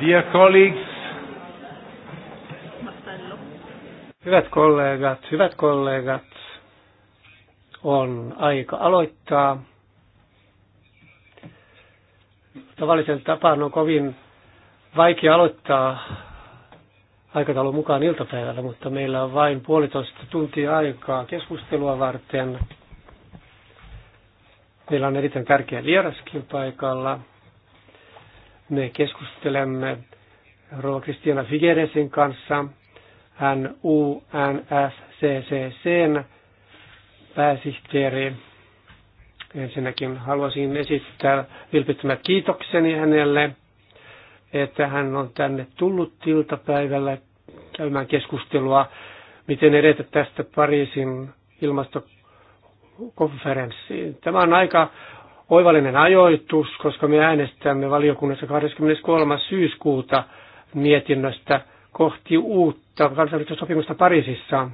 Dear colleagues. Hyvät kollegat, hyvät kollegat, on aika aloittaa. Tavallisen tapaan on kovin vaikea aloittaa aikataulun mukaan iltapäivällä, mutta meillä on vain puolitoista tuntia aikaa keskustelua varten. Meillä on erittäin tärkeä vieraskin paikalla. Me keskustelemme Rova Kristiana Figueresin kanssa. Hän UNFCCCn pääsihteeri. Ensinnäkin haluaisin esittää vilpittömät kiitokseni hänelle, että hän on tänne tullut tiltapäivällä käymään keskustelua, miten edetä tästä Pariisin ilmastokonferenssiin. Tämä on aika oivallinen ajoitus, koska me äänestämme valiokunnassa 23. syyskuuta mietinnöstä kohti uutta kansainvälistä sopimusta Pariisissa.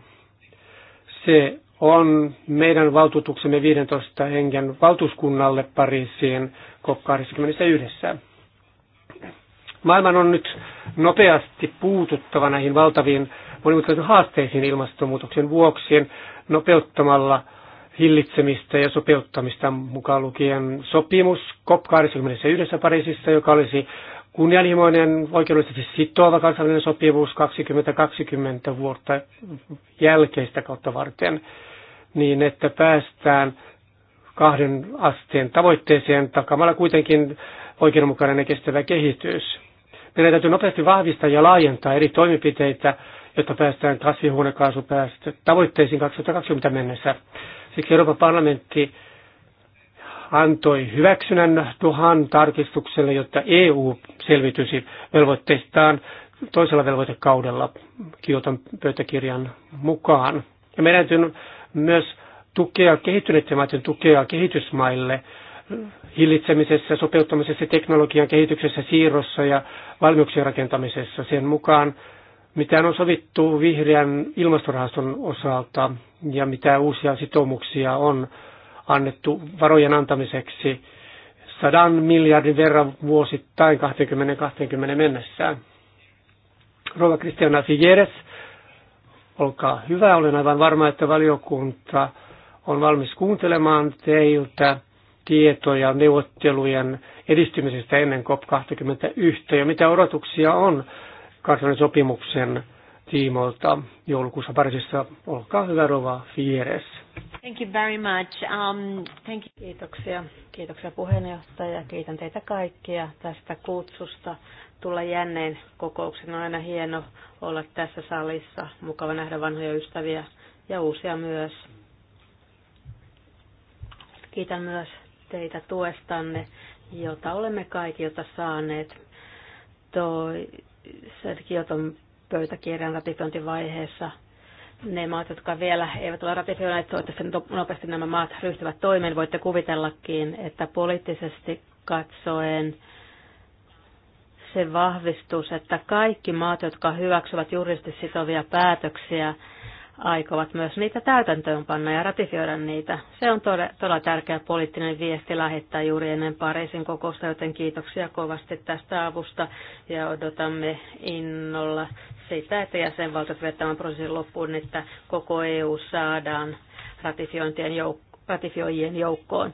Se on meidän valtuutuksemme 15 hengen valtuuskunnalle Pariisiin COP21. Maailman on nyt nopeasti puututtava näihin valtaviin monimutkaisiin haasteisiin ilmastonmuutoksen vuoksi nopeuttamalla hillitsemistä ja sopeuttamista mukaan lukien sopimus COP21 Pariisissa, joka olisi kunnianhimoinen, oikeudellisesti sitova kansallinen sopimus 2020 vuotta jälkeistä kautta varten, niin että päästään kahden asteen tavoitteeseen takamalla kuitenkin oikeudenmukainen ja kestävä kehitys. Meidän täytyy nopeasti vahvistaa ja laajentaa eri toimenpiteitä, jotta päästään kasvihuonekaasupäästöt tavoitteisiin 2020 mennessä. Siksi Euroopan parlamentti antoi hyväksynnän tuhan tarkistukselle, jotta EU selvitysi velvoitteistaan toisella velvoitekaudella Kioton pöytäkirjan mukaan. Ja meidän täytyy myös tukea kehittyneiden maiden tukea kehitysmaille hillitsemisessä, sopeuttamisessa, teknologian kehityksessä, siirrossa ja valmiuksien rakentamisessa. Sen mukaan mitä on sovittu vihreän ilmastorahaston osalta ja mitä uusia sitoumuksia on annettu varojen antamiseksi sadan miljardin verran vuosittain 2020 mennessä. Rova Kristiana Figueres, olkaa hyvä. Olen aivan varma, että valiokunta on valmis kuuntelemaan teiltä tietoja neuvottelujen edistymisestä ennen COP21 ja mitä odotuksia on kansallisen sopimuksen tiimoilta joulukuussa Pariisissa. Olkaa hyvä, Rova Fieres. Thank you very much. Um, thank you. Kiitoksia. Kiitoksia puheenjohtaja. Kiitän teitä kaikkia tästä kutsusta tulla jänneen kokouksen. On aina hieno olla tässä salissa. Mukava nähdä vanhoja ystäviä ja uusia myös. Kiitän myös teitä tuestanne, jota olemme kaikilta saaneet. Toi, sen Kioton pöytäkirjan ratifiointivaiheessa ne maat, jotka vielä eivät ole ratifioineet, toivottavasti nopeasti nämä maat ryhtyvät toimeen. Voitte kuvitellakin, että poliittisesti katsoen se vahvistus, että kaikki maat, jotka hyväksyvät juridisesti sitovia päätöksiä, aikovat myös niitä täytäntöönpanna ja ratifioida niitä. Se on todella, todella tärkeä poliittinen viesti lähettää juuri ennen Pariisin kokousta, joten kiitoksia kovasti tästä avusta ja odotamme innolla sitä, että jäsenvaltiot vetävät prosessin loppuun, että koko EU saadaan ratifiointien jouk- ratifioijien joukkoon.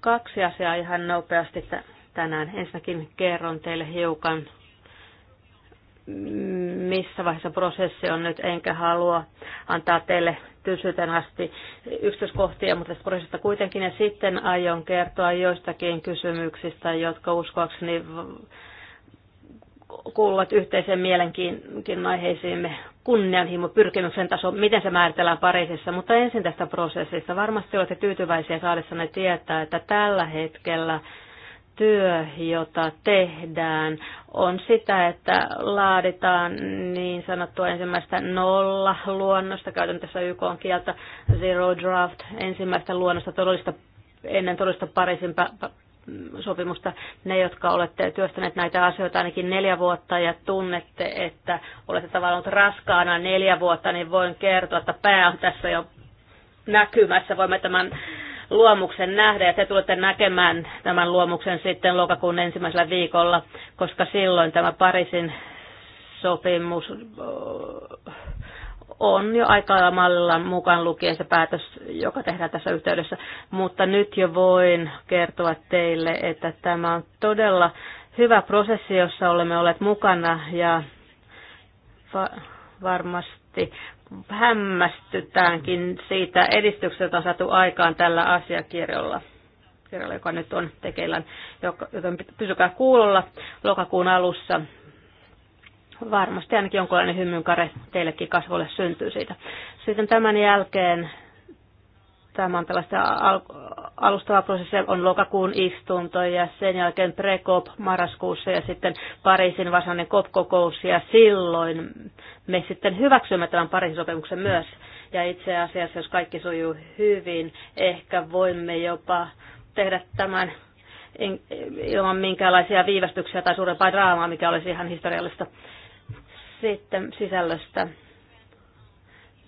Kaksi asiaa ihan nopeasti tänään. Ensinnäkin kerron teille hiukan missä vaiheessa prosessi on nyt, enkä halua antaa teille tylsyyteen asti yksityiskohtia, mutta tästä prosessista kuitenkin. Ja sitten aion kertoa joistakin kysymyksistä, jotka uskoakseni kuuluvat yhteiseen mielenkiinnon aiheisiimme kunnianhimo pyrkimyksen taso, miten se määritellään Pariisissa, mutta ensin tästä prosessista. Varmasti olette tyytyväisiä saadessanne tietää, että tällä hetkellä työ, jota tehdään, on sitä, että laaditaan niin sanottua ensimmäistä nolla luonnosta, käytän tässä YK on kieltä zero draft, ensimmäistä luonnosta todellista, ennen todellista Pariisin sopimusta. Ne, jotka olette työstäneet näitä asioita ainakin neljä vuotta ja tunnette, että olette tavallaan raskaana neljä vuotta, niin voin kertoa, että pää on tässä jo näkymässä. Voimme tämän luomuksen nähdä ja te tulette näkemään tämän luomuksen sitten lokakuun ensimmäisellä viikolla, koska silloin tämä Pariisin sopimus on jo aika mallilla mukaan lukien se päätös, joka tehdään tässä yhteydessä. Mutta nyt jo voin kertoa teille, että tämä on todella hyvä prosessi, jossa olemme olleet mukana ja va- varmasti hämmästytäänkin siitä edistyksestä, jota on saatu aikaan tällä asiakirjalla kirjalla, joka nyt on tekeillä, joten pysykää kuulolla lokakuun alussa. Varmasti ainakin jonkinlainen hymynkare teillekin kasvolle syntyy siitä. Sitten tämän jälkeen vastaamaan tällaista al- alustavaa prosessia, on lokakuun istunto ja sen jälkeen Prekop marraskuussa ja sitten Pariisin varsinainen COP-kokous ja silloin me sitten hyväksymme tämän Pariisin sopimuksen myös. Ja itse asiassa, jos kaikki sujuu hyvin, ehkä voimme jopa tehdä tämän ilman minkäänlaisia viivästyksiä tai suurempaa draamaa, mikä olisi ihan historiallista sitten sisällöstä.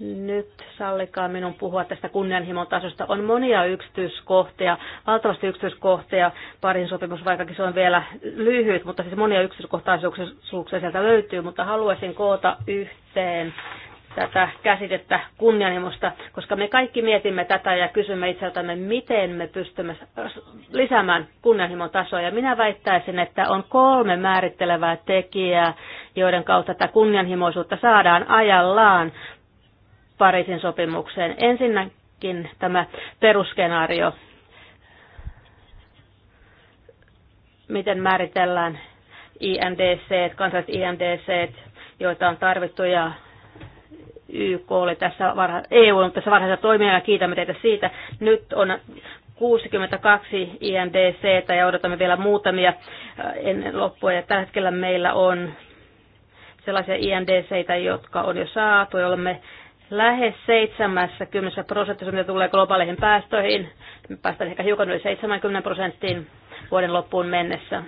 Nyt sallikaa minun puhua tästä kunnianhimon tasosta. On monia yksityiskohtia, valtavasti yksityiskohtia. Parin sopimus, vaikkakin se on vielä lyhyt, mutta siis monia yksityiskohtaisuuksia sieltä löytyy, mutta haluaisin koota yhteen tätä käsitettä kunnianhimosta, koska me kaikki mietimme tätä ja kysymme itseltämme, miten me pystymme lisäämään kunnianhimon tasoa. Ja minä väittäisin, että on kolme määrittelevää tekijää, joiden kautta tätä kunnianhimoisuutta saadaan ajallaan Pariisin sopimukseen. Ensinnäkin tämä perusskenaario, miten määritellään INDC, kansalliset INDC, joita on tarvittu ja YK oli tässä varha, EU on tässä varhaisessa toimijana, kiitämme teitä siitä. Nyt on 62 INDC ja odotamme vielä muutamia ennen loppua. Ja tällä hetkellä meillä on sellaisia INDC, jotka on jo saatu, ja me lähes 70 prosentissa, mitä tulee globaaleihin päästöihin. Me päästään ehkä hiukan yli 70 prosenttiin vuoden loppuun mennessä.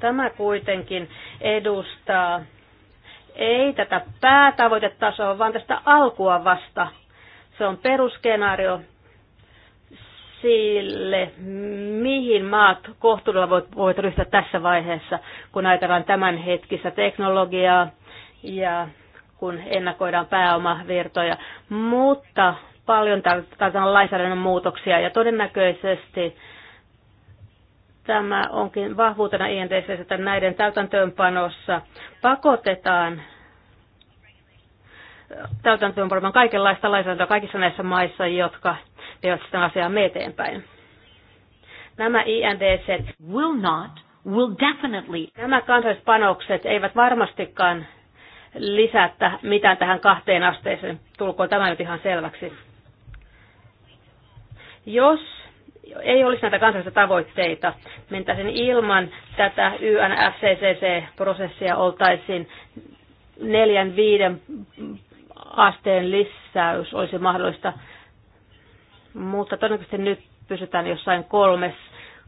Tämä kuitenkin edustaa ei tätä päätavoitetasoa, vaan tästä alkua vasta. Se on peruskenaario sille, mihin maat kohtuudella voit voit ryhtyä tässä vaiheessa, kun ajatellaan tämänhetkistä teknologiaa ja kun ennakoidaan pääomavirtoja. Mutta paljon tarvitaan lainsäädännön muutoksia ja todennäköisesti tämä onkin vahvuutena INTC, että näiden täytäntöönpanossa pakotetaan täytäntöönpanomaan kaikenlaista lainsäädäntöä kaikissa näissä maissa, jotka vievät sitä asiaa eteenpäin. Nämä INDC will not, will definitely. Nämä kansallispanokset eivät varmastikaan lisätä mitään tähän kahteen asteeseen. Tulkoon tämä nyt ihan selväksi. Jos ei olisi näitä kansallisia tavoitteita, mentäisiin ilman tätä YNFCCC-prosessia oltaisiin neljän viiden asteen lisäys olisi mahdollista, mutta todennäköisesti nyt pysytään jossain kolmessa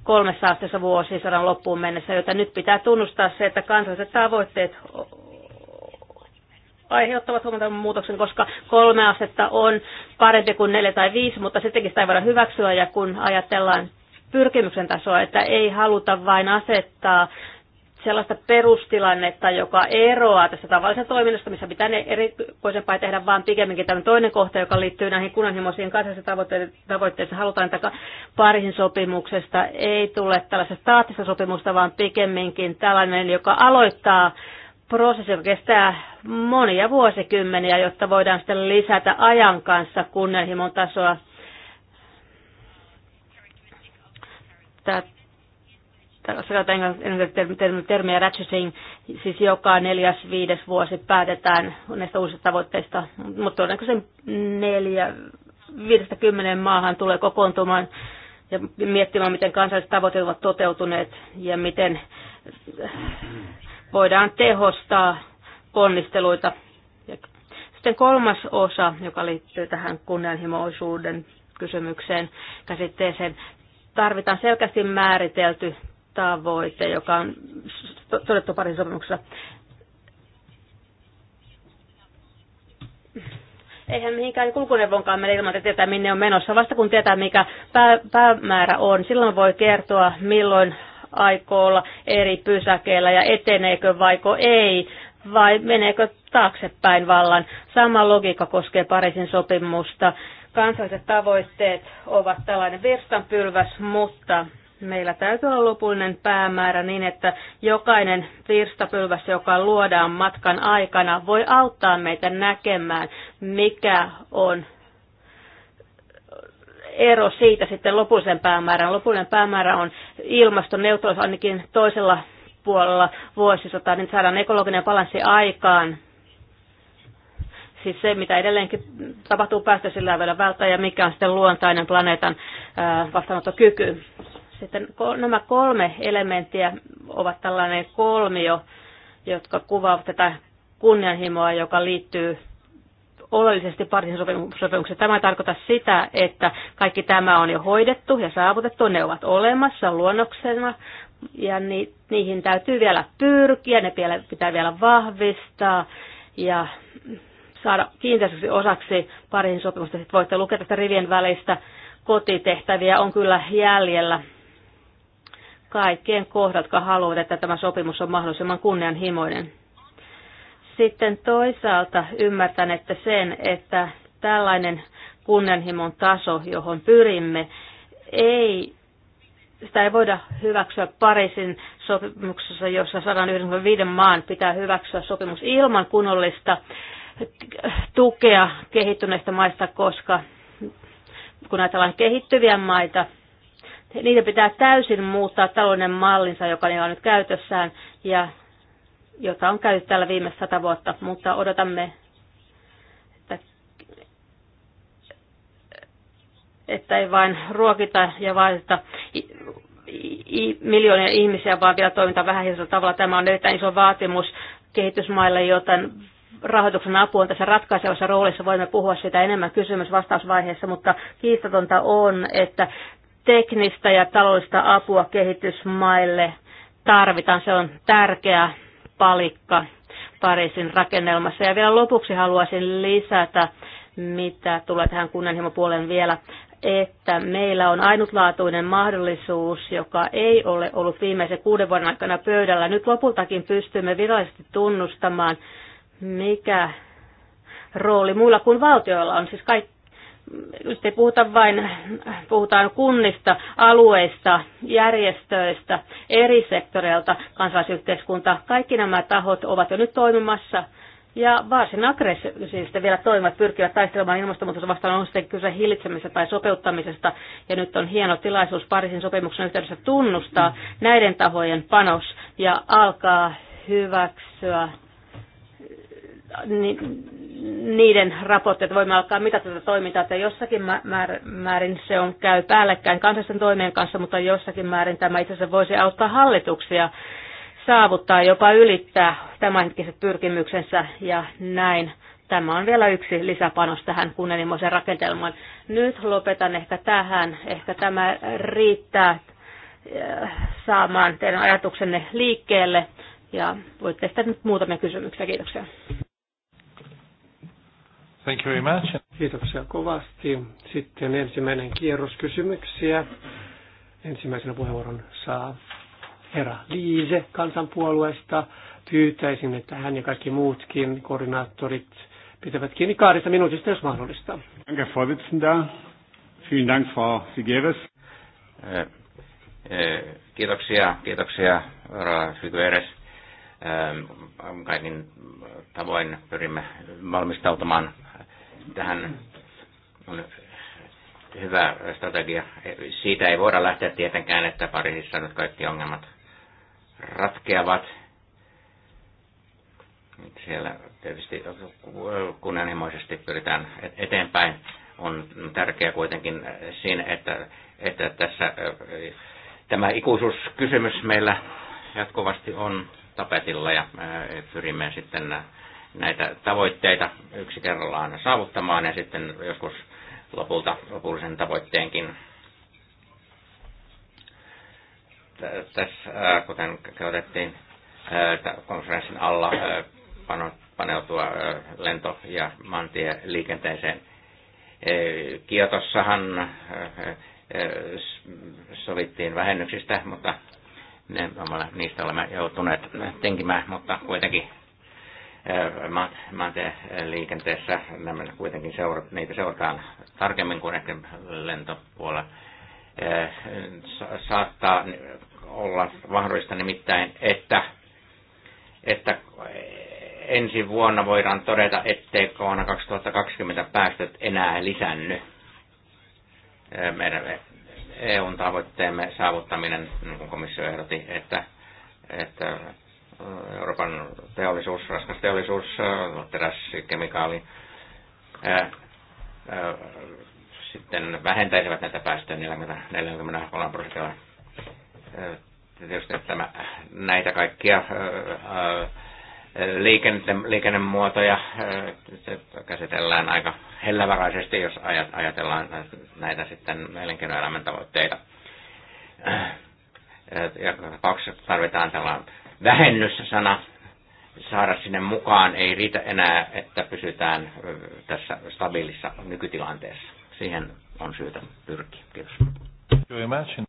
kolmessa asteessa vuosisadan loppuun mennessä, joten nyt pitää tunnustaa se, että kansalliset tavoitteet aiheuttavat huomattavan muutoksen, koska kolme asetta on parempi kuin neljä tai viisi, mutta sittenkin sitä ei voida hyväksyä, ja kun ajatellaan pyrkimyksen tasoa, että ei haluta vain asettaa sellaista perustilannetta, joka eroaa tästä tavallisesta toiminnasta, missä pitää ne erikoisempaa tehdä, vaan pikemminkin tämä toinen kohta, joka liittyy näihin kunnanhimoisiin kansallisiin tavoitteisiin. Halutaan, että parisin sopimuksesta ei tule tällaista staattista sopimusta, vaan pikemminkin tällainen, joka aloittaa prosessi, joka kestää monia vuosikymmeniä, jotta voidaan sitten lisätä ajan kanssa kunnianhimon tasoa. Tässä termiä ratcheting, siis joka neljäs, viides vuosi päätetään näistä uusista tavoitteista, mutta todennäköisesti neljä, viidestä kymmenen maahan tulee kokoontumaan ja miettimään, miten kansalliset tavoitteet ovat toteutuneet ja miten voidaan tehostaa ponnisteluita. Sitten kolmas osa, joka liittyy tähän kunnianhimoisuuden kysymykseen käsitteeseen, tarvitaan selkeästi määritelty tavoite, joka on todettu parin sopimuksessa. Eihän mihinkään kulkuneuvonkaan mene ilman, että tietää minne on menossa. Vasta kun tietää, mikä pää, päämäärä on, silloin voi kertoa, milloin aikoo olla eri pysäkeillä ja eteneekö vaiko ei vai meneekö taaksepäin vallan. Sama logiikka koskee Pariisin sopimusta. Kansalliset tavoitteet ovat tällainen virstanpylväs, mutta meillä täytyy olla lopullinen päämäärä niin, että jokainen virstapylväs, joka luodaan matkan aikana, voi auttaa meitä näkemään, mikä on ero siitä sitten lopullisen päämäärän. Lopullinen päämäärä on ilmastoneutraalius ainakin toisella puolella vuosisataa, niin saadaan ekologinen balanssi aikaan. Siis se, mitä edelleenkin tapahtuu päästöisillä vielä välttää ja mikä on sitten luontainen planeetan vastaanottokyky. Sitten nämä kolme elementtiä ovat tällainen kolmio, jotka kuvaavat tätä kunnianhimoa, joka liittyy oleellisesti Pariisin sopimuksessa. Tämä ei tarkoita sitä, että kaikki tämä on jo hoidettu ja saavutettu. Ne ovat olemassa luonnoksena ja ni, niihin täytyy vielä pyrkiä, ne pitää vielä vahvistaa ja saada kiinteästi osaksi Pariisin sopimusta. Sitten voitte lukea tästä rivien välistä. Kotitehtäviä on kyllä jäljellä kaikkien kohdat, jotka haluavat, että tämä sopimus on mahdollisimman kunnianhimoinen. Sitten toisaalta ymmärtän, että sen, että tällainen kunnianhimon taso, johon pyrimme, ei, sitä ei voida hyväksyä Pariisin sopimuksessa, jossa 195 maan pitää hyväksyä sopimus ilman kunnollista tukea kehittyneistä maista, koska kun ajatellaan kehittyviä maita, niitä pitää täysin muuttaa talouden mallinsa, joka niillä on nyt käytössään, ja jota on käyty tällä viime sata vuotta, mutta odotamme, että, että ei vain ruokita ja vaadita miljoonia ihmisiä, vaan vielä toiminta vähäisellä tavalla. Tämä on erittäin iso vaatimus kehitysmaille, joten rahoituksen apu on tässä ratkaisevassa roolissa. Voimme puhua siitä enemmän kysymys-vastausvaiheessa, mutta kiistatonta on, että teknistä ja taloudellista apua kehitysmaille tarvitaan. Se on tärkeää palikka Pariisin rakennelmassa. Ja vielä lopuksi haluaisin lisätä, mitä tulee tähän kunnianhimopuoleen vielä, että meillä on ainutlaatuinen mahdollisuus, joka ei ole ollut viimeisen kuuden vuoden aikana pöydällä. Nyt lopultakin pystymme virallisesti tunnustamaan, mikä rooli muilla kuin valtioilla on. Siis kaikki nyt ei puhuta vain, puhutaan kunnista, alueista, järjestöistä, eri sektoreilta, kansalaisyhteiskunta, kaikki nämä tahot ovat jo nyt toimimassa ja varsin aggressiivisesti vielä toimivat pyrkivät taistelemaan ilmastonmuutosta vastaan, on sitten kyse hillitsemisestä tai sopeuttamisesta. Ja nyt on hieno tilaisuus Pariisin sopimuksen yhteydessä tunnustaa näiden tahojen panos ja alkaa hyväksyä niiden raportteja, voimme alkaa mitata tätä toimintaa, että jossakin määrin se on käy päällekkäin kansallisten toimien kanssa, mutta jossakin määrin tämä itse asiassa voisi auttaa hallituksia saavuttaa, jopa ylittää tämänhetkiset pyrkimyksensä ja näin. Tämä on vielä yksi lisäpanos tähän kunnianhimoiseen rakentelmaan. Nyt lopetan ehkä tähän. Ehkä tämä riittää äh, saamaan teidän ajatuksenne liikkeelle. Ja voitte tehdä nyt muutamia kysymyksiä. Kiitoksia. Thank you very much. Kiitoksia kovasti. Sitten ensimmäinen kierros kysymyksiä. Ensimmäisenä puheenvuoron saa herra Liise kansanpuolueesta. Pyytäisin, että hän ja kaikki muutkin koordinaattorit pitävät kiinni kahdesta minuutista, jos mahdollista. Danke, Vorsitzender. Vielen Dank, Frau Figueres. Eh, eh, kiitoksia, kiitoksia, herra Figueres. Eh, kaikin tavoin pyrimme valmistautumaan tähän on hyvä strategia. Siitä ei voida lähteä tietenkään, että Pariisissa nyt kaikki ongelmat ratkeavat. Siellä tietysti kunnianhimoisesti pyritään eteenpäin. On tärkeää kuitenkin siinä, että, että tässä tämä ikuisuuskysymys meillä jatkuvasti on tapetilla ja pyrimme sitten näitä tavoitteita yksi kerrallaan saavuttamaan ja sitten joskus lopulta lopullisen tavoitteenkin. Tässä, kuten käytettiin konferenssin alla, paneutua lento- ja maantieliikenteeseen. Kiotossahan sovittiin vähennyksistä, mutta ne, niistä olemme joutuneet tinkimään, mutta kuitenkin maantieliikenteessä nämä kuitenkin seura, niitä seurataan tarkemmin kuin ehkä lentopuolella. saattaa olla mahdollista nimittäin, että, että ensi vuonna voidaan todeta, ettei vuonna 2020 päästöt enää lisänny. Meidän EUn tavoitteemme saavuttaminen, niin kuin komissio ehdotti, että, että Euroopan teollisuus, raskas teollisuus, äh, teräs, kemikaali, ää, äh, ää, äh, sitten vähentäisivät näitä päästöjä 40, 43 prosentilla. Tietysti tämä, näitä kaikkia liikenne, liikennemuotoja käsitellään aika hellävaraisesti, jos ajatellaan näitä sitten elinkeinoelämän tavoitteita. Ja tapauksessa tarvitaan tällainen vähennyssana saada sinne mukaan ei riitä enää, että pysytään tässä stabiilissa nykytilanteessa. Siihen on syytä pyrkiä. Kiitos.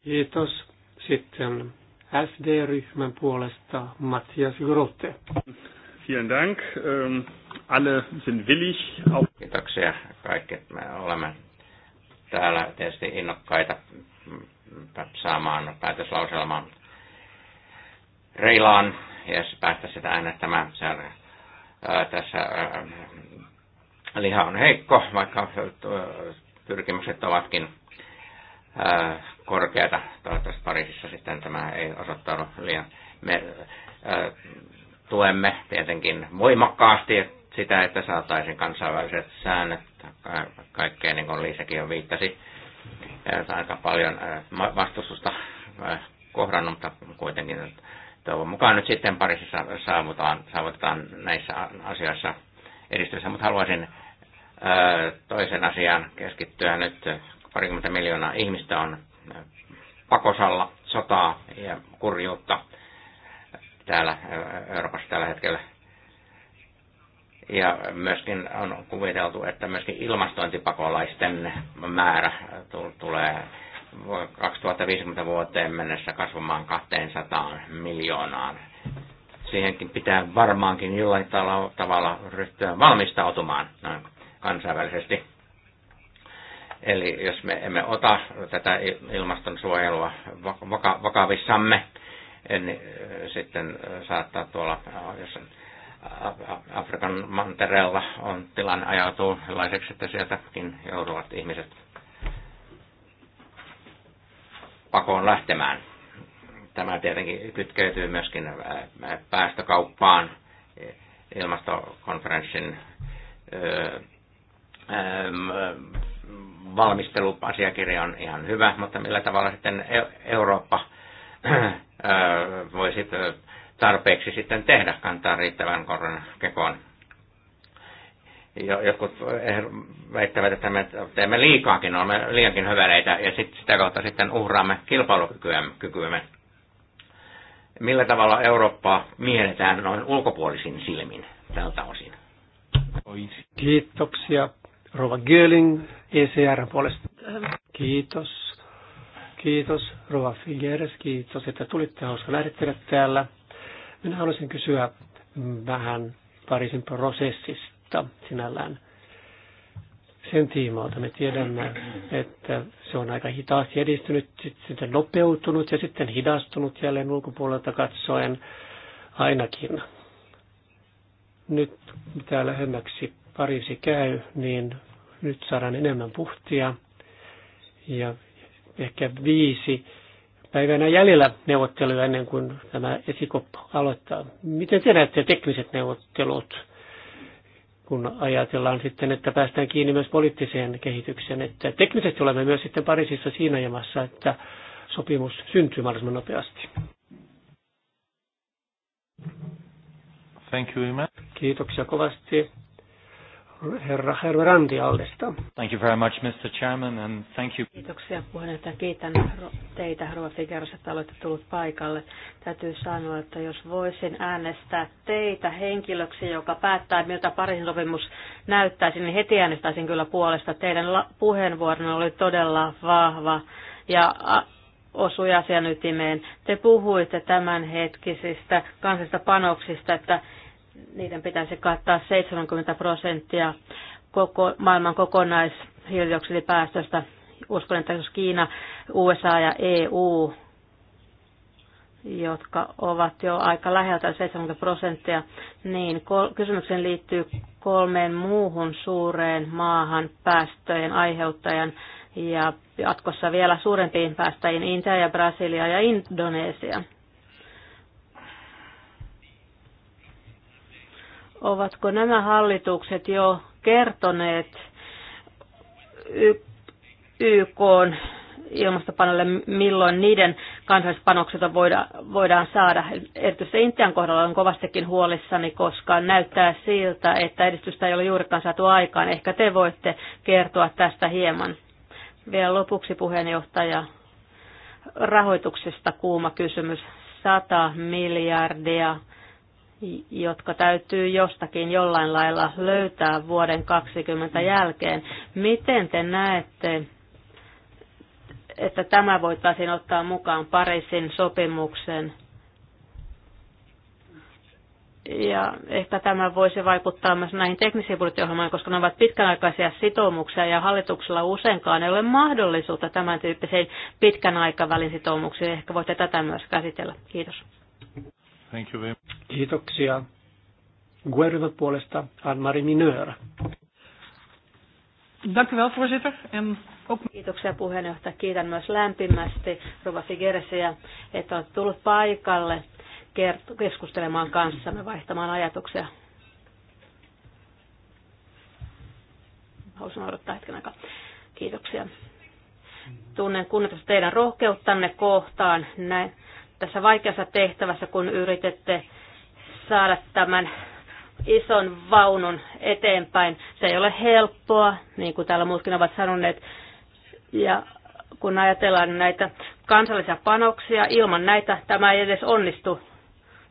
Kiitos. Sitten SD-ryhmän puolesta Matthias Grote. Vielen Dank. Ähm, alle sind willig. Kiitoksia. Kaikki me olemme täällä tietysti innokkaita saamaan päätöslauselman reilaan ja päästä sitä äänettämään. Se, ää, tässä ää, liha on heikko, vaikka pyrkimykset ovatkin ää, korkeata. Toivottavasti Pariisissa sitten tämä ei osoittanut liian. Me ää, tuemme tietenkin voimakkaasti sitä, että saataisiin kansainväliset säännöt, ka- kaikkea niin kuin Liisakin jo viittasi. Aika paljon vastustusta kohdannut, mutta kuitenkin toivon mukaan nyt sitten parissa saavutaan, saavutetaan näissä asioissa edistyessä, mutta haluaisin toisen asian keskittyä nyt. Parikymmentä miljoonaa ihmistä on pakosalla sotaa ja kurjuutta täällä Euroopassa tällä hetkellä. Ja myöskin on kuviteltu, että myöskin ilmastointipakolaisten määrä tulee 2050 vuoteen mennessä kasvamaan 200 miljoonaan. Siihenkin pitää varmaankin jollain tavalla ryhtyä valmistautumaan noin kansainvälisesti. Eli jos me emme ota tätä ilmastonsuojelua vakavissamme, niin sitten eh, saattaa tuolla, eh, jos Afrikan mantereella on tilanne ajautuu sellaiseksi, että sieltäkin joutuvat ihmiset pakoon lähtemään. Tämä tietenkin kytkeytyy myöskin äh, äh, päästökauppaan ilmastokonferenssin äh, ähm, valmisteluasiakirja on ihan hyvä, mutta millä tavalla sitten e-, Eurooppa voisi tarpeeksi sitten tehdä, kantaa riittävän koron kekoon jotkut väittävät, että me teemme liikaakin, olemme liiankin höveleitä ja sit sitä kautta sitten uhraamme kilpailukykyämme. Millä tavalla Eurooppaa mielletään noin ulkopuolisin silmin tältä osin? Kiitoksia. Rova Göling, ECR puolesta. Kiitos. Kiitos, Rova Figueres. Kiitos, että tulitte. Hauska lähdettele täällä. Minä haluaisin kysyä vähän Pariisin prosessista mutta sinällään sen tiimoilta me tiedämme, että se on aika hitaasti edistynyt, sitten nopeutunut ja sitten hidastunut jälleen ulkopuolelta katsoen ainakin. Nyt mitä lähemmäksi Pariisi käy, niin nyt saadaan enemmän puhtia ja ehkä viisi päivänä jäljellä neuvotteluja ennen kuin tämä esikoppa aloittaa. Miten te näette tekniset neuvottelut? kun ajatellaan sitten, että päästään kiinni myös poliittiseen kehitykseen, että teknisesti olemme myös sitten Pariisissa siinä jamassa, että sopimus syntyy mahdollisimman nopeasti. Thank you, Kiitoksia kovasti herra Herveranti Aldesta. Thank you very much, Mr. Chairman, and thank you. Kiitoksia puheenjohtaja. Kiitän teitä, Rova Figueres, että olette tullut paikalle. Täytyy sanoa, että jos voisin äänestää teitä henkilöksi, joka päättää, miltä Pariisin sopimus näyttäisi, niin heti äänestäisin kyllä puolesta. Teidän puheenvuoronne oli todella vahva ja osui asian ytimeen. Te puhuitte tämänhetkisistä kansallisista panoksista, että niiden pitäisi kattaa 70 prosenttia koko, maailman kokonaishiilidioksidipäästöstä. Uskon, että jos Kiina, USA ja EU, jotka ovat jo aika läheltä 70 prosenttia, niin kysymykseen liittyy kolmeen muuhun suureen maahan päästöjen aiheuttajan ja jatkossa vielä suurempiin päästäjiin Intia ja Brasilia ja Indonesia. Ovatko nämä hallitukset jo kertoneet YK ilmastopaneelle, milloin niiden kansallispanokset voida, voidaan saada. Erityisesti Intian kohdalla on kovastikin huolissani, koska näyttää siltä, että edistystä ei ole juurikaan saatu aikaan. Ehkä te voitte kertoa tästä hieman. Vielä lopuksi puheenjohtaja rahoituksesta kuuma kysymys. 100 miljardia jotka täytyy jostakin jollain lailla löytää vuoden 2020 jälkeen. Miten te näette, että tämä voitaisiin ottaa mukaan Pariisin sopimuksen? Ja ehkä tämä voisi vaikuttaa myös näihin teknisiin budjettiohjelmaan, koska ne ovat pitkänaikaisia sitoumuksia ja hallituksella useinkaan ei ole mahdollisuutta tämän tyyppisiin pitkän aikavälin sitoumuksiin. Ehkä voitte tätä myös käsitellä. Kiitos. Thank you very much. Kiitoksia. Guerryman puolesta Anne-Marie Mineur. Dank u wel, voorzitter. En ook... Kiitoksia puheenjohtaja. Kiitän myös lämpimästi Rova Figersiä, että olet tullut paikalle keskustelemaan kanssamme, vaihtamaan ajatuksia. Haluaisin odottaa hetken aikaa. Kiitoksia. Tunnen kunnioitusta teidän rohkeuttanne kohtaan. Näin tässä vaikeassa tehtävässä, kun yritette saada tämän ison vaunun eteenpäin. Se ei ole helppoa, niin kuin täällä muutkin ovat sanoneet. Ja kun ajatellaan näitä kansallisia panoksia, ilman näitä tämä ei edes onnistu.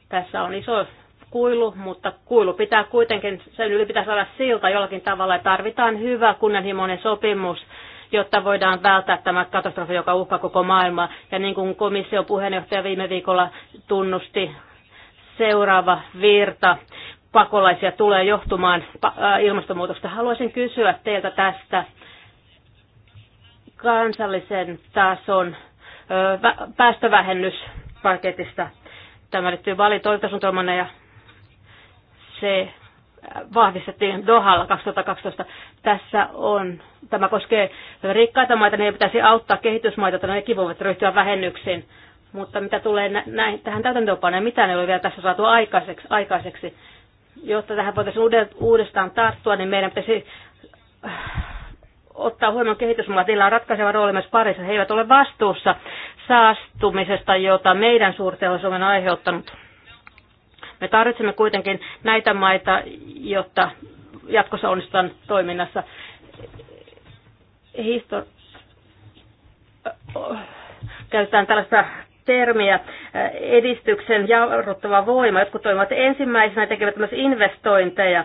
Tässä on iso kuilu, mutta kuilu pitää kuitenkin, sen yli pitää saada silta jollakin tavalla. Ja tarvitaan hyvä kunnianhimoinen sopimus jotta voidaan välttää tämä katastrofi, joka uhkaa koko maailmaa. Ja niin kuin komission puheenjohtaja viime viikolla tunnusti, seuraava virta pakolaisia tulee johtumaan äh, ilmastonmuutosta. Haluaisin kysyä teiltä tästä kansallisen tason äh, päästövähennyspaketista. Tämä liittyy valitoimintasuunnitelmana ja se vahvistettiin Dohalla 2012. Tässä on, tämä koskee rikkaita maita, niin pitäisi auttaa kehitysmaita, että nekin voivat ryhtyä vähennyksiin. Mutta mitä tulee näin, tähän täytäntöönpaneen, niin mitä ne oli vielä tässä saatu aikaiseksi, aikaiseksi. Jotta tähän voitaisiin uudestaan tarttua, niin meidän pitäisi äh, ottaa huomioon kehitysmaat, niillä on ratkaiseva rooli myös parissa. He eivät ole vastuussa saastumisesta, jota meidän suurteollisuuden on aiheuttanut me tarvitsemme kuitenkin näitä maita, jotta jatkossa onnistutaan toiminnassa. Histori- Käytetään tällaista termiä äh, edistyksen jarruttava voima. Jotkut toimivat ensimmäisenä tekevät myös investointeja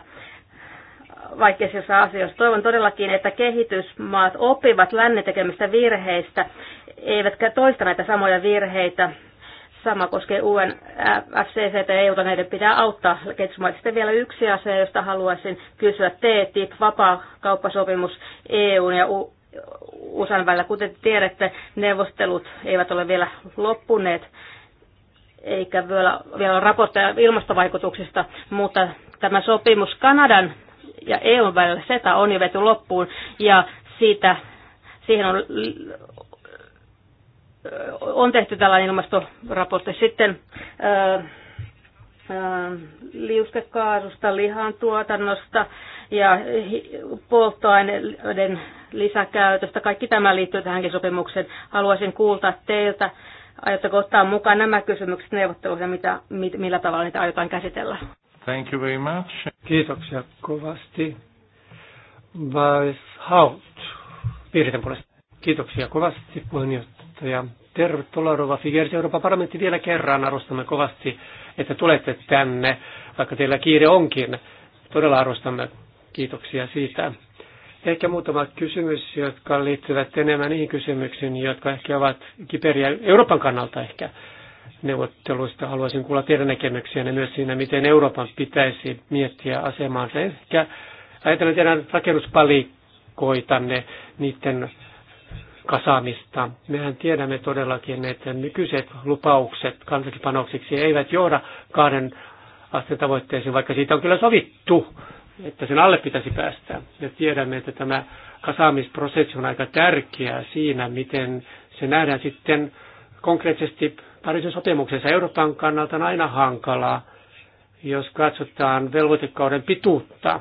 vaikeissa asioissa. Toivon todellakin, että kehitysmaat oppivat lännen tekemistä virheistä, eivätkä toista näitä samoja virheitä Sama koskee UN, FCCT ja EUta, näiden pitää auttaa kehitysmaita. Sitten vielä yksi asia, josta haluaisin kysyä. TTIP, vapaa kauppasopimus EUn ja USAn välillä. Kuten tiedätte, neuvostelut eivät ole vielä loppuneet, eikä vielä, vielä ole raportteja ilmastovaikutuksista, mutta tämä sopimus Kanadan ja EUn välillä SETA on jo vety loppuun, ja siitä, siihen on on tehty tällainen ilmastoraportti. Sitten liuskekaasusta, lihan tuotannosta ja polttoaineiden lisäkäytöstä. Kaikki tämä liittyy tähänkin sopimukseen. Haluaisin kuulla teiltä, aiotteko ottaa mukaan nämä kysymykset neuvotteluun ja mitä, millä tavalla niitä aiotaan käsitellä? Thank you very much. Kiitoksia kovasti. Vice Haut, puolesta. Kiitoksia kovasti puheenjohtaja ja Tervetuloa Rova Figueres Euroopan parlamentti vielä kerran. Arvostamme kovasti, että tulette tänne, vaikka teillä kiire onkin. Todella arvostamme. Kiitoksia siitä. Ehkä muutama kysymys, jotka liittyvät enemmän niihin kysymyksiin, jotka ehkä ovat kiperiä Euroopan kannalta ehkä neuvotteluista. Haluaisin kuulla teidän näkemyksiänne myös siinä, miten Euroopan pitäisi miettiä asemaansa. Ehkä ajatellaan teidän rakennuspalikoitanne, niiden kasaamista. Mehän tiedämme todellakin, että nykyiset lupaukset kansallispanoksiksi eivät johda kahden asteen tavoitteisiin, vaikka siitä on kyllä sovittu, että sen alle pitäisi päästä. Me tiedämme, että tämä kasaamisprosessi on aika tärkeä siinä, miten se nähdään sitten konkreettisesti Pariisin sopimuksessa. Euroopan kannalta on aina hankalaa, jos katsotaan velvoitekauden pituutta.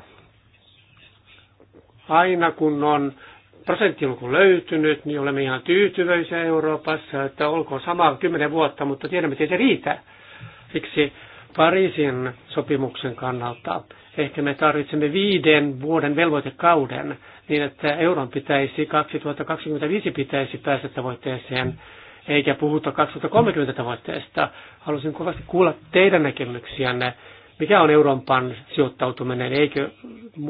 Aina kun on prosenttiluku löytynyt, niin olemme ihan tyytyväisiä Euroopassa, että olkoon sama kymmenen vuotta, mutta tiedämme, että ei se riitä. Siksi Pariisin sopimuksen kannalta ehkä me tarvitsemme viiden vuoden velvoitekauden niin, että euron pitäisi 2025 pitäisi päästä tavoitteeseen eikä puhuta 2030 tavoitteesta. Haluaisin kovasti kuulla teidän näkemyksiänne mikä on Euroopan sijoittautuminen, eikö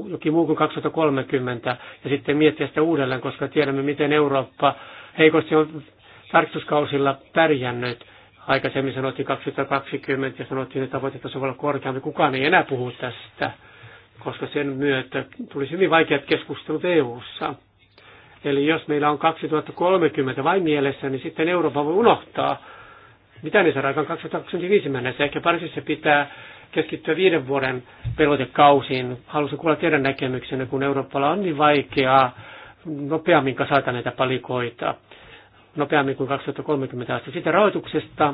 jokin muu kuin 2030, ja sitten miettiä sitä uudelleen, koska tiedämme, miten Eurooppa heikosti on tarkistuskausilla pärjännyt. Aikaisemmin sanottiin 2020 ja sanottiin, että tavoitetaso voi olla korkeampi. Kukaan ei enää puhu tästä, koska sen myötä tulisi hyvin vaikeat keskustelut EU-ssa. Eli jos meillä on 2030 vain mielessä, niin sitten Eurooppa voi unohtaa, mitä ne saadaan 2025 mennessä. Ehkä Pariisissa pitää keskittyä viiden vuoden pelotekausiin. Haluaisin kuulla teidän näkemyksenne, kun Euroopalla on niin vaikeaa nopeammin kasata näitä palikoita, nopeammin kuin 2030 asti. Sitten rahoituksesta.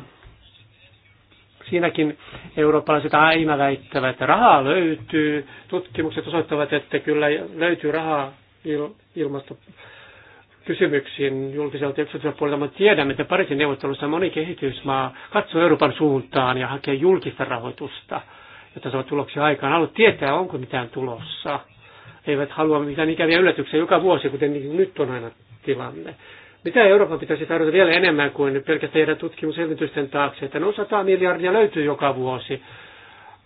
Siinäkin eurooppalaiset aina väittävät, että rahaa löytyy. Tutkimukset osoittavat, että kyllä löytyy rahaa il- ilmasto kysymyksiin julkiselta yksityiseltä puolelta, mutta tiedämme, että Pariisin neuvottelussa moni kehitysmaa katsoo Euroopan suuntaan ja hakee julkista rahoitusta, jotta saa tuloksia aikaan. Haluat tietää, onko mitään tulossa. eivät halua mitään ikäviä yllätyksiä joka vuosi, kuten nyt on aina tilanne. Mitä Euroopan pitäisi tarjota vielä enemmän kuin pelkästään jäädä tutkimuselvitysten taakse, että noin 100 miljardia löytyy joka vuosi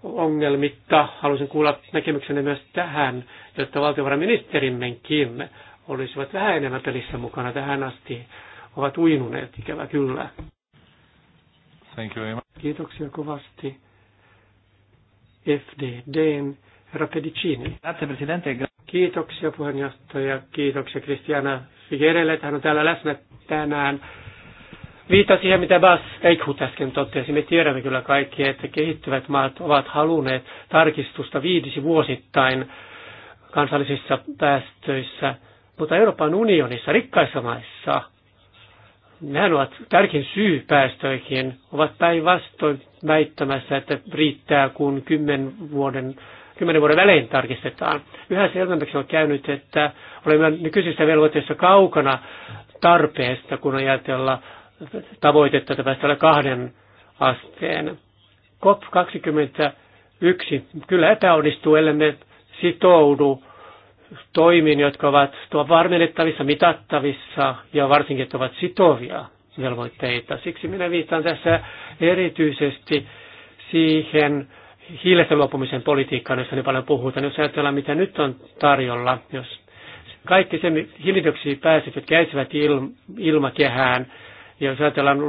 ongelmitta. Haluaisin kuulla näkemyksenne myös tähän, jotta valtiovarainministerimmekin olisivat vähän enemmän pelissä mukana tähän asti, ovat uinuneet ikävä kyllä. Thank you, Emma. Kiitoksia kovasti. FDD herra Pedicini. Kiitoksia puheenjohtaja, kiitoksia Kristiana Figerelle, että hän on täällä läsnä tänään. Viittaa siihen, mitä Bas Eichhut äsken totesi. Me tiedämme kyllä kaikki, että kehittyvät maat ovat halunneet tarkistusta viidisi vuosittain kansallisissa päästöissä – mutta Euroopan unionissa, rikkaissa maissa, nehän ovat tärkein syy päästöihin, ovat päinvastoin väittämässä, että riittää kun kymmenen vuoden, kymmenen vuoden välein tarkistetaan. Yhä selvemmäksi on käynyt, että olemme nykyisissä velvoitteissa kaukana tarpeesta, kun ajatella tavoitetta, että päästään kahden asteen. COP21 kyllä epäonnistuu, ellei me sitoudu toimiin, jotka ovat varmennettavissa, mitattavissa ja varsinkin, että ovat sitovia velvoitteita. Siksi minä viittaan tässä erityisesti siihen hiilestä luopumisen politiikkaan, jossa niin paljon puhutaan. Jos ajatellaan, mitä nyt on tarjolla, jos kaikki se hiilidioksidipäästöt, jotka jäisivät ilmakehään, ja jos ajatellaan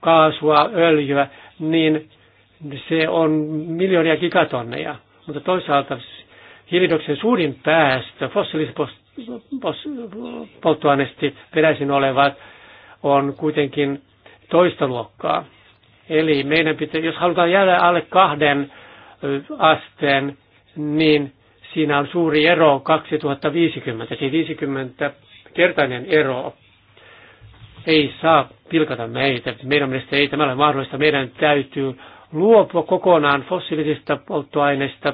kaasua, öljyä, niin se on miljoonia gigatonneja. Mutta toisaalta hiilidioksidin suurin päästö fossiilisista polttoaineista peräisin olevat on kuitenkin toista luokkaa. Eli meidän pitää, jos halutaan jäädä alle kahden asteen, niin siinä on suuri ero 2050, siis 50 kertainen ero. Ei saa pilkata meitä. Meidän mielestä ei tämä ole mahdollista. Meidän täytyy luopua kokonaan fossiilisista polttoaineista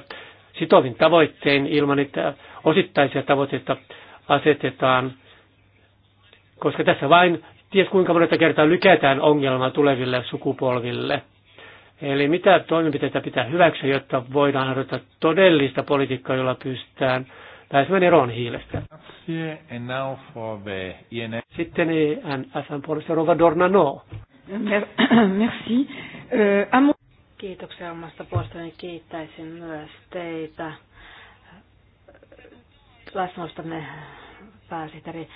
sitovin tavoittein ilman, että osittaisia tavoitteita asetetaan, koska tässä vain ties kuinka monetta kertaa lykätään ongelma tuleville sukupolville. Eli mitä toimenpiteitä pitää hyväksyä, jotta voidaan harjoittaa todellista politiikkaa, jolla pystytään pääsemään eroon hiilestä. Sitten ENFn eh, puolesta Rova Dornano. Merci. Euh, Kiitoksia omasta puolestani. Kiittäisin myös teitä läsnäolostanne pääsihteeri.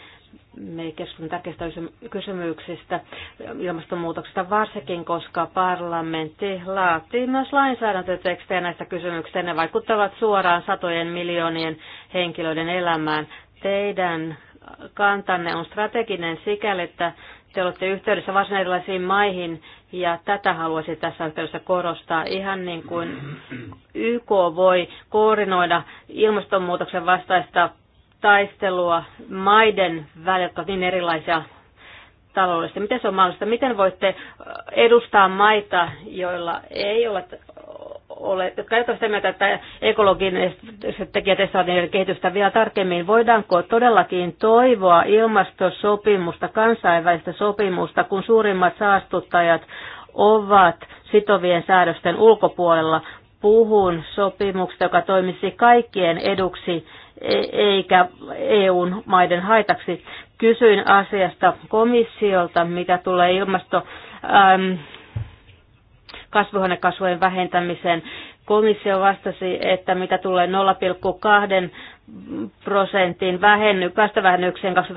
Me keskustelemme tärkeistä kysymyksistä ilmastonmuutoksesta varsinkin, koska parlamentti laatii myös lainsäädäntötekstejä näistä kysymyksistä. Ne vaikuttavat suoraan satojen miljoonien henkilöiden elämään. Teidän kantanne on strateginen sikäli, että te olette yhteydessä varsin erilaisiin maihin ja tätä haluaisin tässä yhteydessä korostaa. Ihan niin kuin YK voi koordinoida ilmastonmuutoksen vastaista taistelua maiden välillä, jotka niin erilaisia taloudellisesti. Miten se on mahdollista? Miten voitte edustaa maita, joilla ei ole ole, jotka eivät ole sitä mieltä, että ekologiset tekijät estävät kehitystä vielä tarkemmin. Voidaanko todellakin toivoa ilmastosopimusta, kansainvälistä sopimusta, kun suurimmat saastuttajat ovat sitovien säädösten ulkopuolella? Puhun sopimuksesta, joka toimisi kaikkien eduksi e- eikä eu maiden haitaksi. Kysyin asiasta komissiolta, mitä tulee ilmasto kasvihuonekasvojen vähentämiseen. Komissio vastasi, että mitä tulee 0,2 prosentin vähenny, päästövähennykseen 2008-2012, 2,4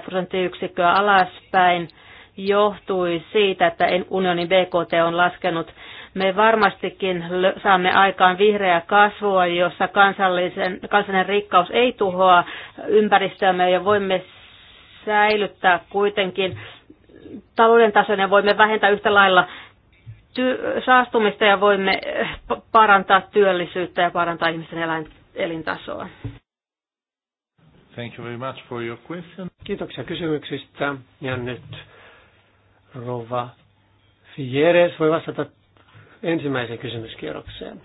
prosenttiyksikköä alaspäin johtui siitä, että unionin BKT on laskenut me varmastikin saamme aikaan vihreää kasvua, jossa kansallisen, kansallinen rikkaus ei tuhoa ympäristöämme ja voimme säilyttää kuitenkin talouden tason ja niin voimme vähentää yhtä lailla ty- saastumista ja voimme eh, parantaa työllisyyttä ja parantaa ihmisten eläin- elintasoa. Thank you very much for your question. Kiitoksia kysymyksistä. Ja nyt Rova Fieres voi vastata ensimmäiseen kysymyskierrokseen.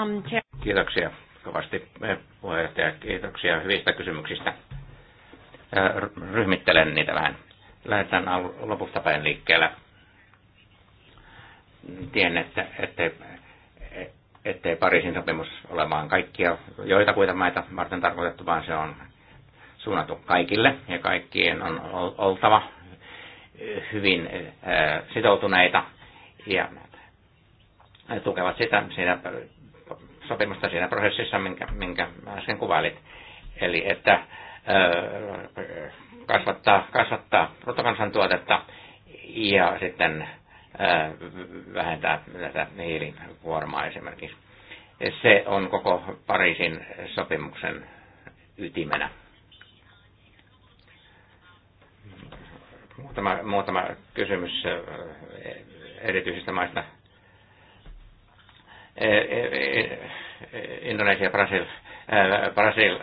Um, Kiitoksia kovasti eh, puheenjohtaja. Kiitoksia hyvistä kysymyksistä. Eh, ryhmittelen niitä vähän lähdetään lopusta päin liikkeellä. Tien, että, ettei, ettei Pariisin sopimus olemaan kaikkia joita kuita maita varten tarkoitettu, vaan se on suunnattu kaikille ja kaikkien on oltava hyvin sitoutuneita ja tukevat sitä siinä sopimusta siinä prosessissa, minkä, minkä äsken kuvailit. Eli että kasvattaa, kasvattaa bruttokansantuotetta ja sitten vähentää tätä hiilikuormaa esimerkiksi. Se on koko Pariisin sopimuksen ytimenä. Muutama, muutama kysymys erityisistä maista. E, e, e, Indonesia, Brasil, Brasil,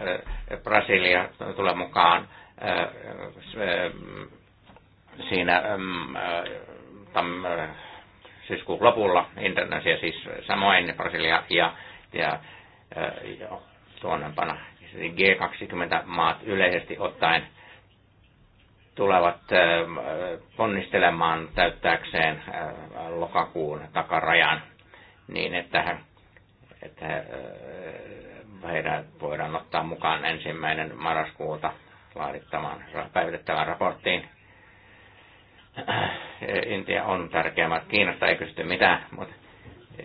Brasilia tulee mukaan siinä tam, syyskuun lopulla Indonesia siis samoin Brasilia ja, ja, tuonnepana siis G20-maat yleisesti ottaen tulevat ponnistelemaan täyttääkseen lokakuun takarajan niin, että, että heidän voidaan ottaa mukaan ensimmäinen marraskuuta – laadittamaan, päivitettävään raporttiin. Äh, Intia on tärkeä markkina, Kiinasta ei kysty mitään, mutta e,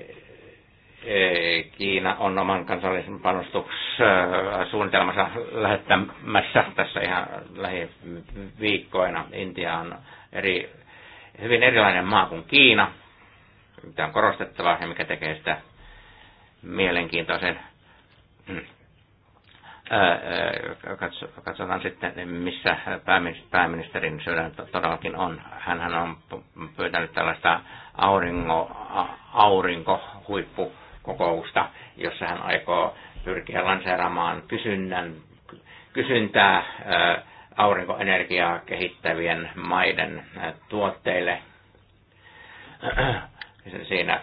e, Kiina on oman kansallisen panostussuunnitelmansa äh, lähettämässä tässä ihan lähiviikkoina. Intia on eri, hyvin erilainen maa kuin Kiina, mitä on korostettava ja mikä tekee sitä mielenkiintoisen mm, katsotaan sitten, missä pääministerin sydän todellakin on. Hän on pyytänyt tällaista aurinko, aurinkohuippukokousta, jossa hän aikoo pyrkiä lanseeraamaan kysynnän, kysyntää aurinkoenergiaa kehittävien maiden tuotteille. Siinä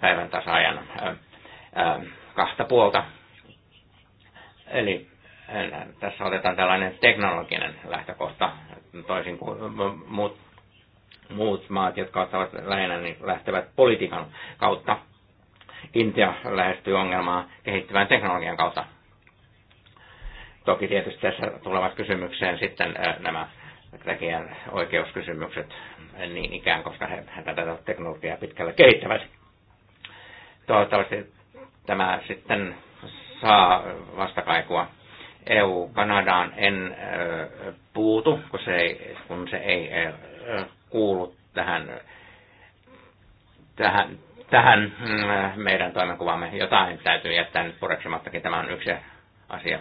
päivän tasaajan kahta puolta Eli tässä otetaan tällainen teknologinen lähtökohta, toisin kuin muut, muut maat, jotka ottavat lähinnä, niin lähtevät politiikan kautta. Intia lähestyy ongelmaa kehittyvän teknologian kautta. Toki tietysti tässä tulevat kysymykseen sitten nämä tekijän oikeuskysymykset niin ikään, koska he tätä teknologiaa pitkälle kehittävät. Toivottavasti tämä sitten saa vastakaikua. EU-Kanadaan en puutu, kun se ei, kun se ei kuulu tähän, tähän, tähän mm, meidän toimenkuvaamme. Jotain täytyy jättää nyt pureksimattakin. Tämä on yksi asia.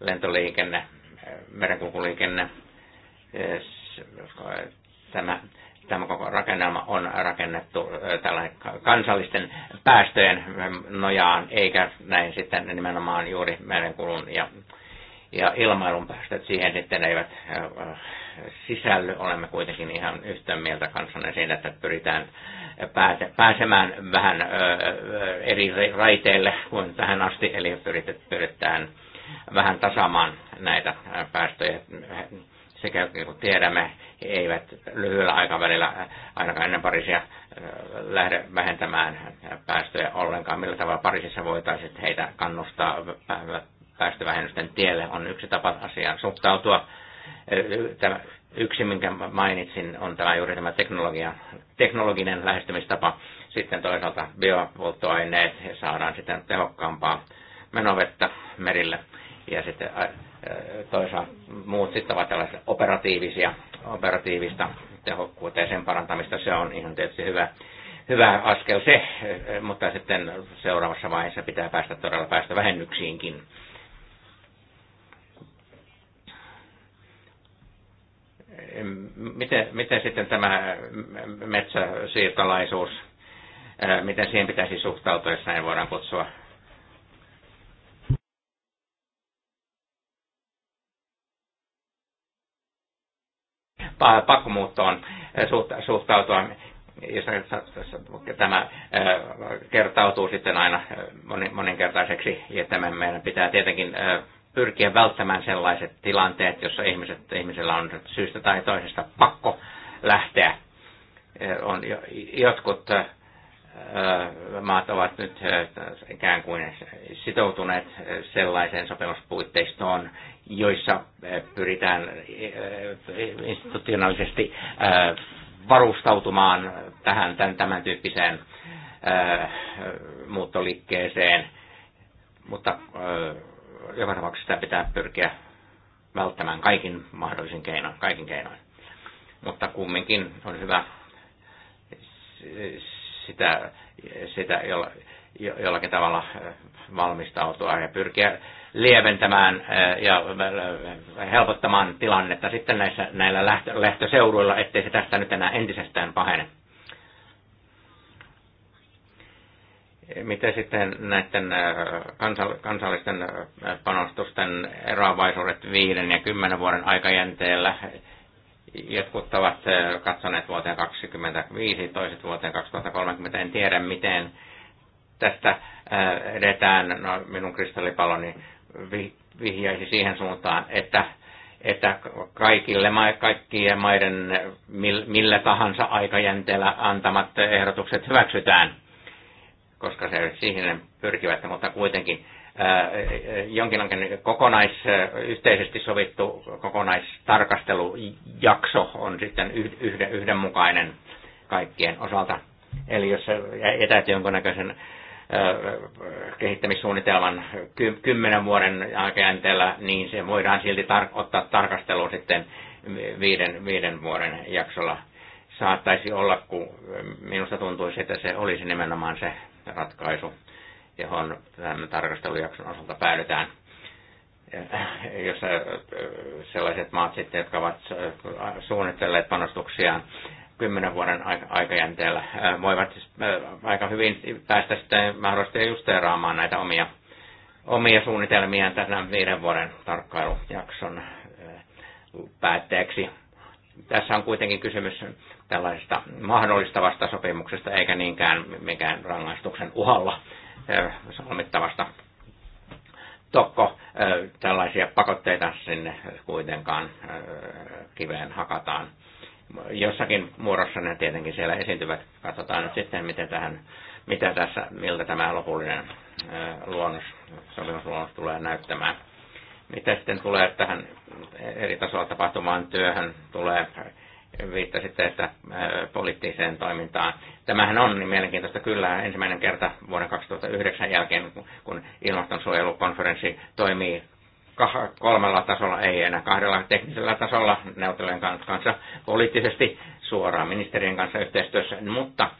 Lentoliikenne, merenkulkuliikenne, tämä tämä koko rakennelma on rakennettu tällainen kansallisten päästöjen nojaan, eikä näin sitten nimenomaan juuri merenkulun ja, ja ilmailun päästöt siihen sitten eivät sisälly. Olemme kuitenkin ihan yhtä mieltä kanssanne siinä, että pyritään pääsemään vähän eri raiteille kuin tähän asti, eli pyritään vähän tasaamaan näitä päästöjä sekä niin kuin tiedämme, eivät lyhyellä aikavälillä äh, ainakaan ennen Pariisia äh, lähde vähentämään päästöjä ollenkaan. Millä tavalla Pariisissa voitaisiin heitä kannustaa päästövähennysten tielle on yksi tapa asiaan suhtautua. Äh, tämä yksi, minkä mainitsin, on tämä juuri tämä teknologia, teknologinen lähestymistapa. Sitten toisaalta biopolttoaineet saadaan sitten tehokkaampaa menovettä merille ja sitten toisaalta muut sitten ovat tällaisia operatiivisia, operatiivista tehokkuutta ja sen parantamista. Se on ihan tietysti hyvä, hyvä askel se, mutta sitten seuraavassa vaiheessa pitää päästä todella päästä vähennyksiinkin. Miten, miten sitten tämä metsäsiirtolaisuus, miten siihen pitäisi suhtautua, jos näin voidaan kutsua pakkomuuttoon eh, suhtautua tämä eh, kertautuu sitten aina eh, moninkertaiseksi, ja tämän meidän pitää tietenkin pyrkiä välttämään sellaiset tilanteet, jossa ihmiset, ihmisellä on syystä tai toisesta pakko lähteä. On jotkut maat ovat nyt ikään kuin sitoutuneet sellaiseen sopimuspuitteistoon, joissa pyritään institutionaalisesti varustautumaan tähän tämän, tämän tyyppiseen muuttoliikkeeseen, mutta joka tapauksessa sitä pitää pyrkiä välttämään kaikin mahdollisin keinoin, kaikin keinoin. Mutta kumminkin on hyvä sitä, sitä jollakin tavalla äh, valmistautua ja pyrkiä lieventämään äh, ja äh, helpottamaan tilannetta sitten näissä, näillä lähtö, lähtöseuduilla, ettei se tästä nyt enää entisestään pahene. Miten sitten näiden kansallisten panostusten eroavaisuudet viiden ja kymmenen vuoden aikajänteellä Jotkut ovat katsoneet vuoteen 2025, toiset vuoteen 2030. En tiedä, miten tästä edetään. No, minun kristallipalloni vihjaisi siihen suuntaan, että että kaikille kaikkien maiden millä tahansa aikajänteellä antamat ehdotukset hyväksytään, koska se siihen pyrkivät, mutta kuitenkin jonkinlainen kokonais, yhteisesti sovittu kokonaistarkastelujakso on sitten yhden, yhdenmukainen kaikkien osalta. Eli jos jätät jonkinnäköisen kehittämissuunnitelman kymmenen vuoden aikajänteellä, niin se voidaan silti tar- ottaa tarkasteluun sitten viiden, viiden vuoden jaksolla. Saattaisi olla, kun minusta tuntuisi, että se olisi nimenomaan se ratkaisu johon tämän tarkastelujakson osalta päädytään. Jos äh, sellaiset maat sitten, jotka ovat äh, suunnitelleet panostuksiaan kymmenen vuoden aikajänteellä, äh, voivat siis aika hyvin päästä sitten mahdollisesti justeeraamaan näitä omia, omia suunnitelmiaan tämän viiden vuoden tarkkailujakson päätteeksi. Tässä on kuitenkin kysymys tällaisesta mahdollistavasta sopimuksesta, eikä niinkään mikään rangaistuksen uhalla solmittavasta. Tokko tällaisia pakotteita sinne kuitenkaan kiveen hakataan. Jossakin muodossa ne tietenkin siellä esiintyvät. Katsotaan nyt sitten, miten tähän, mitä tässä, miltä tämä lopullinen luonnos, sopimusluonnos tulee näyttämään. Mitä sitten tulee tähän eri tasolla tapahtumaan työhön, tulee viittasitte, että äh, poliittiseen toimintaan. Tämähän on niin mielenkiintoista kyllä ensimmäinen kerta vuoden 2009 jälkeen, kun ilmastonsuojelukonferenssi toimii kolmella tasolla, ei enää kahdella teknisellä tasolla, neuvottelujen kanssa poliittisesti suoraan ministerien kanssa yhteistyössä, mutta,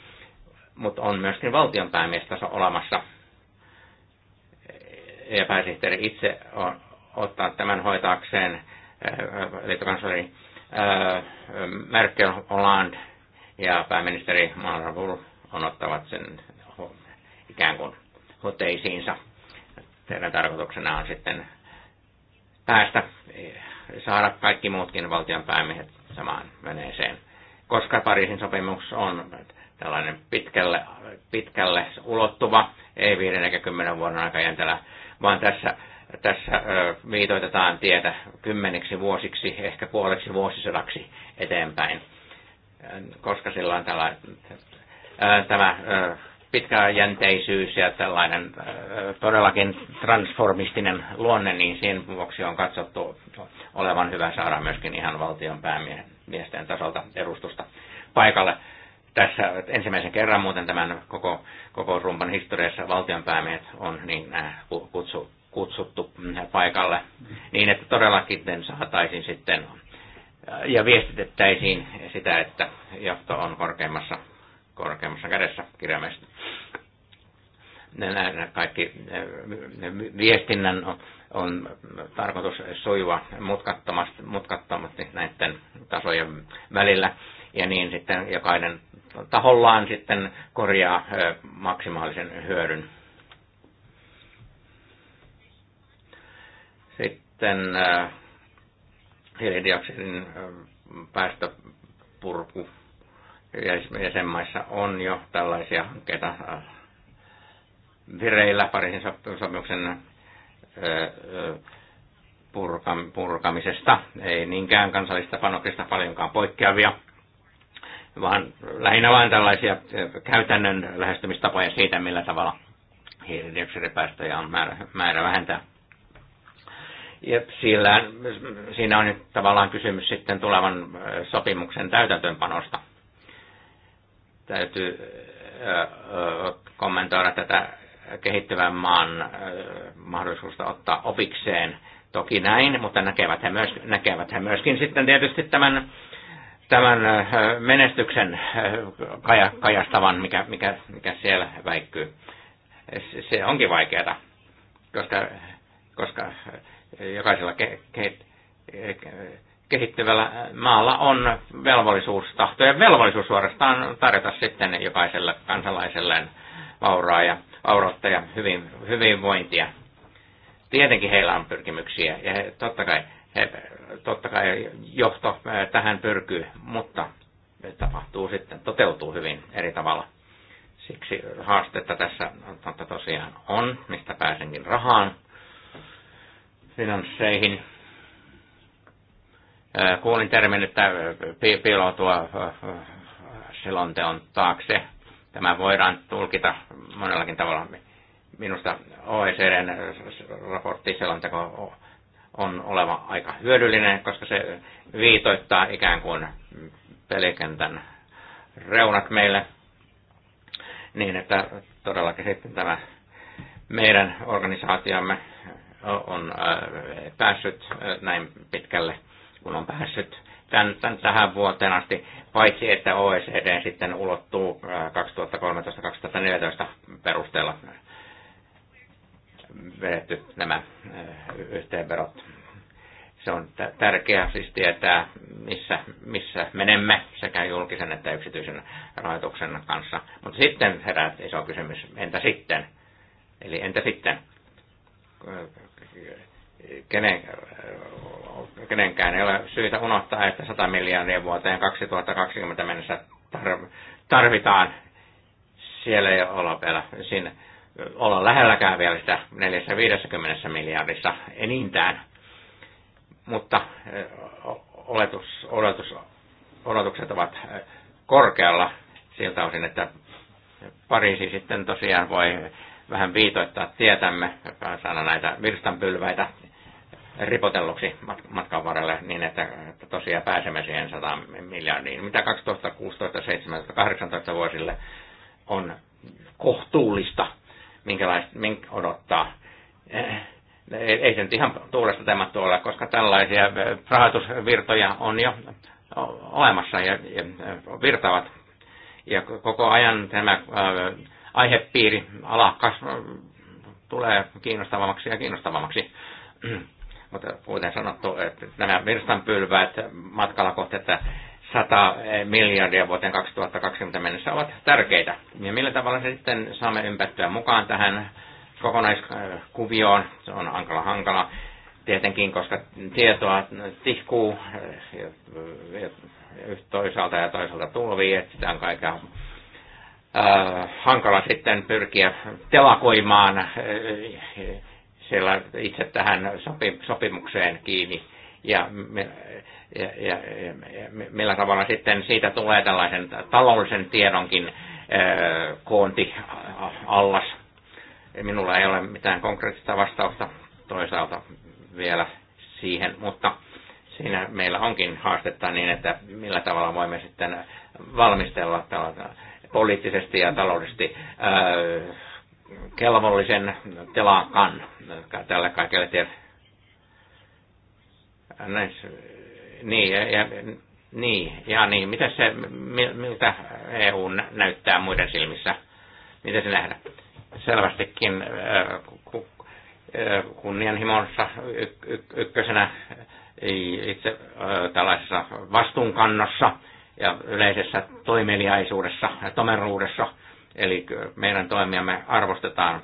mutta on myöskin päämiestaso olemassa. Ja pääsihteeri itse on, ottaa tämän hoitaakseen äh, liittokansleri Merkel, Hollande ja pääministeri Marvel on ottavat sen ikään kuin hoteisiinsa. Teidän tarkoituksena on sitten päästä, e, saada kaikki muutkin valtion päämiehet samaan veneeseen. Koska Pariisin sopimus on tällainen pitkälle, pitkälle ulottuva, ei viiden eikä kymmenen vuoden aikajäntelä, vaan tässä tässä viitoitetaan tietä kymmeniksi vuosiksi, ehkä puoleksi vuosisadaksi eteenpäin, koska sillä on tällä, tämä pitkäjänteisyys ja tällainen todellakin transformistinen luonne, niin sen vuoksi on katsottu olevan hyvä saada myöskin ihan valtion päämiesten tasolta edustusta paikalle. Tässä ensimmäisen kerran muuten tämän koko, koko rumpan historiassa valtionpäämiehet on niin äh, kutsuttu. kutsu, kutsuttu mm, paikalle niin, että todellakin saataisiin sitten äh, ja viestitettäisiin sitä, että johto on korkeimmassa, korkeimmassa kädessä kirjaimesta. Nämä kaikki äh, viestinnän on, on tarkoitus sujua mutkattomasti, mutkattomasti näiden tasojen välillä ja niin sitten jokainen tahollaan sitten korjaa äh, maksimaalisen hyödyn sitten äh, hiilidioksidin äh, päästöpurku jäsenmaissa on jo tällaisia hankkeita äh, vireillä Pariisin sopimuksen purkamisesta. Ei niinkään kansallista panoksista paljonkaan poikkeavia, vaan lähinnä vain tällaisia käytännön lähestymistapoja siitä, millä tavalla hiilidioksidipäästöjä on määrä, määrä vähentää. Ja sillä, siinä on nyt tavallaan kysymys sitten tulevan sopimuksen täytäntöönpanosta. Täytyy kommentoida tätä kehittyvän maan mahdollisuutta ottaa opikseen. Toki näin, mutta näkevät he, myös, näkevät he myöskin sitten tietysti tämän, tämän menestyksen kajastavan, mikä, mikä, mikä siellä väikkyy. Se onkin vaikeaa, koska, koska jokaisella ke, ke, kehittyvällä maalla on velvollisuus, tahto ja velvollisuus suorastaan tarjota sitten jokaiselle kansalaiselleen vauraa ja vaurautta ja hyvin, hyvinvointia. Tietenkin heillä on pyrkimyksiä ja he, totta, kai, he, totta kai johto tähän pyrkyy, mutta tapahtuu sitten, toteutuu hyvin eri tavalla. Siksi haastetta tässä tosiaan on, mistä pääsenkin rahaan finansseihin. Kuulin termin, että piiloutua selonteon taakse. Tämä voidaan tulkita monellakin tavalla. Minusta OECDn raportti selonteko on oleva aika hyödyllinen, koska se viitoittaa ikään kuin pelikentän reunat meille niin, että todellakin sitten tämä meidän organisaatiomme on äh, päässyt äh, näin pitkälle, kun on päässyt tämän, tämän, tähän vuoteen asti, paitsi että OECD sitten ulottuu 2013-2014 äh, perusteella vedetty nämä yhteenverot. Se on tärkeää siis tietää, missä, missä menemme sekä julkisen että yksityisen rahoituksen kanssa. Mutta sitten herää iso kysymys, entä sitten? Eli entä sitten? kenen, kenenkään ei ole syytä unohtaa, että 100 miljardia vuoteen 2020 mennessä tarvitaan. Siellä ei olla vielä siinä olla lähelläkään vielä sitä 450 miljardissa enintään. Mutta oletus, odotus, odotukset ovat korkealla siltä osin, että Pariisi sitten tosiaan voi vähän viitoittaa tietämme, saada näitä virstanpylväitä ripotelluksi matkan varrelle niin, että, että tosiaan pääsemme siihen 100 miljardiin. Mitä 2016, 17, 18 vuosille on kohtuullista, minkälaista mink odottaa. Eh, ei se nyt ihan tuulesta temattu ole, koska tällaisia eh, rahoitusvirtoja on jo olemassa ja, ja eh, virtaavat. Ja koko ajan tämä aihepiiri, ala tulee kiinnostavammaksi ja kiinnostavammaksi. Mutta kuten sanottu, että nämä virstanpylväät matkalla kohti että 100 miljardia vuoteen 2020 mennessä ovat tärkeitä. Ja millä tavalla se sitten saamme ympättyä mukaan tähän kokonaiskuvioon, se on hankala hankala tietenkin, koska tietoa tihkuu toisaalta ja toisaalta tulvii, on kaikkea Äh, hankala sitten pyrkiä telakoimaan äh, siellä itse tähän sopimukseen kiinni. Ja, ja, ja, ja millä tavalla sitten siitä tulee tällaisen taloudellisen tiedonkin äh, koonti allas. Minulla ei ole mitään konkreettista vastausta toisaalta vielä siihen, mutta siinä meillä onkin haastetta niin, että millä tavalla voimme sitten valmistella tällaista poliittisesti ja taloudellisesti äh, kelvollisen telakan äh, tällä kaikella tiellä. Niin, ja, niin, ja niin. niin. Mitä se, miltä EU näyttää muiden silmissä? Miten se nähdään? Selvästikin äh, kunnianhimonsa ykkösenä itse tällaisessa vastuunkannossa ja yleisessä toimeliaisuudessa ja tomeruudessa. Eli meidän toimiamme arvostetaan,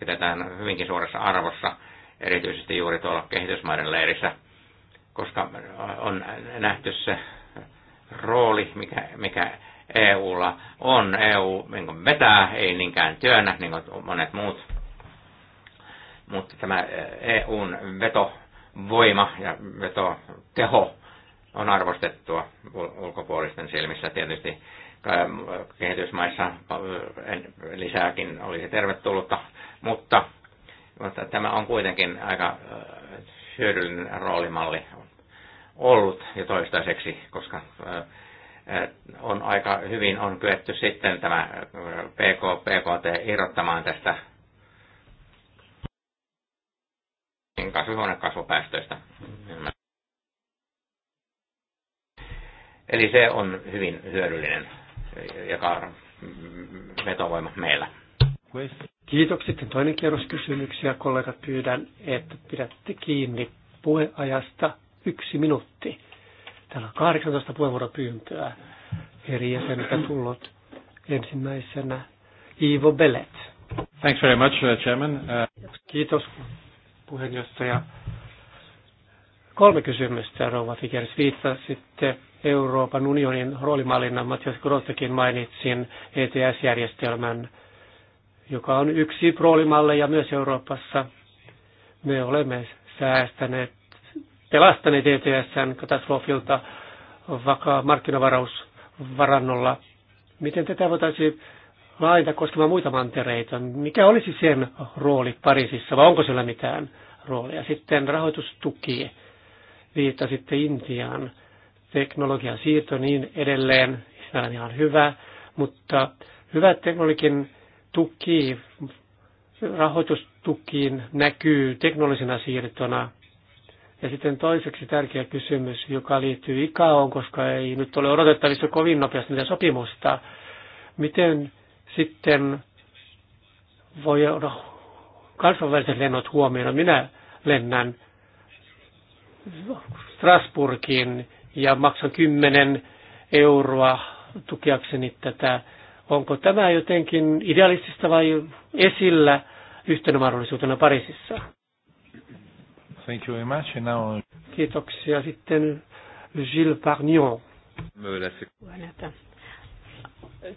pidetään hyvinkin suuressa arvossa, erityisesti juuri tuolla kehitysmaiden leirissä, koska on nähty se rooli, mikä, mikä EUlla on. EU niin vetää, ei niinkään työnnä, niin kuin monet muut. Mutta tämä EUn vetovoima ja vetoteho on arvostettua ulkopuolisten silmissä tietysti äh, kehitysmaissa äh, lisääkin olisi tervetullutta, mutta, mutta tämä on kuitenkin aika äh, hyödyllinen roolimalli ollut jo toistaiseksi, koska on aika hyvin on kyetty sitten tämä PK, PKT irrottamaan tästä kasvihuonekasvupäästöistä. Mm Eli se on hyvin hyödyllinen eh, ja vetovoima meillä. Kiitokset. Sitten toinen kierros kysymyksiä. Kollegat pyydän, että pidätte kiinni puheajasta yksi minuutti. Täällä on 18 puheenvuoropyyntöä eri jäseniltä tullut. Ensimmäisenä Ivo Belet. Thanks very much, uh, Chairman. Uh, Kiitos puheenjohtaja. Kolme kysymystä, Rouva Fikeris. Viittasitte Euroopan unionin roolimallinnan, Matias Grottakin mainitsin, ETS-järjestelmän, joka on yksi roolimalleja myös Euroopassa. Me olemme säästäneet, pelastaneet ETSn katastrofilta vakaa markkinavarausvarannolla. Miten tätä voitaisiin laajentaa koskemaan muita mantereita? Mikä olisi sen rooli Pariisissa vai onko sillä mitään roolia? Sitten rahoitustukia viittasitte Intiaan, teknologian siirto niin edelleen, se on ihan hyvä, mutta hyvä teknologian tuki, rahoitustukiin näkyy teknologisena siirtona. Ja sitten toiseksi tärkeä kysymys, joka liittyy ICAOon, koska ei nyt ole odotettavissa kovin nopeasti niitä sopimusta. Miten sitten voi no, kansainväliset lennot huomioon? Minä lennän Strasburgiin ja maksan 10 euroa tukeakseni, tätä. Onko tämä jotenkin idealistista vai esillä yhtenä mahdollisuutena Pariisissa? Thank you very much. Now... Kiitoksia. Sitten Gilles Parnion. Myönnettä.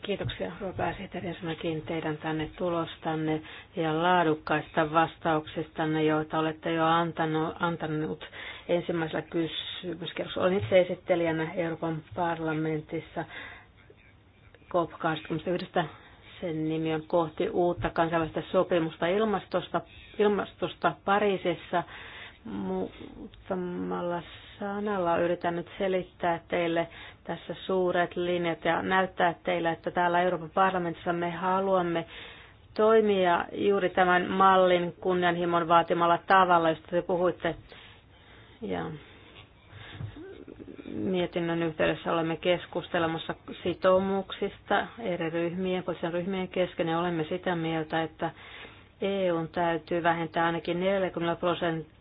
Kiitoksia pääsihteeri ensinnäkin teidän tänne tulostanne ja laadukkaista vastauksistanne, joita olette jo antanut, antanut ensimmäisellä kysymyskierroksella. Olen itse esittelijänä Euroopan parlamentissa COP21. Sen nimi on kohti uutta kansainvälistä sopimusta ilmastosta, ilmastosta Pariisissa muutamalla sanalla yritän nyt selittää teille tässä suuret linjat ja näyttää teille, että täällä Euroopan parlamentissa me haluamme toimia juuri tämän mallin kunnianhimon vaatimalla tavalla, josta te puhuitte. Ja mietinnön yhteydessä olemme keskustelemassa sitoumuksista eri ryhmien, poliittisen ryhmien kesken ja olemme sitä mieltä, että EUn täytyy vähentää ainakin 40 prosenttia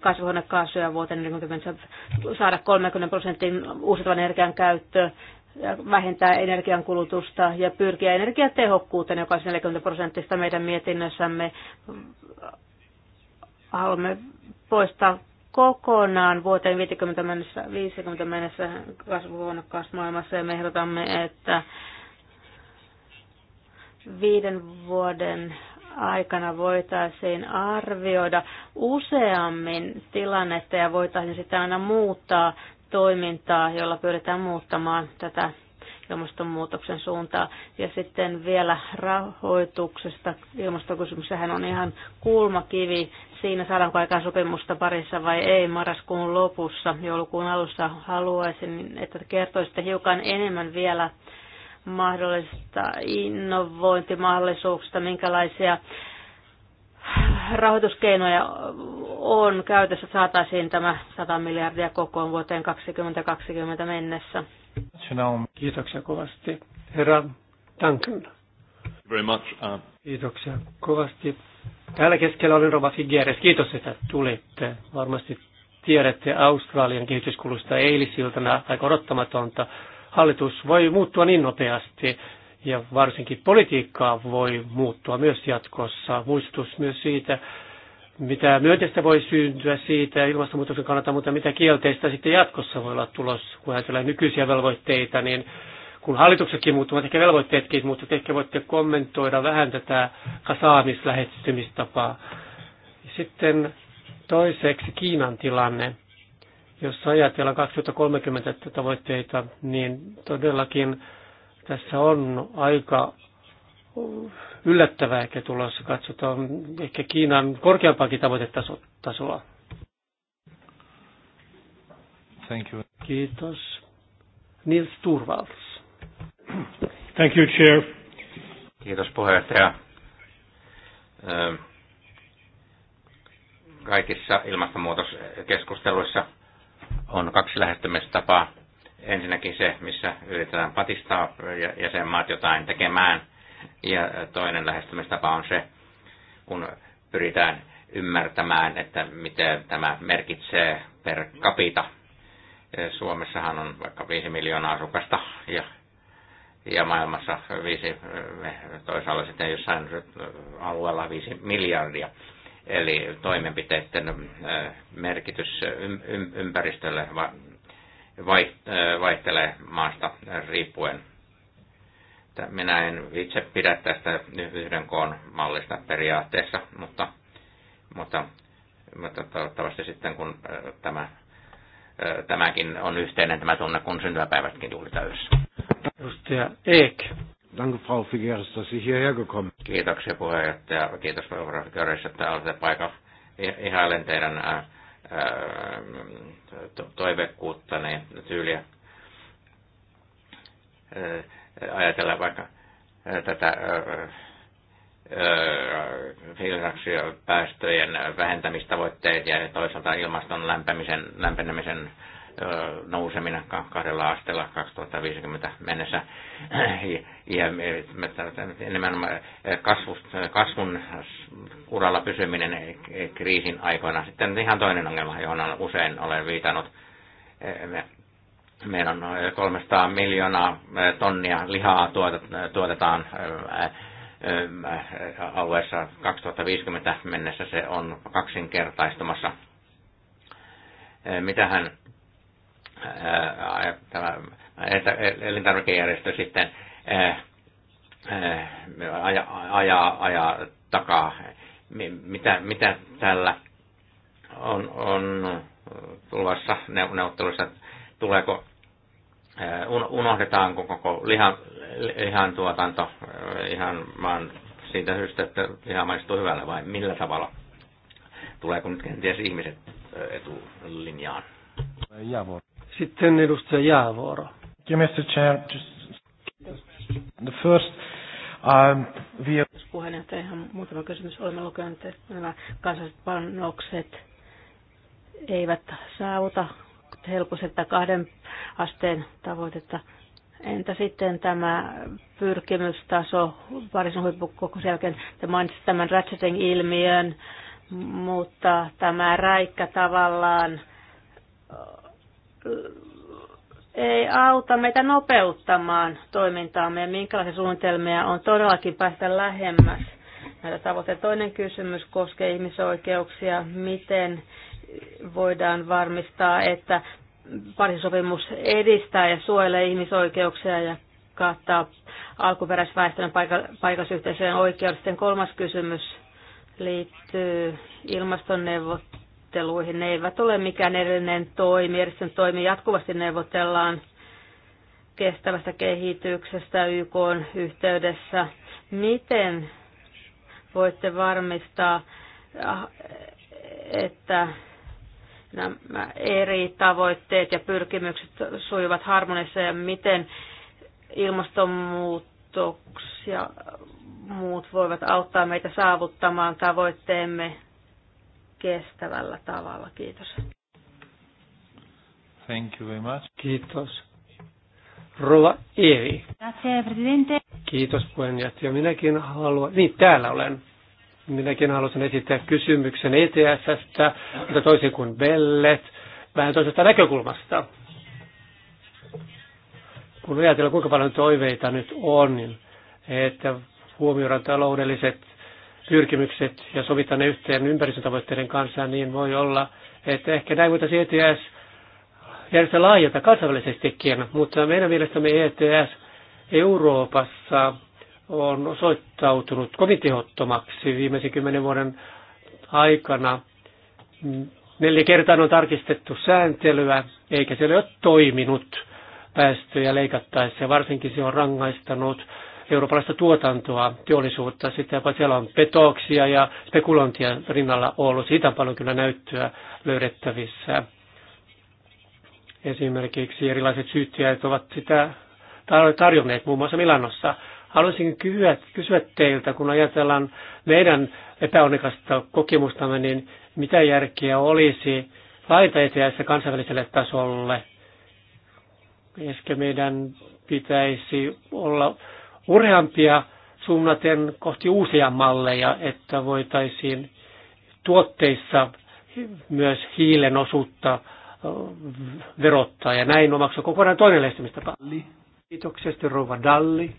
kasvihuonekaasuja vuoteen 40 saada 30 prosentin uusiutuvan energian käyttö, vähentää energiankulutusta ja pyrkiä energiatehokkuuteen, joka on 40 prosentista meidän mietinnössämme. Haluamme poistaa kokonaan vuoteen 50 mennessä, 50 mennessä maailmassa ja me ehdotamme, että viiden vuoden aikana voitaisiin arvioida useammin tilannetta ja voitaisiin sitä aina muuttaa toimintaa, jolla pyritään muuttamaan tätä ilmastonmuutoksen suuntaa. Ja sitten vielä rahoituksesta. Ilmastokysymyksähän on ihan kulmakivi siinä, saadaanko aikaan sopimusta parissa vai ei marraskuun lopussa. Joulukuun alussa haluaisin, että kertoisitte hiukan enemmän vielä mahdollisista innovointimahdollisuuksista, minkälaisia rahoituskeinoja on käytössä, saataisiin tämä 100 miljardia kokoon vuoteen 2020 mennessä. Kiitoksia kovasti. Herra Duncan. Very much. Uh... Kiitoksia kovasti. Täällä keskellä oli Rova Figueres. Kiitos, että tulitte. Varmasti tiedätte Australian kehityskulusta eilisiltana aika odottamatonta Hallitus voi muuttua niin nopeasti ja varsinkin politiikkaa voi muuttua myös jatkossa. Muistutus myös siitä, mitä myönteistä voi syntyä siitä ilmastonmuutoksen kannalta, mutta mitä kielteistä sitten jatkossa voi olla tulos, kun ajatellaan nykyisiä velvoitteita, niin kun hallituksetkin muuttuvat, ehkä velvoitteetkin mutta ehkä voitte kommentoida vähän tätä kasaamislähestymistapaa. Sitten toiseksi Kiinan tilanne. Jos ajatellaan 2030 tavoitteita, niin todellakin tässä on aika yllättävää ehkä tulossa. Katsotaan ehkä Kiinan korkeampaakin tavoitetasoa. Thank you. Kiitos. Nils Turvals. Thank you, Chair. Kiitos puheenjohtaja. Kaikissa ilmastonmuutoskeskusteluissa – on kaksi lähestymistapaa. Ensinnäkin se, missä yritetään patistaa jäsenmaat jotain tekemään, ja toinen lähestymistapa on se, kun pyritään ymmärtämään, että miten tämä merkitsee per capita. Suomessahan on vaikka 5 miljoonaa asukasta ja, ja maailmassa viisi, toisaalla sitten jossain alueella 5 miljardia eli toimenpiteiden äh, merkitys ympäristölle äh, vaihtelee maasta riippuen. Minä en itse pidä tästä yhden koon mallista periaatteessa, mutta, mutta, mutta toivottavasti sitten kun äh, tämä, tämäkin on yhteinen tämä tunne, kun syntymäpäivätkin juhlitaan yhdessä. Edustaja Eek. Danke, Frau Figueres, dass Sie hierher gekommen sind. Kiitoksia puheenjohtaja. Kiitos, Frau Figueres, että olette paikalla. Ihailen teidän ää, toivekkuuttanne niin tyyliä ajatella vaikka tätä hiilidioksidipäästöjen vähentämistavoitteet ja toisaalta ilmaston lämpenemisen nouseminen kahdella asteella 2050 mennessä. Ja nimenomaan kasvust, kasvun uralla pysyminen e- e- kriisin aikoina. Sitten ihan toinen ongelma, johon usein olen viitannut. Meillä on 300 miljoonaa tonnia lihaa tuotetaan alueessa 2050 mennessä se on kaksinkertaistumassa. Mitähän tämä elintarvikejärjestö sitten ajaa, ajaa, ajaa takaa. Mitä, mitä tällä on, on tulossa neuvottelussa, tuleeko, unohdetaanko koko lihan, lihan tuotanto ihan vaan siitä syystä, että liha maistuu hyvällä vai millä tavalla? Tuleeko nyt kenties ihmiset etulinjaan? voi. Sitten edustaja Jäävuoro. Mr. Chair, the first, um, we... puheenjohtaja, ihan muutama kysymys. Olemme lukeneet, että nämä kansalliset panokset eivät saavuta helposti tätä kahden asteen tavoitetta. Entä sitten tämä pyrkimystaso Pariisin huippukokous jälkeen? Te mainitsitte tämän ratcheting-ilmiön, mutta tämä räikkä tavallaan ei auta meitä nopeuttamaan toimintaamme ja minkälaisia suunnitelmia on todellakin päästä lähemmäs näitä tavoitteita. Toinen kysymys koskee ihmisoikeuksia. Miten voidaan varmistaa, että parisopimus edistää ja suojelee ihmisoikeuksia ja kattaa alkuperäisväestön paikallisyhteisöjen oikeudet. Sitten kolmas kysymys liittyy ilmastonneuvotteluun neuvotteluihin. Ne eivät ole mikään erillinen toimi, erillisen toimi. Jatkuvasti neuvotellaan kestävästä kehityksestä YK yhteydessä. Miten voitte varmistaa, äh, että nämä eri tavoitteet ja pyrkimykset sujuvat harmonissa ja miten ilmastonmuutoksia muut voivat auttaa meitä saavuttamaan tavoitteemme kestävällä tavalla. Kiitos. Thank you very much. Kiitos. Rova Evi. Kiitos puheenjohtaja. Minäkin haluan, niin täällä olen. Minäkin haluaisin esittää kysymyksen ETSstä, mutta toisin kuin Bellet, vähän toisesta näkökulmasta. Kun ajatellaan, kuinka paljon toiveita nyt on, niin että huomioidaan taloudelliset pyrkimykset ja sovita ne yhteen ympäristötavoitteiden kanssa, niin voi olla, että ehkä näin voitaisiin ETS järjestää laajalta kansainvälisestikin, mutta meidän mielestämme ETS Euroopassa on osoittautunut kovin tehottomaksi viimeisen kymmenen vuoden aikana. Neljä kertaa on tarkistettu sääntelyä, eikä se ole toiminut päästöjä leikattaessa, varsinkin se on rangaistanut eurooppalaista tuotantoa, teollisuutta, sitä jopa siellä on petoksia ja spekulointia rinnalla ollut. Siitä on paljon kyllä näyttöä löydettävissä. Esimerkiksi erilaiset syyttäjät ovat sitä tarjonneet muun muassa Milanossa. Haluaisin kysyä, kysyä teiltä, kun ajatellaan meidän epäonnekasta kokemustamme, niin mitä järkeä olisi laita ETS kansainväliselle tasolle? Ehkä meidän pitäisi olla ureampia suunnaten kohti uusia malleja, että voitaisiin tuotteissa myös hiilen osuutta verottaa ja näin omaksua kokonaan toinen lähestymistapa. Kiitoksia, Rouva Dalli.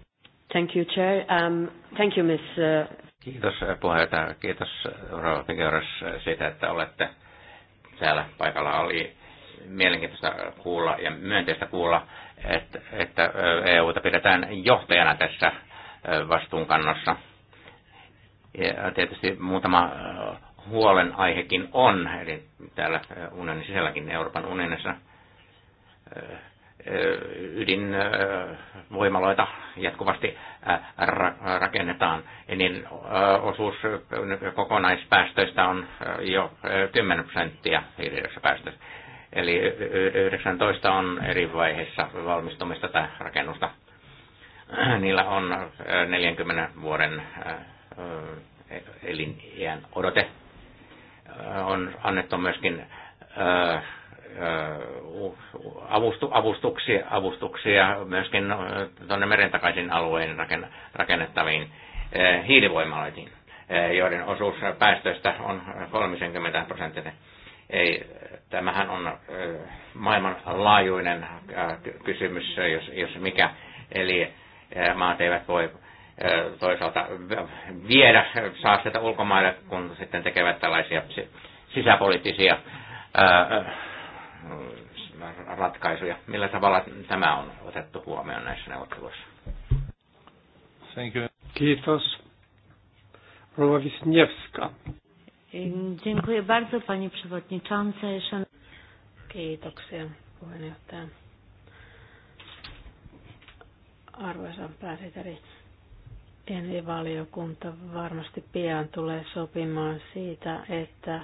Thank you, Chair. Um, thank you, Miss... Uh, Kiitos eh, puheenjohtaja. Kiitos eh, Rouva Figueres eh, siitä, että olette täällä paikalla. Oli mielenkiintoista kuulla ja myönteistä kuulla että, että EUta pidetään johtajana tässä vastuunkannossa. Ja tietysti muutama huolenaihekin on, eli täällä unionin sisälläkin Euroopan unionissa ydinvoimaloita jatkuvasti rakennetaan, niin osuus kokonaispäästöistä on jo 10 prosenttia hiilidioksidipäästöistä. Eli 19 on eri vaiheessa valmistumista tai rakennusta. Niillä on 40 vuoden e- elinjään odote. On annettu myöskin avustuksia, avustuksia myöskin tuonne meren takaisin alueen rakennettaviin hiilivoimaloihin, joiden osuus päästöistä on 30 prosenttia. Ei, tämähän on maailmanlaajuinen kysymys, jos, jos mikä. Eli maat eivät voi toisaalta viedä saasteita ulkomaille, kun sitten tekevät tällaisia sisäpoliittisia ratkaisuja. Millä tavalla tämä on otettu huomioon näissä neuvotteluissa? Thank you. Kiitos. Rova Wisniewska. Dziękuję bardzo Kiitoksia puheenjohtaja. Arvoisa pääsihteeri, valiokunta varmasti pian tulee sopimaan siitä, että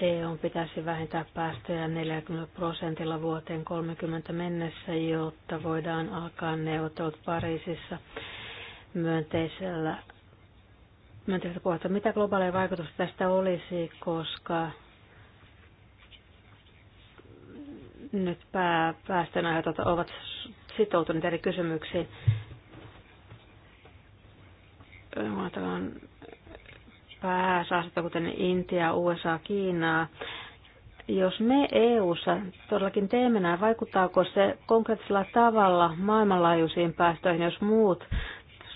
EU pitäisi vähentää päästöjä 40 prosentilla vuoteen 30 mennessä, jotta voidaan alkaa neuvottelut Pariisissa myönteisellä tiedä kohta, Mitä globaaleja vaikutusta tästä olisi, koska nyt pää, päästönaiheuttajat ovat sitoutuneet eri kysymyksiin. Ajatellaan pääsaastetta, kuten Intia, USA, Kiinaa. Jos me EU-ssa todellakin teemme nämä, vaikuttaako se konkreettisella tavalla maailmanlaajuisiin päästöihin, jos muut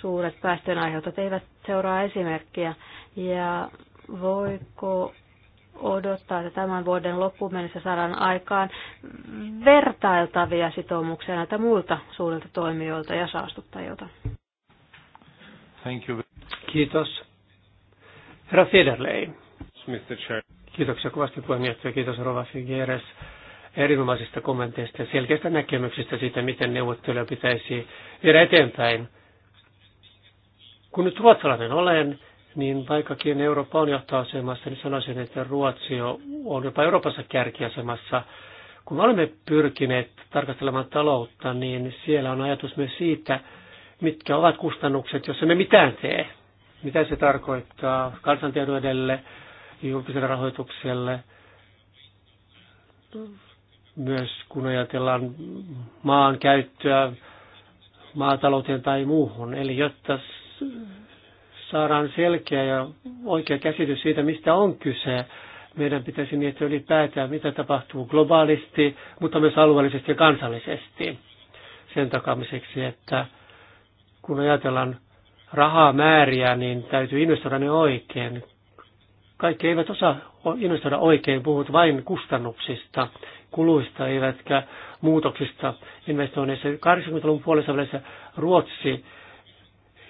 suuret päästöjen aiheutat eivät seuraa esimerkkiä. Ja voiko odottaa, että tämän vuoden loppuun mennessä saadaan aikaan vertailtavia sitoumuksia näiltä muilta suurilta toimijoilta ja saastuttajilta? Thank you. Kiitos. Herra Federley. Mr. Chair. Kiitoksia kovasti puheenjohtaja. Kiitos Rova Figueres erinomaisista kommenteista ja selkeistä näkemyksistä siitä, miten neuvotteluja pitäisi viedä eteenpäin. Kun nyt ruotsalainen olen, niin vaikkakin Eurooppa on johtoasemassa, niin sanoisin, että Ruotsi on jopa Euroopassa kärkiasemassa. Kun olemme pyrkineet tarkastelemaan taloutta, niin siellä on ajatus myös siitä, mitkä ovat kustannukset, jos emme mitään tee. Mitä se tarkoittaa kansanterveydelle, julkiselle rahoitukselle, myös kun ajatellaan maan käyttöä maatalouteen tai muuhun. Eli jotta saadaan selkeä ja oikea käsitys siitä, mistä on kyse. Meidän pitäisi miettiä ylipäätään, mitä tapahtuu globaalisti, mutta myös alueellisesti ja kansallisesti sen takamiseksi, että kun ajatellaan rahaa määriä, niin täytyy investoida ne oikein. Kaikki eivät osaa investoida oikein, puhut vain kustannuksista, kuluista, eivätkä muutoksista investoinneissa. 80-luvun puolessa Ruotsi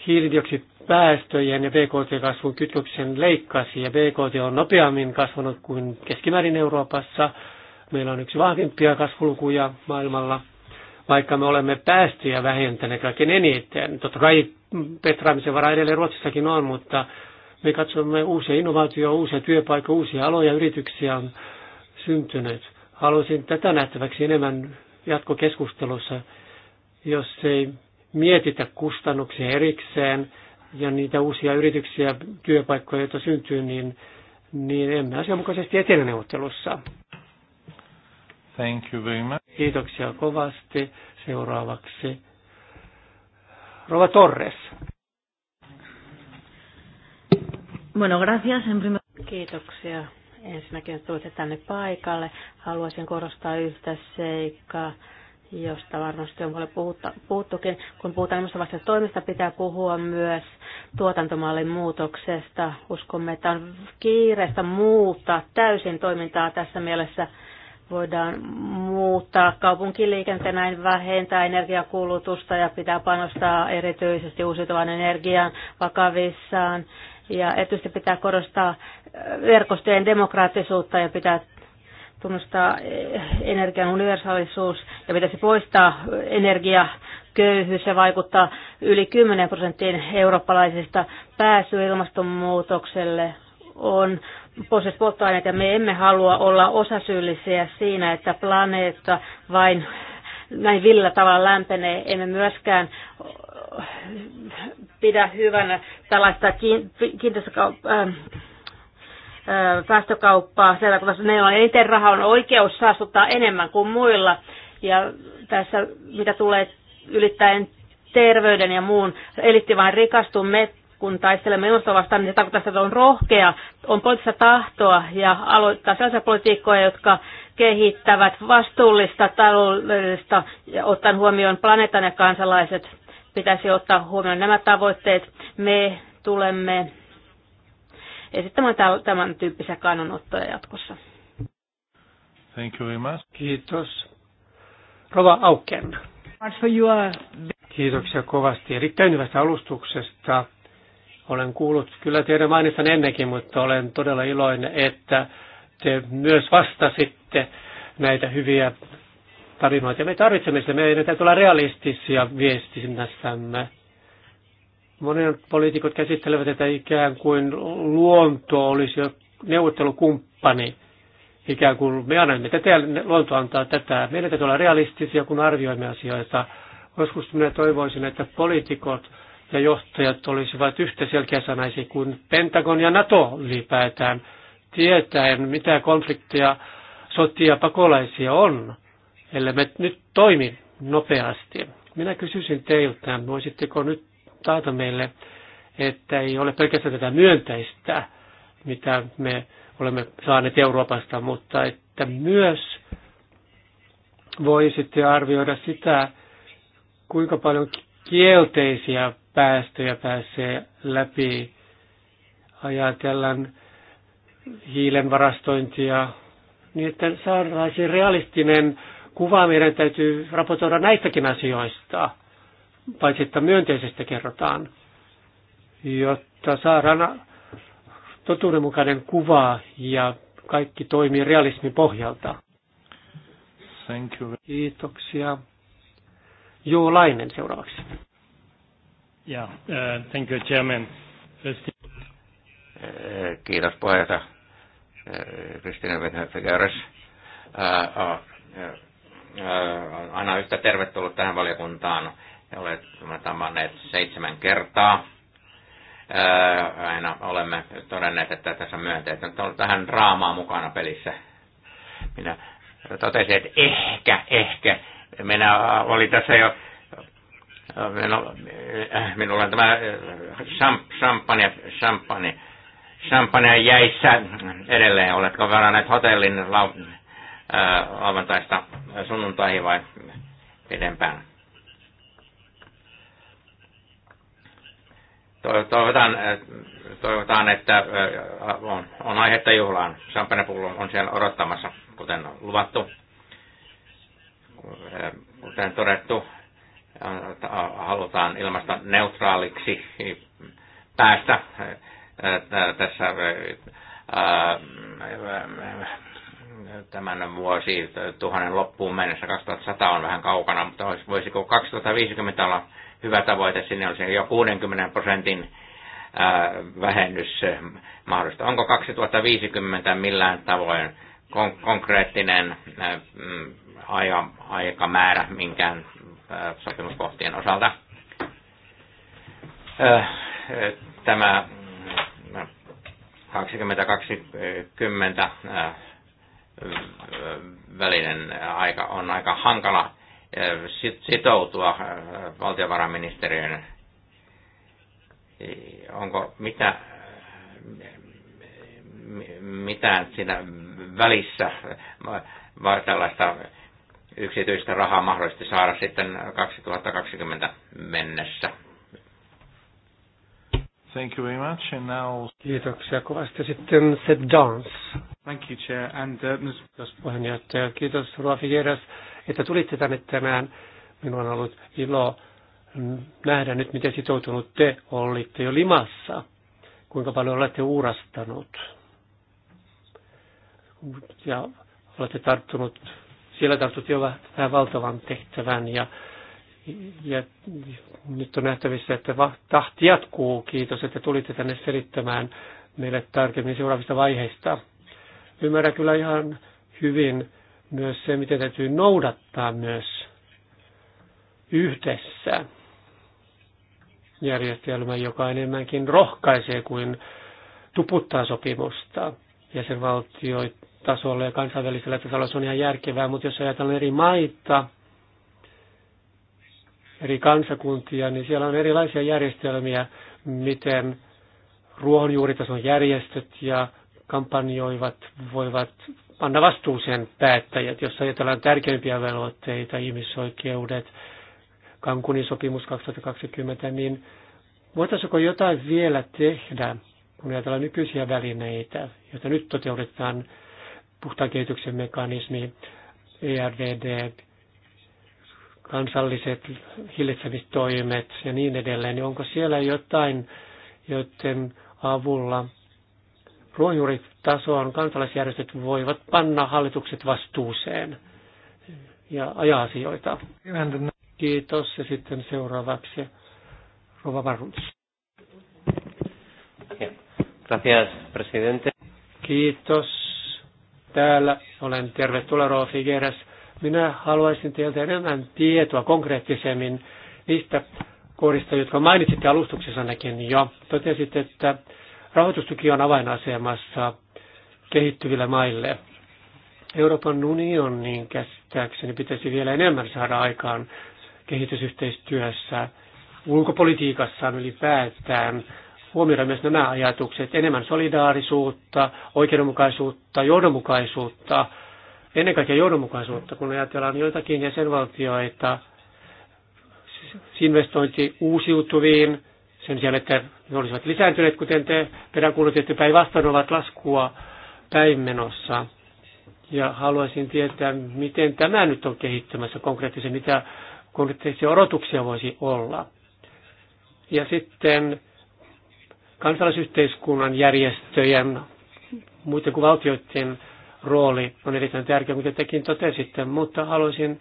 hiilidioksidipäästöjen ja BKT-kasvun kytköksen leikkasi ja BKT on nopeammin kasvanut kuin keskimäärin Euroopassa. Meillä on yksi vahvimpia kasvulukuja maailmalla, vaikka me olemme päästöjä vähentäneet kaiken eniten. Totta kai petraamisen varaa edelleen Ruotsissakin on, mutta me katsomme uusia innovaatioita, uusia työpaikkoja, uusia aloja, yrityksiä on syntynyt. Haluaisin tätä nähtäväksi enemmän jatkokeskustelussa, jos ei mietitä kustannuksia erikseen ja niitä uusia yrityksiä, työpaikkoja, joita syntyy, niin, niin emme asianmukaisesti etene neuvottelussa. Thank you very much. Kiitoksia kovasti. Seuraavaksi Rova Torres. Bueno, gracias. En primer... Kiitoksia. Ensinnäkin tulitte tänne paikalle. Haluaisin korostaa yhtä seikkaa josta varmasti on paljon puhuttukin. Kun puhutaan ilmastonvastaisesta toimista, pitää puhua myös tuotantomallin muutoksesta. Uskomme, että on kiireistä muuttaa täysin toimintaa tässä mielessä. Voidaan muuttaa kaupunkiliikenteen näin vähentää energiakulutusta ja pitää panostaa erityisesti uusiutuvan energian vakavissaan. Ja erityisesti pitää korostaa äh, verkostojen demokraattisuutta ja pitää tunnustaa eh, energian universaalisuus ja pitäisi poistaa energiaköyhyys ja vaikuttaa yli 10 prosenttiin eurooppalaisista. Pääsy ilmastonmuutokselle on fossiiliset polttoaineet ja me emme halua olla osasyyllisiä siinä, että planeetta vain näin villä tavalla lämpenee. Emme myöskään pidä hyvänä tällaista kiinteistökauppaa ähm, äh, päästökauppaa, sieltä, kun meillä on eniten raha on oikeus saastuttaa enemmän kuin muilla. Ja tässä, mitä tulee ylittäen terveyden ja muun, elitti vain rikastuu, me kun taistelemme ilmastoa vastaan, niin se tarkoittaa, että on rohkea, on poliittista tahtoa ja aloittaa sellaisia politiikkoja, jotka kehittävät vastuullista taloudellista ja ottaen huomioon planeetan ja kansalaiset. Pitäisi ottaa huomioon nämä tavoitteet. Me tulemme esittämään tämän tyyppisiä kannanottoja jatkossa. Thank you very much. Kiitos. Rova Auken. Kiitoksia kovasti erittäin hyvästä alustuksesta. Olen kuullut kyllä teidän mainitsen ennenkin, mutta olen todella iloinen, että te myös vastasitte näitä hyviä tarinoita. Me tarvitsemme sitä, meidän täytyy olla realistisia viestinnässämme. Monet poliitikot käsittelevät tätä ikään kuin luonto olisi jo neuvottelukumppani – ikään kuin me annamme tätä ja luonto antaa tätä. Meidän täytyy olla realistisia, kun arvioimme asioita. Joskus minä toivoisin, että poliitikot ja johtajat olisivat yhtä selkeäsanaisia kuin Pentagon ja NATO ylipäätään, tietäen mitä konflikteja, sotia, pakolaisia on, ellei me nyt toimi nopeasti. Minä kysyisin teiltä, voisitteko nyt taata meille, että ei ole pelkästään tätä myönteistä, mitä me olemme saaneet Euroopasta, mutta että myös voi sitten arvioida sitä, kuinka paljon kielteisiä päästöjä pääsee läpi. Ajatellaan hiilen varastointia, niin että saadaan realistinen kuva. Meidän täytyy raportoida näistäkin asioista, paitsi että myönteisestä kerrotaan, jotta saadaan totuudenmukainen kuva ja kaikki toimii realismin pohjalta. Thank you. Kiitoksia. Joo Lainen seuraavaksi. Yeah, uh, thank you, Chairman. First... Eh, kiitos puheenjohtaja. Eh, Kristina Figueres eh, oh, aina yhtä tervetullut tähän valiokuntaan. Olet tavanneet seitsemän kertaa aina olemme todenneet, että tässä on myönteitä. Nyt on vähän draamaa mukana pelissä. Minä totesin, että ehkä, ehkä. Minä olin tässä jo Minulla, äh, minulla on tämä äh, champagne, champagne, champagne jäissä edelleen. Oletko varanneet hotellin lau, äh, lauantaista sunnuntaihin vai pidempään? toivotaan, eh, toivotaan että eh, on, on aihetta juhlaan. Champagnepullo on siellä odottamassa, kuten luvattu. Eh, kuten todettu, halutaan ilmasta neutraaliksi päästä tässä tämän vuosi tuhannen loppuun mennessä. 2100 on vähän kaukana, mutta voisiko 2050 olla hyvä tavoite. Sinne olisi jo 60 prosentin vähennys mahdollista. Onko 2050 millään tavoin konkreettinen mm, aikamäärä minkään sopimuskohtien osalta? Tämä 2020 välinen aika on aika hankala sitoutua äh, valtiovarainministeriön. Onko mitä, mitään siinä välissä vai tällaista yksityistä rahaa mahdollisesti saada sitten 2020 mennessä? Thank you very much. And now... Kiitoksia kovasti. Sitten se dance. Thank you, Chair. And, uh, Kiitos puheenjohtaja. Kiitos Ruofi että tulitte tänne tänään. Minulla on ollut ilo nähdä nyt, miten sitoutunut te olitte jo limassa, kuinka paljon olette uurastanut ja olette tarttunut, siellä tarttunut jo vähän valtavan tehtävän ja, ja nyt on nähtävissä, että tahti jatkuu. Kiitos, että tulitte tänne selittämään meille tarkemmin seuraavista vaiheista. Ymmärrän kyllä ihan hyvin myös se, mitä täytyy noudattaa myös yhdessä järjestelmä, joka enemmänkin rohkaisee kuin tuputtaa sopimusta jäsenvaltiotasolla ja kansainvälisellä tasolla. Se on ihan järkevää, mutta jos ajatellaan eri maita, eri kansakuntia, niin siellä on erilaisia järjestelmiä, miten ruohonjuuritason järjestöt ja kampanjoivat voivat panna vastuuseen päättäjät, jos ajatellaan tärkeimpiä velvoitteita, ihmisoikeudet, Kankunin sopimus 2020, niin voitaisiinko jotain vielä tehdä, kun ajatellaan nykyisiä välineitä, joita nyt toteutetaan, puhtaan kehityksen mekanismi, ERVD, kansalliset hillitsemistoimet ja niin edelleen, niin onko siellä jotain, joiden avulla ruohonjuuritasoon kansalaisjärjestöt voivat panna hallitukset vastuuseen ja ajaa asioita. Kiitos. Ja sitten seuraavaksi Rova Varunts. Gracias, presidente. Kiitos. Täällä olen tervetuloa Rova Figueres. Minä haluaisin teiltä enemmän tietoa konkreettisemmin niistä kohdista, jotka mainitsitte alustuksessannekin jo. Totesit, että Rahoitustuki on avainasemassa kehittyville maille. Euroopan unionin niin käsittääkseni pitäisi vielä enemmän saada aikaan kehitysyhteistyössä, ulkopolitiikassaan ylipäätään, huomioida myös nämä ajatukset, enemmän solidaarisuutta, oikeudenmukaisuutta, johdonmukaisuutta, ennen kaikkea johdonmukaisuutta, kun ajatellaan joitakin jäsenvaltioita, siis investointi uusiutuviin sen sijaan, että ne olisivat lisääntyneet, kuten te peräänkuulutitte, päinvastoin ovat laskua päinmenossa. Ja haluaisin tietää, miten tämä nyt on kehittymässä konkreettisesti, mitä konkreettisia odotuksia voisi olla. Ja sitten kansalaisyhteiskunnan järjestöjen, muiden kuin valtioiden rooli on erittäin tärkeä, mitä tekin totesitte, mutta haluaisin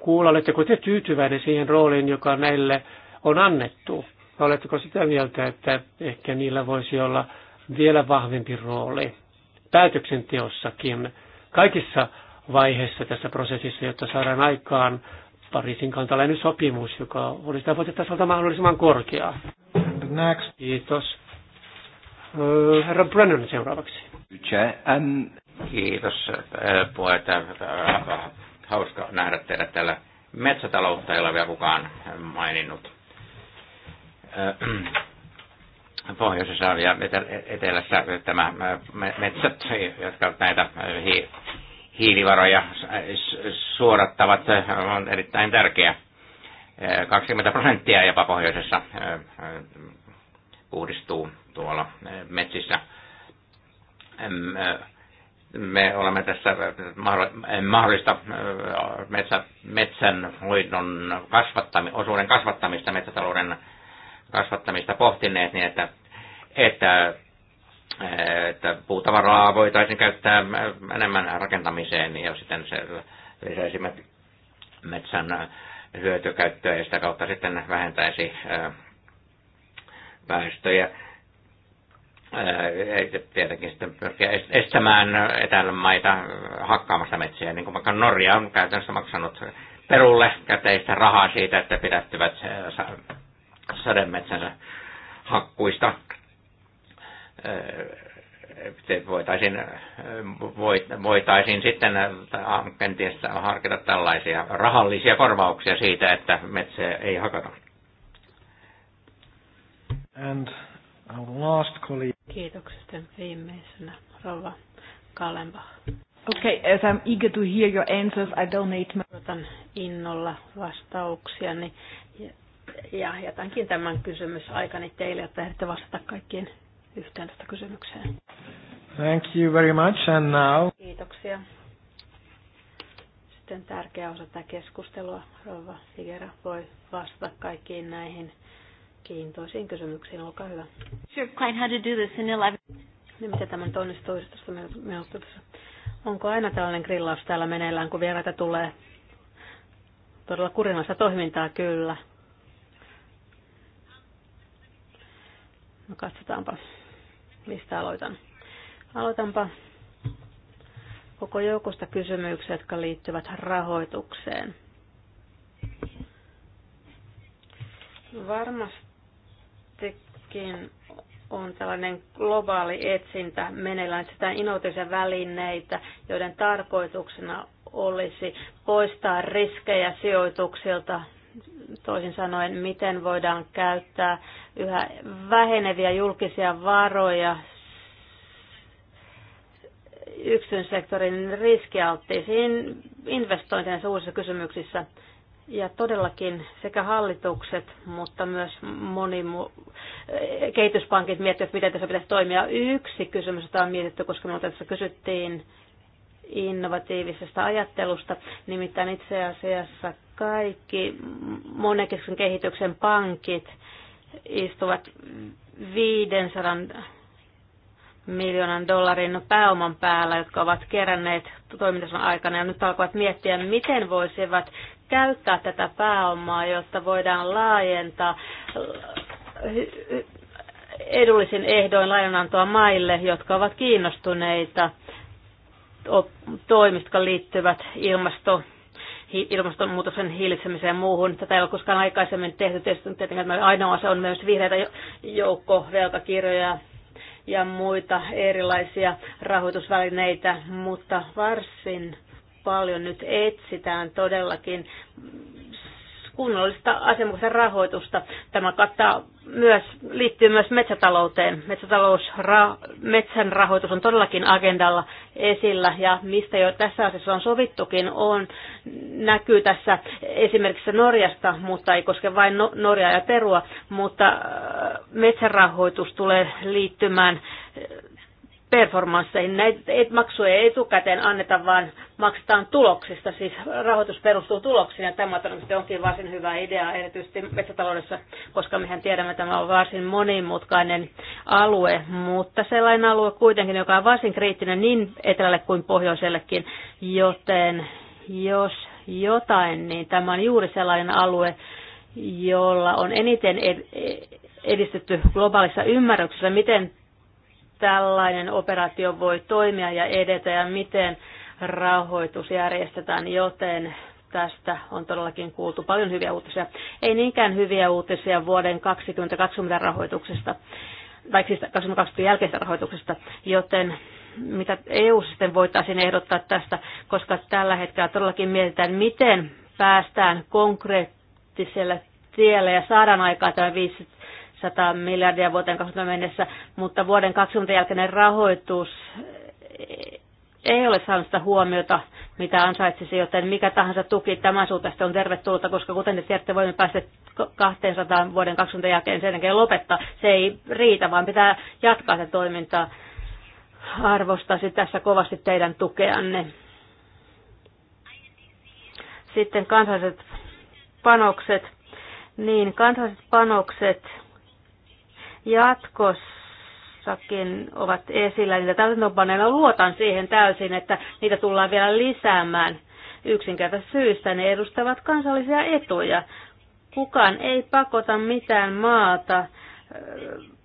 kuulla, oletteko te tyytyväinen siihen rooliin, joka näille on annettu. Oletteko sitä mieltä, että ehkä niillä voisi olla vielä vahvempi rooli päätöksenteossakin kaikissa vaiheissa tässä prosessissa, jotta saadaan aikaan Pariisin kantalainen sopimus, joka olisi tavoitetasolta mahdollisimman korkea. Next. Kiitos. Öö, herra Brennan seuraavaksi. Um, kiitos puheenjohtaja. Hauska nähdä teidät täällä. Metsätaloutta ei ole vielä kukaan maininnut pohjoisessa ja etelässä tämä metsät, jotka näitä hiilivaroja suorattavat, on erittäin tärkeä. 20 prosenttia jopa pohjoisessa uudistuu tuolla metsissä. Me olemme tässä mahdollista metsä, metsän hoidon kasvattami, osuuden kasvattamista metsätalouden kasvattamista pohtineet, niin että, että, että puutavaraa voitaisiin käyttää enemmän rakentamiseen ja sitten se lisäisi metsän hyötykäyttöä ja sitä kautta sitten vähentäisi päästöjä. Tietenkin sitten pyrkiä estämään maita hakkaamasta metsiä, niin kuin vaikka Norja on käytännössä maksanut perulle käteistä rahaa siitä, että pidättyvät sademetsänsä hakkuista voitaisiin, voitaisiin sitten kenties harkita tällaisia rahallisia korvauksia siitä, että metsä ei hakata. And our last colleague. Kiitokset viimeisenä, Rova Kalemba. Okay, as I'm eager to hear your answers, I donate my... Otan innolla vastauksia, niin ja jätänkin tämän kysymys aikani teille, että ehditte vastata kaikkiin yhteen tästä kysymykseen. Thank you very much and now... Kiitoksia. Sitten tärkeä osa tätä keskustelua. Rova Figera voi vastata kaikkiin näihin kiintoisiin kysymyksiin. Olkaa hyvä. Sure, quite how to do this in 11... Niin, miten tämä nyt onnistuu Onko aina tällainen grillaus täällä meneillään, kun vieraita tulee? Todella kurinaista toimintaa kyllä. Katsotaanpa, mistä aloitan. Aloitanpa koko joukosta kysymyksiä, jotka liittyvät rahoitukseen. Varmastikin on tällainen globaali etsintä meneillään, sitä innovatiivisia välineitä, joiden tarkoituksena olisi poistaa riskejä sijoituksilta Toisin sanoen, miten voidaan käyttää yhä väheneviä julkisia varoja yksityisen sektorin riskialttiisiin investointeihin uusissa kysymyksissä. Ja todellakin sekä hallitukset, mutta myös moni kehityspankit miettivät, miten tässä pitäisi toimia. Yksi kysymys, jota on mietitty, koska minulta tässä kysyttiin innovatiivisesta ajattelusta, nimittäin itse asiassa kaikki monenkeskisen kehityksen pankit istuvat 500 miljoonan dollarin pääoman päällä, jotka ovat keränneet toimintansa aikana ja nyt alkavat miettiä, miten voisivat käyttää tätä pääomaa, jotta voidaan laajentaa edullisin ehdoin lainanantoa maille, jotka ovat kiinnostuneita toimista, jotka liittyvät ilmasto- ilmastonmuutoksen hillitsemiseen ja muuhun. Tätä ei ole koskaan aikaisemmin tehty. Tietysti että ainoa se on myös vihreitä joukko velkakirjoja ja muita erilaisia rahoitusvälineitä, mutta varsin paljon nyt etsitään todellakin kunnollista asemuksen rahoitusta. Tämä kattaa myös, liittyy myös metsätalouteen. Metsätalous, ra, metsän rahoitus on todellakin agendalla esillä ja mistä jo tässä asiassa on sovittukin on, näkyy tässä esimerkiksi Norjasta, mutta ei koske vain no-, Norjaa ja Perua, mutta äh, metsän rahoitus tulee liittymään performansseihin. Näitä et maksuja ei etukäteen anneta, vaan maksetaan tuloksista, siis rahoitus perustuu tuloksiin, ja tämä todennäköisesti onkin varsin hyvä idea, erityisesti metsätaloudessa, koska mehän tiedämme, että tämä on varsin monimutkainen alue, mutta sellainen alue kuitenkin, joka on varsin kriittinen niin etelälle kuin pohjoisellekin, joten jos jotain, niin tämä on juuri sellainen alue, jolla on eniten e- edistetty globaalissa ymmärryksessä, miten tällainen operaatio voi toimia ja edetä ja miten rahoitus järjestetään, joten tästä on todellakin kuultu paljon hyviä uutisia. Ei niinkään hyviä uutisia vuoden 2020 rahoituksesta, tai siis 2020 jälkeisestä rahoituksesta, joten mitä EU sitten voitaisiin ehdottaa tästä, koska tällä hetkellä todellakin mietitään, miten päästään konkreettiselle tielle ja saadaan aikaa tämä 50 100 miljardia vuoteen 2020 mennessä, mutta vuoden 20 jälkeinen rahoitus ei ole saanut sitä huomiota, mitä ansaitsisi, joten mikä tahansa tuki tämän suhteen on tervetullutta, koska kuten te tiedätte, voimme päästä 200 vuoden 20 jälkeen sen jälkeen lopettaa. Se ei riitä, vaan pitää jatkaa se toimintaa. Arvostaisin tässä kovasti teidän tukeanne. Sitten kansalliset panokset. Niin, kansalliset panokset – jatkossakin ovat esillä, niitä täytäntöpaneella luotan siihen täysin, että niitä tullaan vielä lisäämään Yksinkertaisesti syystä. Ne edustavat kansallisia etuja. Kukaan ei pakota mitään maata äh,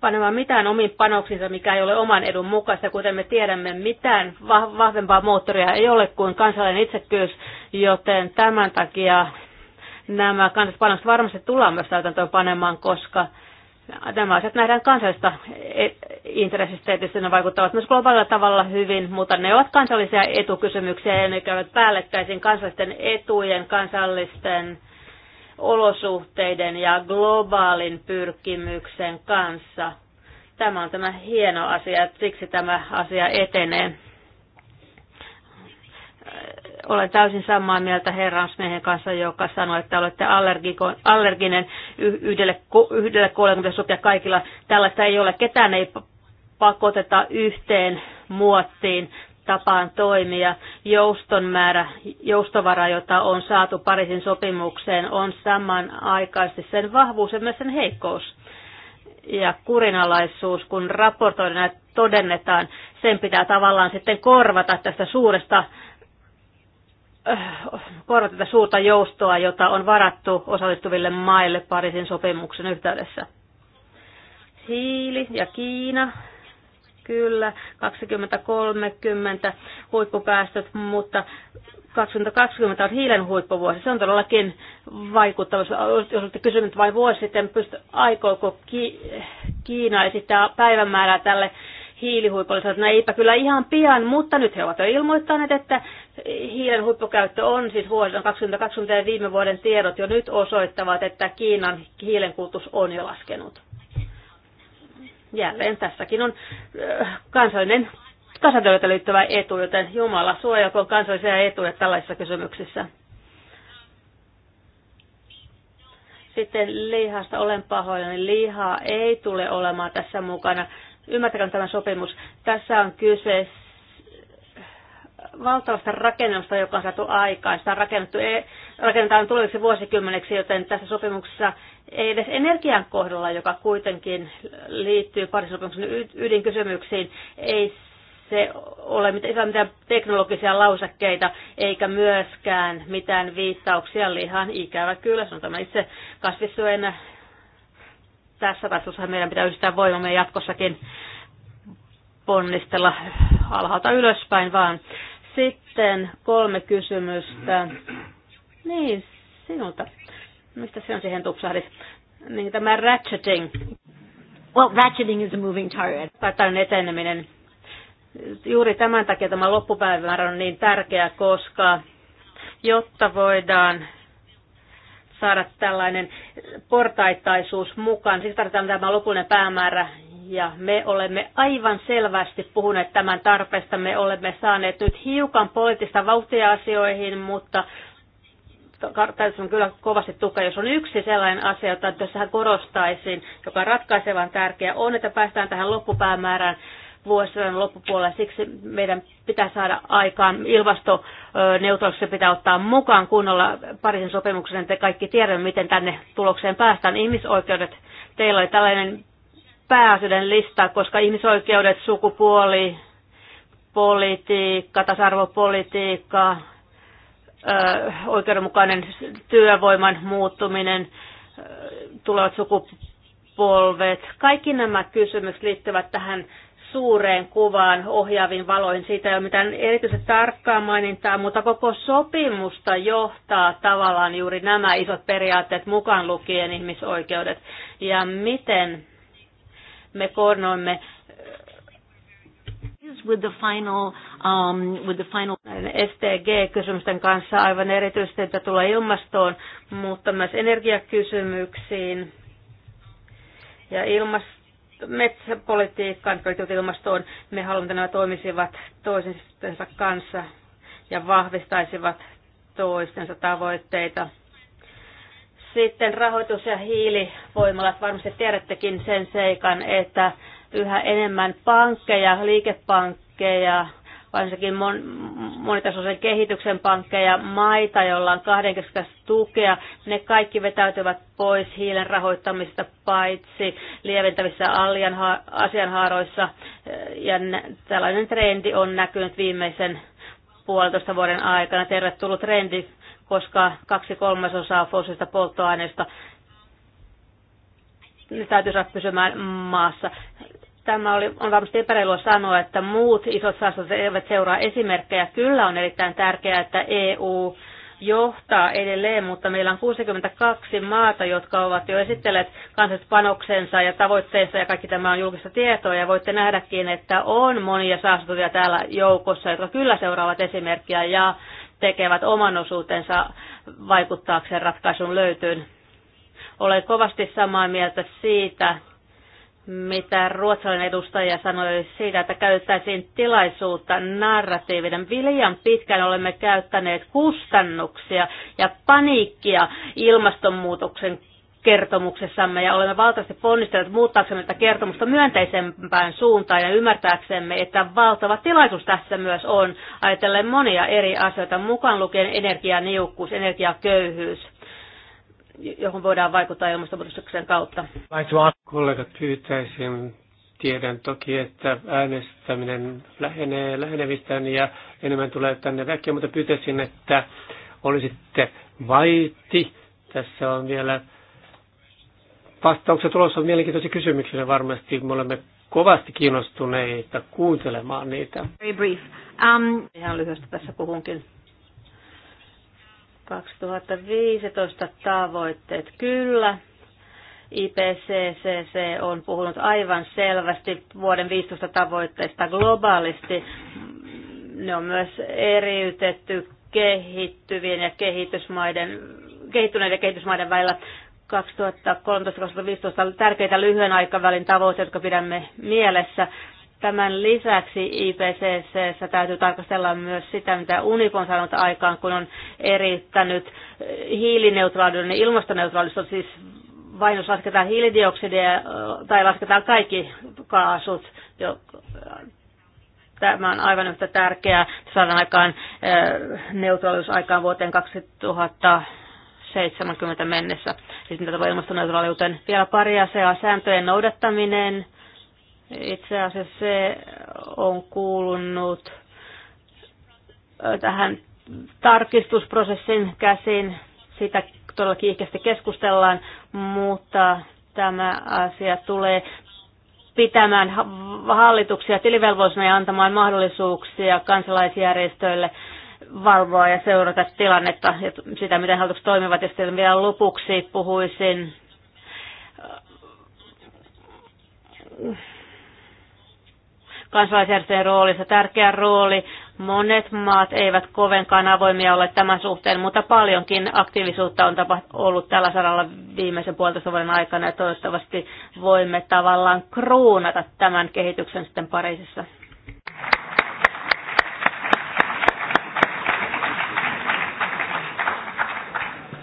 panemaan mitään omiin panoksinsa, mikä ei ole oman edun mukaista. Kuten me tiedämme, mitään vahvempaa moottoria ei ole kuin kansallinen itsekkyys, joten tämän takia nämä kansalliset panokset varmasti tullaan myös täytäntöön panemaan, koska Nämä asiat nähdään kansallista e- intressistä, tietysti ne vaikuttavat myös globaalilla tavalla hyvin, mutta ne ovat kansallisia etukysymyksiä ja ne käyvät päällekkäisin kansallisten etujen, kansallisten olosuhteiden ja globaalin pyrkimyksen kanssa. Tämä on tämä hieno asia, että siksi tämä asia etenee. Olen täysin samaa mieltä herransmiehen kanssa, joka sanoi, että olette allerginen yhdelle, yhdelle kuolemalle sopia kaikilla. Tällaista ei ole. Ketään ei pakoteta yhteen muottiin tapaan toimia. Jouston määrä, joustovara, jota on saatu Pariisin sopimukseen, on samanaikaisesti sen vahvuus ja myös sen heikkous. Ja kurinalaisuus, kun raportoidaan ja todennetaan, sen pitää tavallaan sitten korvata tästä suuresta korvata tätä suurta joustoa, jota on varattu osallistuville maille Pariisin sopimuksen yhteydessä. Hiili ja Kiina, kyllä, 2030 huippupäästöt, mutta 2020 on hiilen huippuvuosi. Se on todellakin vaikuttava. Jos olette kysyneet vain vuosi sitten, pystyt, aikooko Kiina esittää päivämäärää tälle hiilihuipulle että no eipä kyllä ihan pian, mutta nyt he ovat jo ilmoittaneet, että hiilen huippukäyttö on siis vuosina 2020 ja viime vuoden tiedot jo nyt osoittavat, että Kiinan hiilen kulutus on jo laskenut. Jälleen tässäkin on äh, kansallinen kansantalouteen liittyvä etu, joten Jumala suojelkoon kansallisia etuja tällaisissa kysymyksissä. Sitten lihasta olen pahoillani. liha ei tule olemaan tässä mukana ymmärtäkään tämä sopimus. Tässä on kyse valtavasta rakennusta, joka on saatu aikaan. Sitä on rakennettu, e- rakennetaan tuleviksi vuosikymmeneksi, joten tässä sopimuksessa ei edes energian kohdalla, joka kuitenkin liittyy parisopimuksen ydinkysymyksiin, ei se ole mitään, mitään teknologisia lausakkeita, eikä myöskään mitään viittauksia lihan. Ikävä kyllä, tämä itse kasvissyöjänä tässä taistelussa meidän pitää yhdistää voimamme jatkossakin ponnistella alhaalta ylöspäin vaan. Sitten kolme kysymystä. Niin, sinulta. Mistä on siihen tupsahdit? Niin tämä ratcheting. Well, ratcheting is a moving target. Päätään eteneminen. Juuri tämän takia tämä loppupäivämäärä on niin tärkeä, koska jotta voidaan saada tällainen portaittaisuus mukaan. Siis tarvitaan tämä lopullinen päämäärä, ja me olemme aivan selvästi puhuneet tämän tarpeesta. Me olemme saaneet nyt hiukan poliittista vauhtia asioihin, mutta tässä on kyllä kovasti tukea. Jos on yksi sellainen asia, jota tässä korostaisin, joka on ratkaisevan tärkeä, on, että päästään tähän loppupäämäärään vuosien loppupuolella. Siksi meidän pitää saada aikaan ilmastoneutraaliksi pitää ottaa mukaan kunnolla Pariisin sopimuksen. Te kaikki tiedämme, miten tänne tulokseen päästään. Ihmisoikeudet, teillä oli tällainen pääasioiden lista, koska ihmisoikeudet, sukupuoli, politiikka, tasa-arvopolitiikka, oikeudenmukainen työvoiman muuttuminen, tulevat sukupolvet. Kaikki nämä kysymykset liittyvät tähän suureen kuvaan ohjaavin valoin. Siitä ei ole mitään erityisen tarkkaa mainintaa, mutta koko sopimusta johtaa tavallaan juuri nämä isot periaatteet mukaan lukien ihmisoikeudet. Ja miten me koordinoimme with the final, um, with the final... STG-kysymysten kanssa aivan erityisesti, että tulee ilmastoon, mutta myös energiakysymyksiin ja ilmastoon metsäpolitiikkaan, jotka ilmastoon, me haluamme, että nämä toimisivat toisensa kanssa ja vahvistaisivat toistensa tavoitteita. Sitten rahoitus- ja hiilivoimalat. Varmasti tiedättekin sen seikan, että yhä enemmän pankkeja, liikepankkeja varsinkin mon, monitasoisen kehityksen pankkeja, maita, joilla on kahdenkeskistä tukea. Ne kaikki vetäytyvät pois hiilen rahoittamista paitsi lieventävissä asianhaaroissa. Ja tällainen trendi on näkynyt viimeisen puolitoista vuoden aikana. Tervetullut trendi, koska kaksi kolmasosaa fossiilista polttoaineista ne täytyy saada pysymään maassa. Tämä oli, on varmasti epäreilua sanoa, että muut isot saastot eivät seuraa esimerkkejä. Kyllä on erittäin tärkeää, että EU johtaa edelleen, mutta meillä on 62 maata, jotka ovat jo esitelleet kansalliset panoksensa ja tavoitteensa ja kaikki tämä on julkista tietoa ja voitte nähdäkin, että on monia saastutuvia täällä joukossa, jotka kyllä seuraavat esimerkkiä ja tekevät oman osuutensa vaikuttaakseen ratkaisun löytyyn. Olen kovasti samaa mieltä siitä, mitä ruotsalainen edustaja sanoi siitä, että käyttäisiin tilaisuutta narratiivinen. Viljan pitkään olemme käyttäneet kustannuksia ja paniikkia ilmastonmuutoksen kertomuksessamme ja olemme valtavasti ponnistelleet muuttaaksemme tätä kertomusta myönteisempään suuntaan ja ymmärtääksemme, että valtava tilaisuus tässä myös on, ajatellen monia eri asioita, mukaan lukien energianiukkuus, energiaköyhyys johon voidaan vaikuttaa ilmastonmuutoksen kautta. Kollegat pyytäisin, tiedän toki, että äänestäminen lähenee lähenevistään ja enemmän tulee tänne väkeä, mutta pyytäisin, että olisitte vaiti. Tässä on vielä vastauksia tulossa mielenkiintoisia kysymyksiä varmasti. Me olemme kovasti kiinnostuneita kuuntelemaan niitä. Very brief. Um, ihan lyhyesti tässä puhunkin. 2015 tavoitteet. Kyllä, IPCCC on puhunut aivan selvästi vuoden 15 tavoitteista globaalisti. Ne on myös eriytetty kehittyvien ja kehitysmaiden, kehittyneiden kehitysmaiden välillä 2013-2015 tärkeitä lyhyen aikavälin tavoitteita, jotka pidämme mielessä. Tämän lisäksi IPCC täytyy tarkastella myös sitä, mitä Unipon saanut aikaan, kun on erittänyt eh, hiilineutraalisuuden ja ilmastoneutraalisuuden, siis vain jos lasketaan hiilidioksidia eh, tai lasketaan kaikki kaasut, jo, eh, tämä on aivan yhtä tärkeää, että saadaan aikaan neutraalius aikaan vuoteen 2070 mennessä. Siis mitä ilmastoneutraaliuteen vielä pari asiaa, sääntöjen noudattaminen, itse asiassa se on kuulunut tähän tarkistusprosessin käsin. Sitä todella kiihkeästi keskustellaan, mutta tämä asia tulee pitämään hallituksia tilivelvoisena ja antamaan mahdollisuuksia kansalaisjärjestöille valvoa ja seurata tilannetta ja sitä, miten hallitukset toimivat. Ja sitten vielä lopuksi puhuisin kansalaisjärjestöjen roolissa tärkeä rooli. Monet maat eivät kovenkaan avoimia ole tämän suhteen, mutta paljonkin aktiivisuutta on ollut tällä saralla viimeisen puolitoista vuoden aikana ja toivottavasti voimme tavallaan kruunata tämän kehityksen sitten Pariisissa.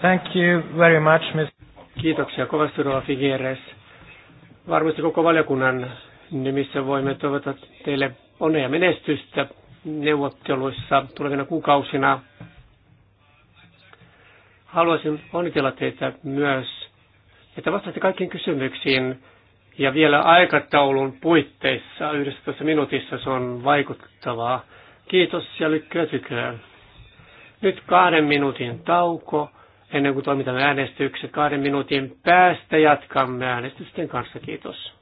Thank you very much, Ms. Kiitoksia kovasti, Rova Figueres. Varmasti koko valiokunnan nimissä voimme toivota teille onnea menestystä neuvotteluissa tulevina kuukausina. Haluaisin onnitella teitä myös, että vastaatte kaikkiin kysymyksiin ja vielä aikataulun puitteissa 11 minuutissa se on vaikuttavaa. Kiitos ja lykkyä tyköön. Nyt kahden minuutin tauko ennen kuin toimitamme äänestykset. Kahden minuutin päästä jatkamme äänestysten kanssa. Kiitos.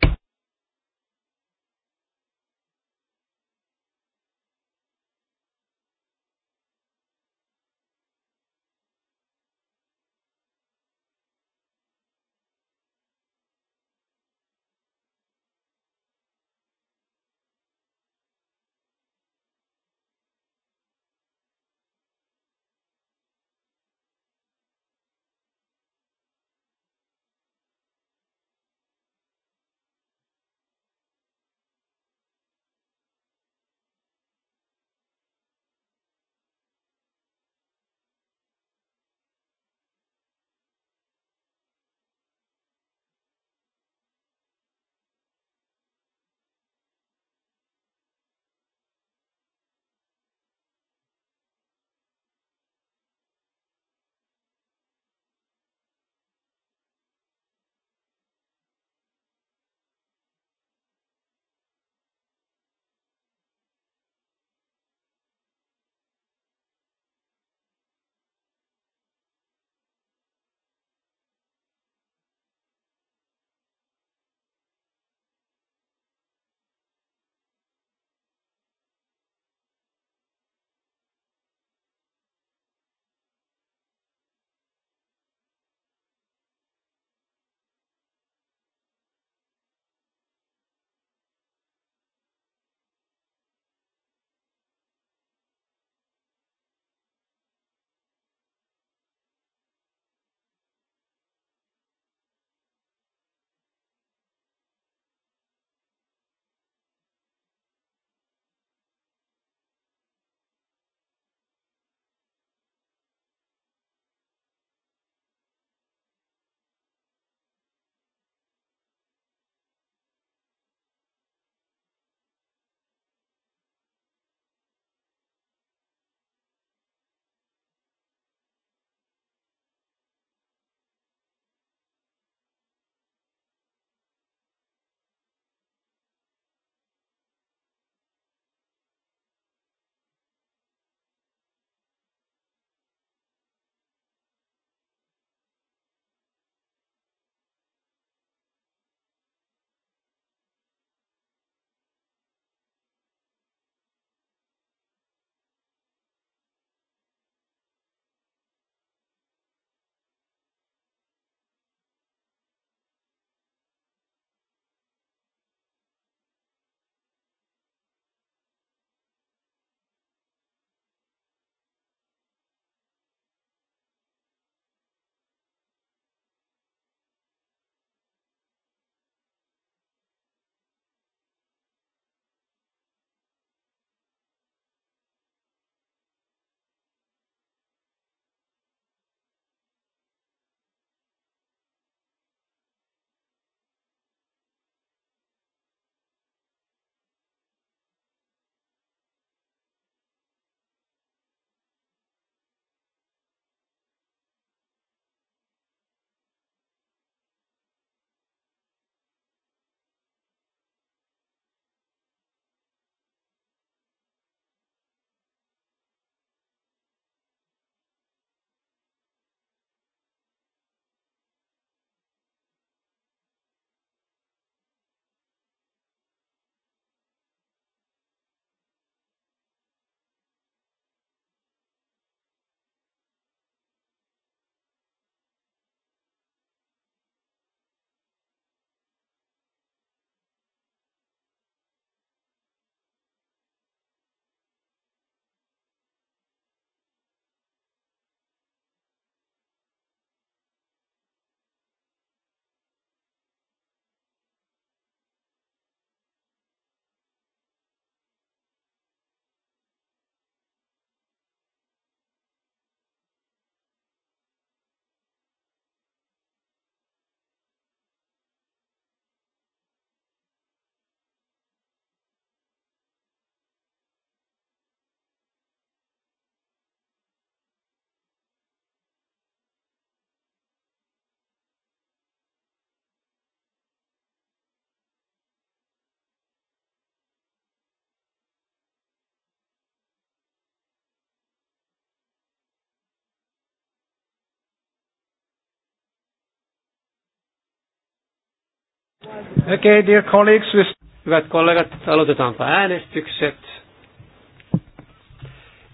Okay, dear colleagues, we... Hyvät kollegat, aloitetaanpa äänestykset.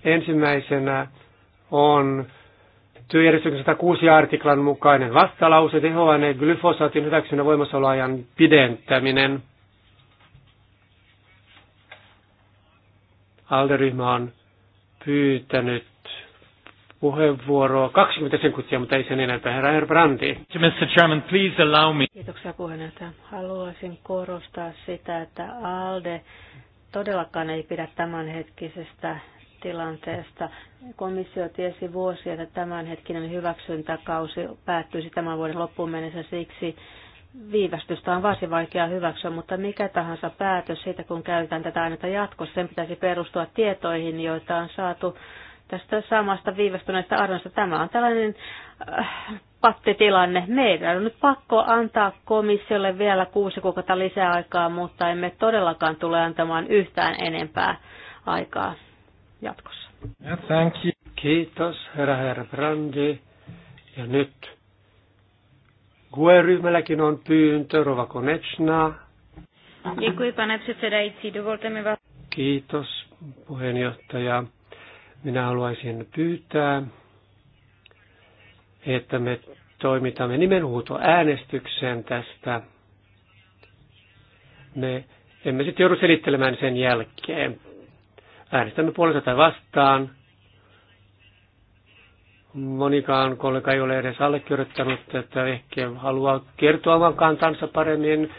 Ensimmäisenä on työjärjestyksen 106 artiklan mukainen vastalause tehoaine glyfosaatin hyväksynnän voimassaoloajan pidentäminen. Alderyhmä on pyytänyt puheenvuoroa 20 sekuntia, mutta ei sen enempää. Herra Erbrandi. Mr. Chairman, please allow me. Kiitoksia puheenjohtaja. Haluaisin korostaa sitä, että ALDE todellakaan ei pidä tämänhetkisestä tilanteesta. Komissio tiesi vuosia, että tämänhetkinen hyväksyntäkausi päättyisi tämän vuoden loppuun mennessä siksi, Viivästystä on varsin vaikea hyväksyä, mutta mikä tahansa päätös siitä, kun käytetään tätä ainetta jatkossa, sen pitäisi perustua tietoihin, joita on saatu tästä samasta viivästyneestä arvosta. Tämä on tällainen äh, pattitilanne. Meidän on nyt pakko antaa komissiolle vielä kuusi kuukautta lisää aikaa, mutta emme todellakaan tule antamaan yhtään enempää aikaa jatkossa. Ja, thank you. Kiitos, herra herra Brandi. Ja nyt GUE-ryhmälläkin on pyyntö, Rova Konechna. Kiitos, puheenjohtaja. Minä haluaisin pyytää, että me toimitamme nimenhuuto äänestyksen tästä. Me emme sitten joudu selittelemään sen jälkeen. Äänestämme puolesta tai vastaan. Monikaan kollega ei ole edes allekirjoittanut, että ehkä haluaa kertoa oman kantansa paremmin.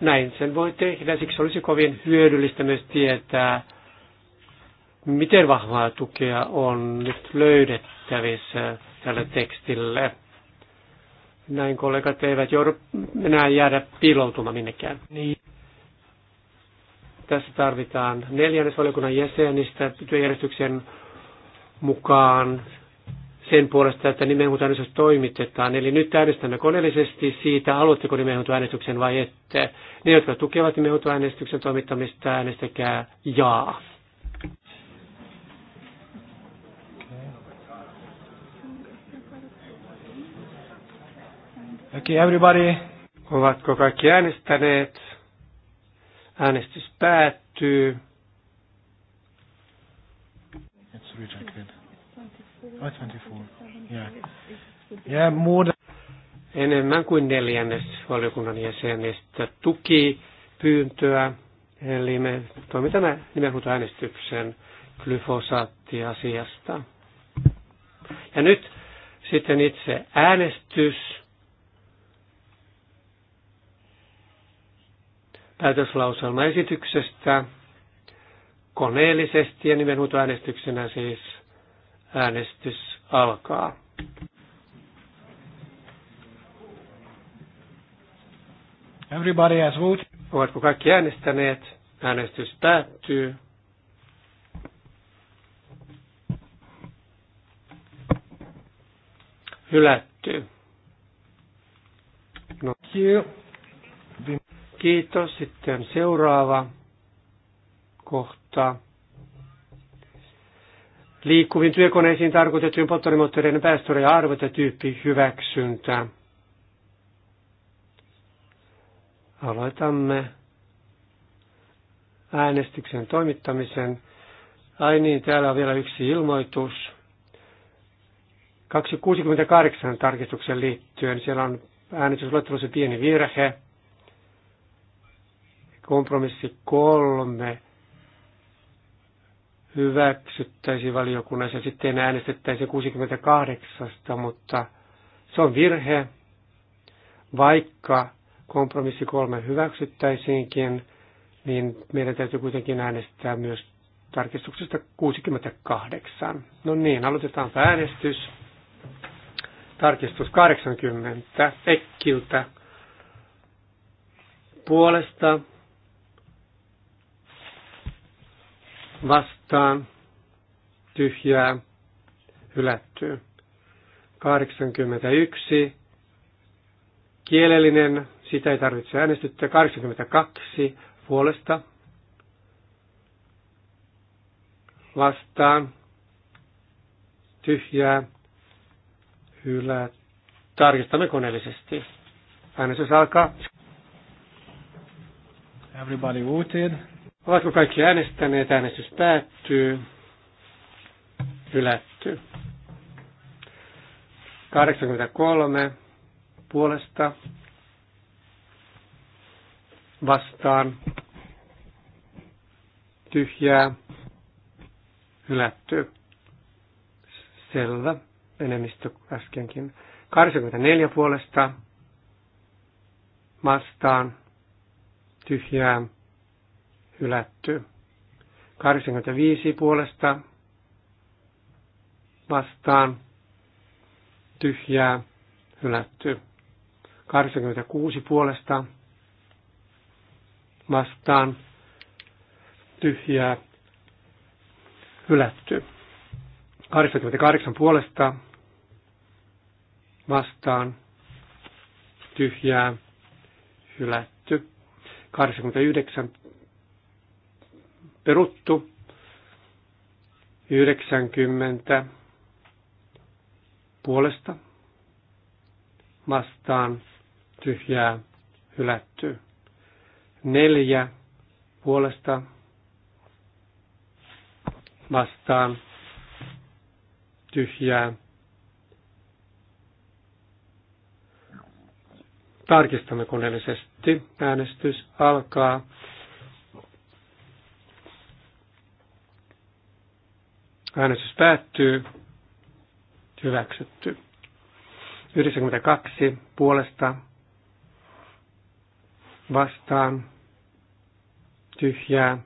Näin sen voi tehdä, siksi olisi kovin hyödyllistä myös tietää, miten vahvaa tukea on nyt löydettävissä tälle tekstille. Näin kollegat eivät joudu enää jäädä piiloutumaan minnekään. Niin. Tässä tarvitaan neljännesvaliokunnan jäsenistä työjärjestyksen mukaan sen puolesta, että nimenhuutoäänestys toimitetaan. Eli nyt äänestämme koneellisesti siitä, haluatteko nimenhuutoäänestyksen vai ette. Ne, jotka tukevat nimenhuutoäänestyksen toimittamista, äänestäkää jaa. Okay, everybody. Ovatko kaikki äänestäneet? Äänestys päättyy. It's rejected. Oh, 24. Yeah. Yeah, more Enemmän kuin neljännes valiokunnan jäsenistä tuki pyyntöä. Eli me toimitamme äänestyksen glyfosaattiasiasta. Ja nyt sitten itse äänestys. päätöslauselmaesityksestä koneellisesti ja nimenhuutoäänestyksenä siis äänestys alkaa. Everybody has voted. Ovatko kaikki äänestäneet? Äänestys päättyy. Hylätty. No. Thank you. Kiitos. Sitten seuraava kohta. Liikkuvin työkoneisiin tarkoitettujen polttoainemoottoreiden päästöjen arvot ja tyyppi hyväksyntä. Aloitamme äänestyksen toimittamisen. Ai niin, täällä on vielä yksi ilmoitus. 268 tarkistuksen liittyen. Siellä on äänestysluettelussa pieni virhe kompromissi kolme hyväksyttäisi valiokunnassa ja sitten äänestettäisi 68, mutta se on virhe, vaikka kompromissi kolme hyväksyttäisiinkin, niin meidän täytyy kuitenkin äänestää myös tarkistuksesta 68. No niin, aloitetaan äänestys. Tarkistus 80 Ekkiltä puolesta vastaan tyhjää hylättyä. 81 kielellinen, sitä ei tarvitse äänestyttää. 82 puolesta vastaan tyhjää hylää. Tarkistamme koneellisesti. Äänestys alkaa. Everybody voted. Ovatko kaikki äänestäneet? Äänestys päättyy. Hylätty. 83 puolesta vastaan tyhjää hylätty. Selvä enemmistö äskenkin. 84 puolesta vastaan tyhjää hylätty. 85 puolesta vastaan tyhjää hylätty. 86 puolesta vastaan tyhjää hylätty. 88 puolesta vastaan tyhjää hylätty. 89 peruttu. 90 puolesta vastaan tyhjää hylätty. Neljä puolesta vastaan tyhjää. Tarkistamme koneellisesti. Äänestys alkaa Äänestys päättyy. Hyväksytty. 92 puolesta vastaan tyhjää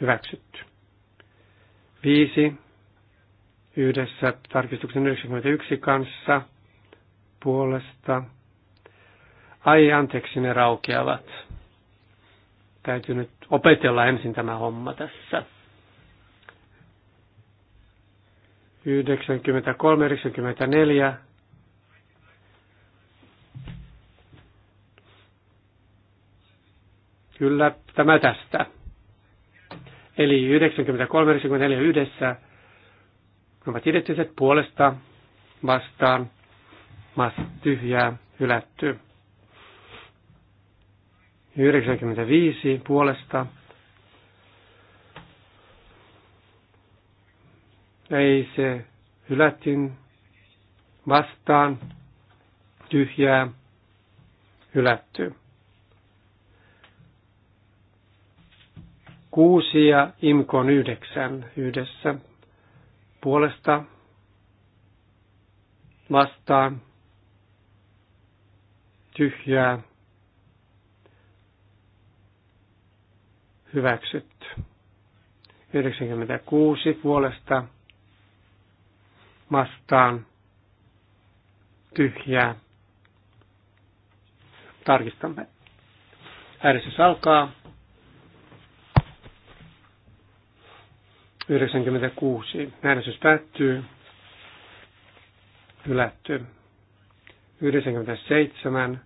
hyväksytty. 5 yhdessä tarkistuksen 91 kanssa puolesta. Ai anteeksi ne raukeavat. Täytyy nyt opetella ensin tämä homma tässä. 93, 94. Kyllä, tämä tästä. Eli 93, 94 yhdessä ne ovat identtiset puolesta vastaan, mas tyhjää, hylätty. 95 puolesta ei se hylätin vastaan, tyhjää, hylätty. Kuusi ja imkon yhdeksän yhdessä puolesta vastaan, tyhjää, hyväksytty. 96 puolesta vastaan tyhjää. Tarkistamme. Äärisys alkaa. 96. Äärisys päättyy. Hylätty. 97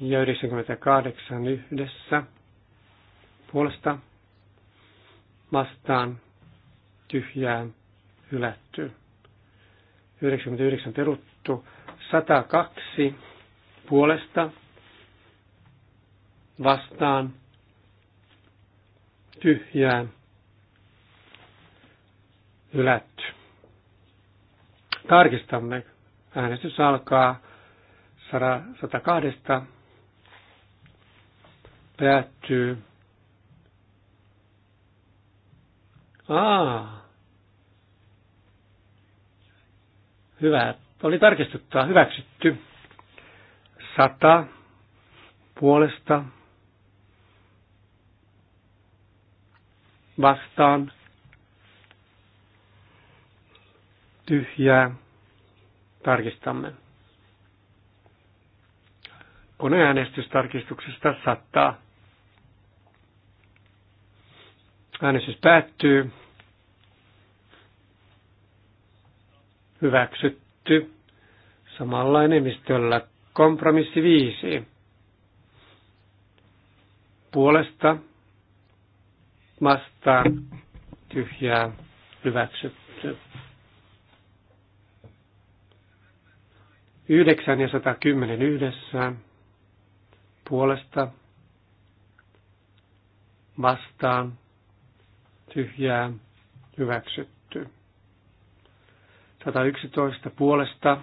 ja 98 yhdessä. Puolesta vastaan tyhjää hylätty. 99 peruttu, 102 puolesta vastaan tyhjään hylätty. Tarkistamme. Äänestys alkaa 102. Päättyy. ah Hyvä. Oli tarkistuttaa. Hyväksytty. Sata puolesta vastaan tyhjää. Tarkistamme. Koneäänestystarkistuksesta sattaa. Äänestys päättyy. hyväksytty samalla enemmistöllä. Kompromissi viisi, Puolesta vastaan tyhjää hyväksytty. 9 ja 110 yhdessä puolesta vastaan tyhjää hyväksytty. 111 puolesta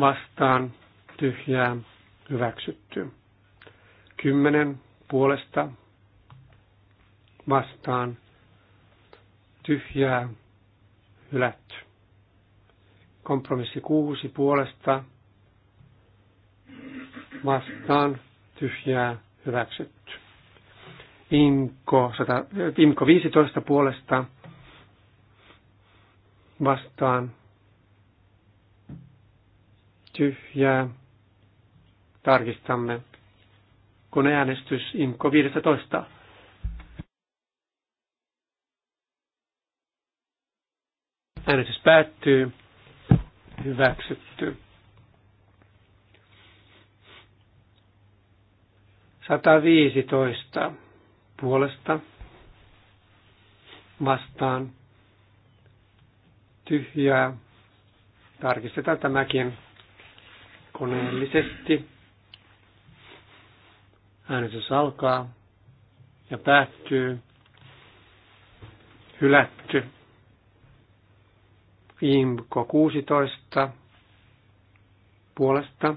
vastaan tyhjää hyväksytty. 10 puolesta vastaan tyhjää hylätty. Kompromissi 6 puolesta vastaan tyhjää hyväksytty. Inko, 100, Imko 15 puolesta vastaan tyhjää. Tarkistamme koneäänestys IMKO 15. Äänestys päättyy. Hyväksytty. 115 puolesta vastaan tyhjää. Tarkistetaan tämäkin koneellisesti. Äänestys alkaa ja päättyy. Hylätty. Imko 16 puolesta.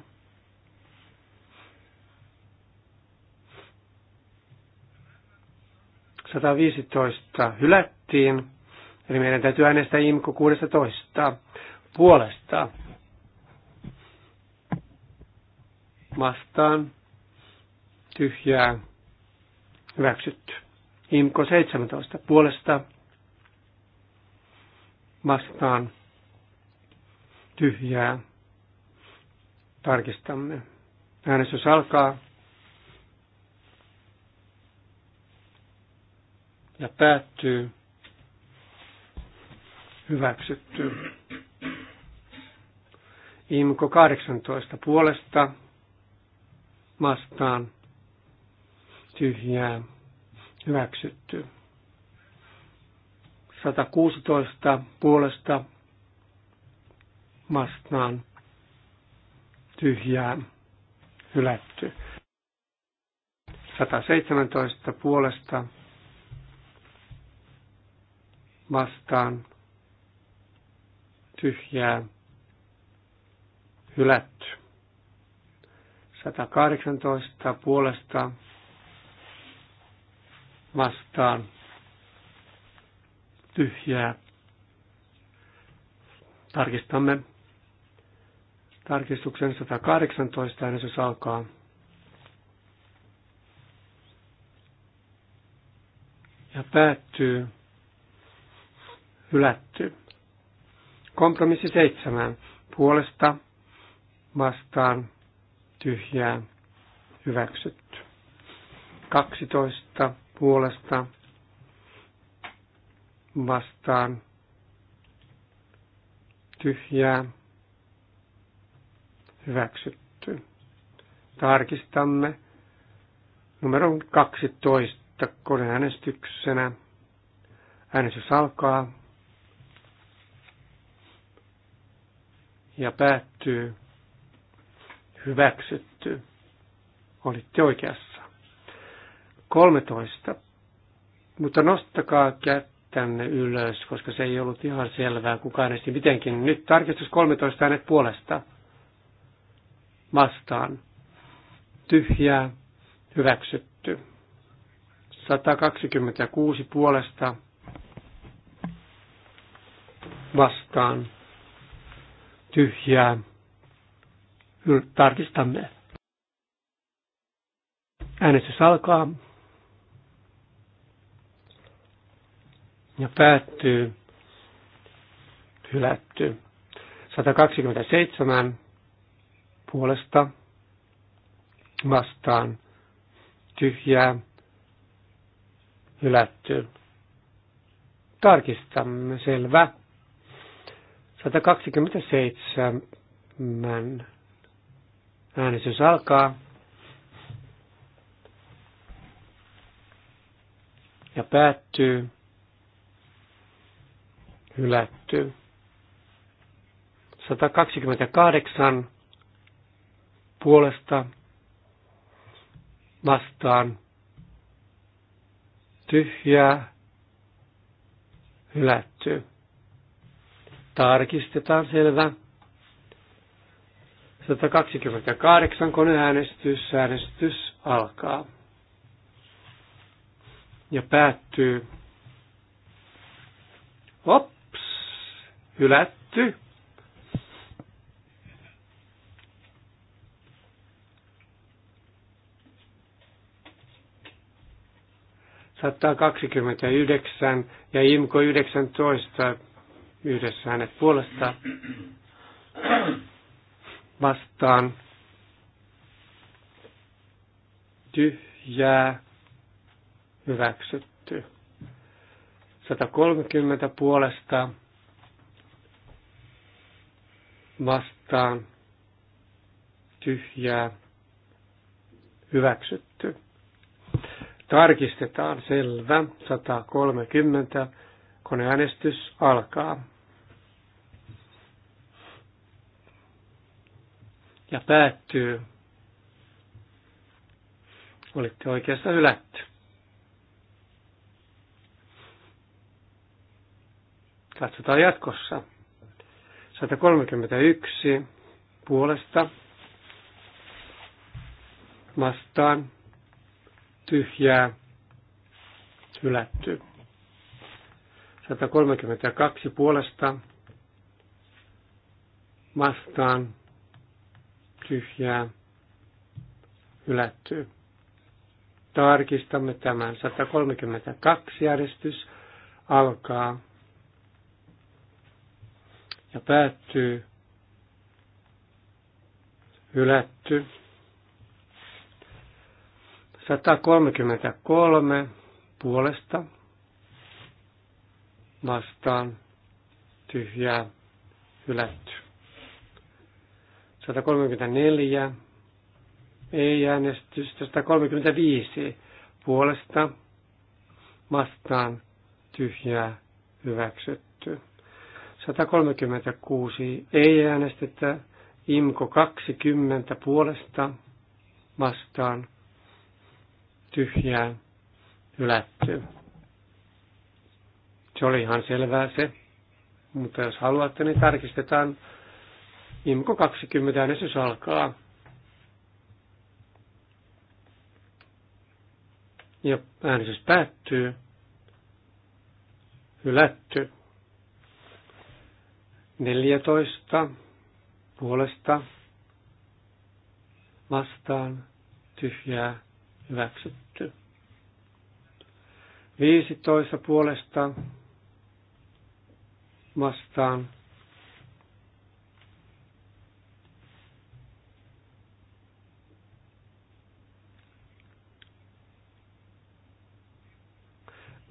Sataviisitoista hylättiin. Eli meidän täytyy äänestää IMKO 16 puolesta. Vastaan. Tyhjää. Hyväksytty. IMKO 17 puolesta. Vastaan. Tyhjää. Tarkistamme. Äänestys alkaa. Ja päättyy hyväksytty. Imko 18 puolesta vastaan tyhjää hyväksytty. 116 puolesta vastaan tyhjää hylätty. 117 puolesta vastaan tyhjää hylätty. 118 puolesta vastaan tyhjää. Tarkistamme tarkistuksen 118 se alkaa. Ja päättyy hylätty. Kompromissi seitsemän. Puolesta vastaan tyhjää hyväksytty. 12 puolesta vastaan tyhjää hyväksytty. Tarkistamme numero 12 koneäänestyksenä. Äänestys alkaa. ja päättyy hyväksytty. Olitte oikeassa. 13. Mutta nostakaa kättänne ylös, koska se ei ollut ihan selvää, kukaan ei mitenkin. Nyt tarkistus 13 äänet puolesta. Vastaan. Tyhjää. Hyväksytty. 126 puolesta. Vastaan tyhjää. Tarkistamme. Äänestys alkaa. Ja päättyy. Hylätty. 127 puolesta vastaan tyhjää hylätty. Tarkistamme selvä. 127 äänestys alkaa. Ja päättyy. Hylätty. 128 puolesta vastaan tyhjää hylätty. Tarkistetaan, selvä. 128 koneäänestys, äänestys alkaa ja päättyy. Ops, hylätty. Saattaa 29 ja IMKO 19 yhdessä hänet puolestaan vastaan tyhjää hyväksytty. 130 puolesta vastaan tyhjää hyväksytty. Tarkistetaan selvä. 130 koneäänestys alkaa. ja päättyy. Olitte oikeassa ylätty. Katsotaan jatkossa. 131 puolesta vastaan tyhjää hylätty. 132 puolesta vastaan tyhjää hylätty. Tarkistamme tämän. 132 järjestys alkaa ja päättyy hylätty. 133 puolesta vastaan tyhjää hylätty. 134, ei äänestystä, 135 puolesta vastaan tyhjää hyväksytty. 136 ei äänestetä, IMKO 20 puolesta vastaan tyhjää hylätty. Se oli ihan selvää se, mutta jos haluatte, niin tarkistetaan IMKO 20 äänestys alkaa. Ja äänestys päättyy. Hylätty. 14 puolesta vastaan tyhjää hyväksytty. 15 puolesta vastaan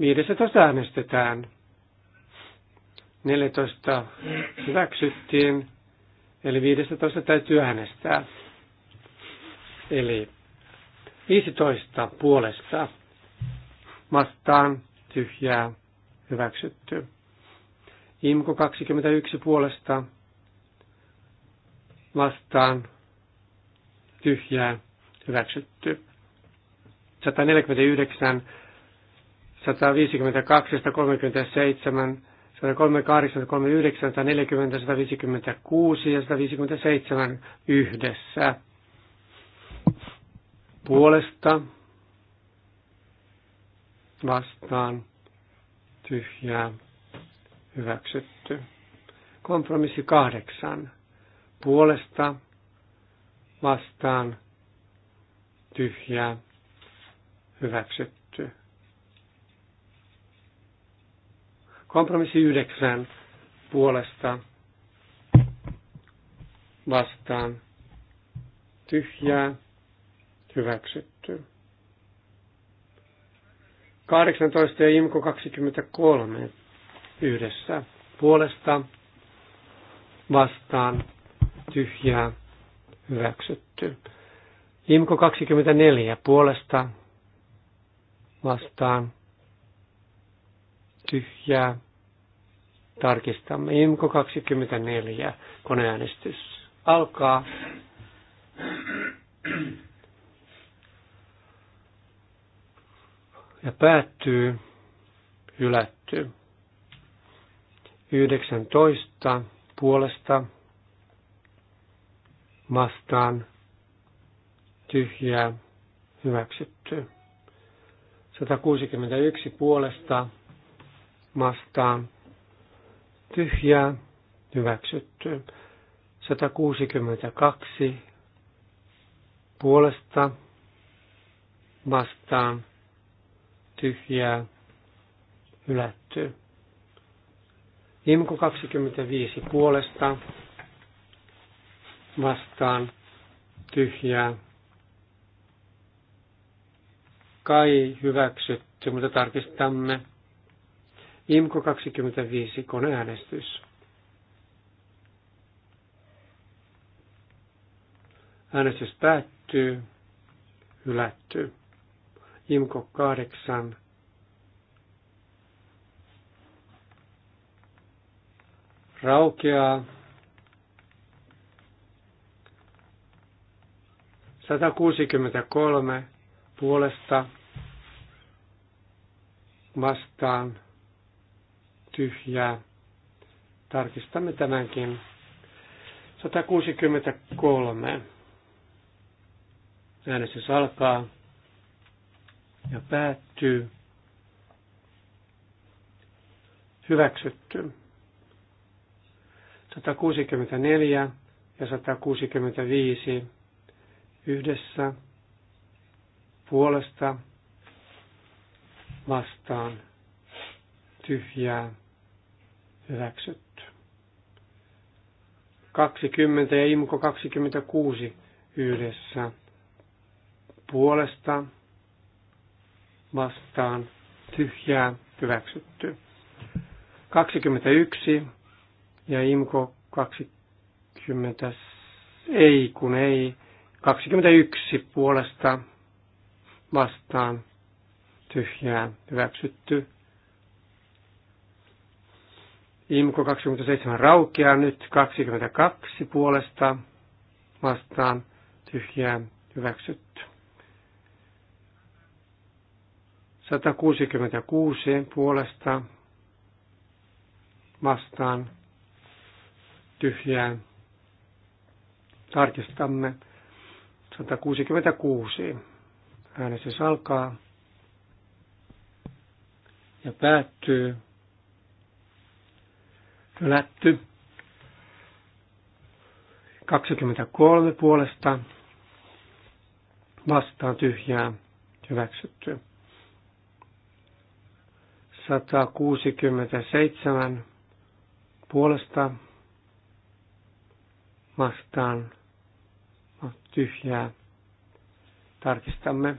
15 äänestetään. 14 hyväksyttiin, eli 15 täytyy äänestää. Eli 15 puolesta vastaan tyhjää hyväksytty. Imko 21 puolesta vastaan tyhjää hyväksytty. 149 152, 137, 138, 139, 140, 156 ja 157 yhdessä. Puolesta vastaan tyhjää hyväksytty. Kompromissi kahdeksan. Puolesta vastaan tyhjää hyväksytty. Kompromissi yhdeksän puolesta vastaan tyhjää hyväksytty. 18 ja Imko 23 yhdessä puolesta vastaan tyhjää hyväksytty. Imko 24 puolesta vastaan tyhjää tarkistamme. IMKO 24, koneäänestys alkaa. Ja päättyy, hylätty. 19 puolesta vastaan tyhjää hyväksytty. 161 puolesta vastaan tyhjää, hyväksytty. 162 puolesta vastaan tyhjää, hylätty. Imku 25 puolesta vastaan tyhjää. Kai hyväksytty, mutta tarkistamme. IMKO 25 koneäänestys. Äänestys päättyy, hylätty. IMKO 8 raukeaa. 163 puolesta vastaan tyhjää. Tarkistamme tämänkin. 163. Äänestys alkaa ja päättyy. Hyväksytty. 164 ja 165 yhdessä puolesta vastaan tyhjää hyväksytty. 20 ja Imko 26 yhdessä puolesta vastaan tyhjää hyväksytty. 21 ja Imko 20, ei kun ei, 21 puolesta vastaan tyhjää hyväksytty. IMKO 27 raukeaa nyt 22 puolesta vastaan tyhjää hyväksytty. 166 puolesta vastaan tyhjää. Tarkistamme 166. Äänestys alkaa ja päättyy. Hylätty. 23 puolesta vastaan tyhjää hyväksytty. 167 puolesta vastaan tyhjää. Tarkistamme.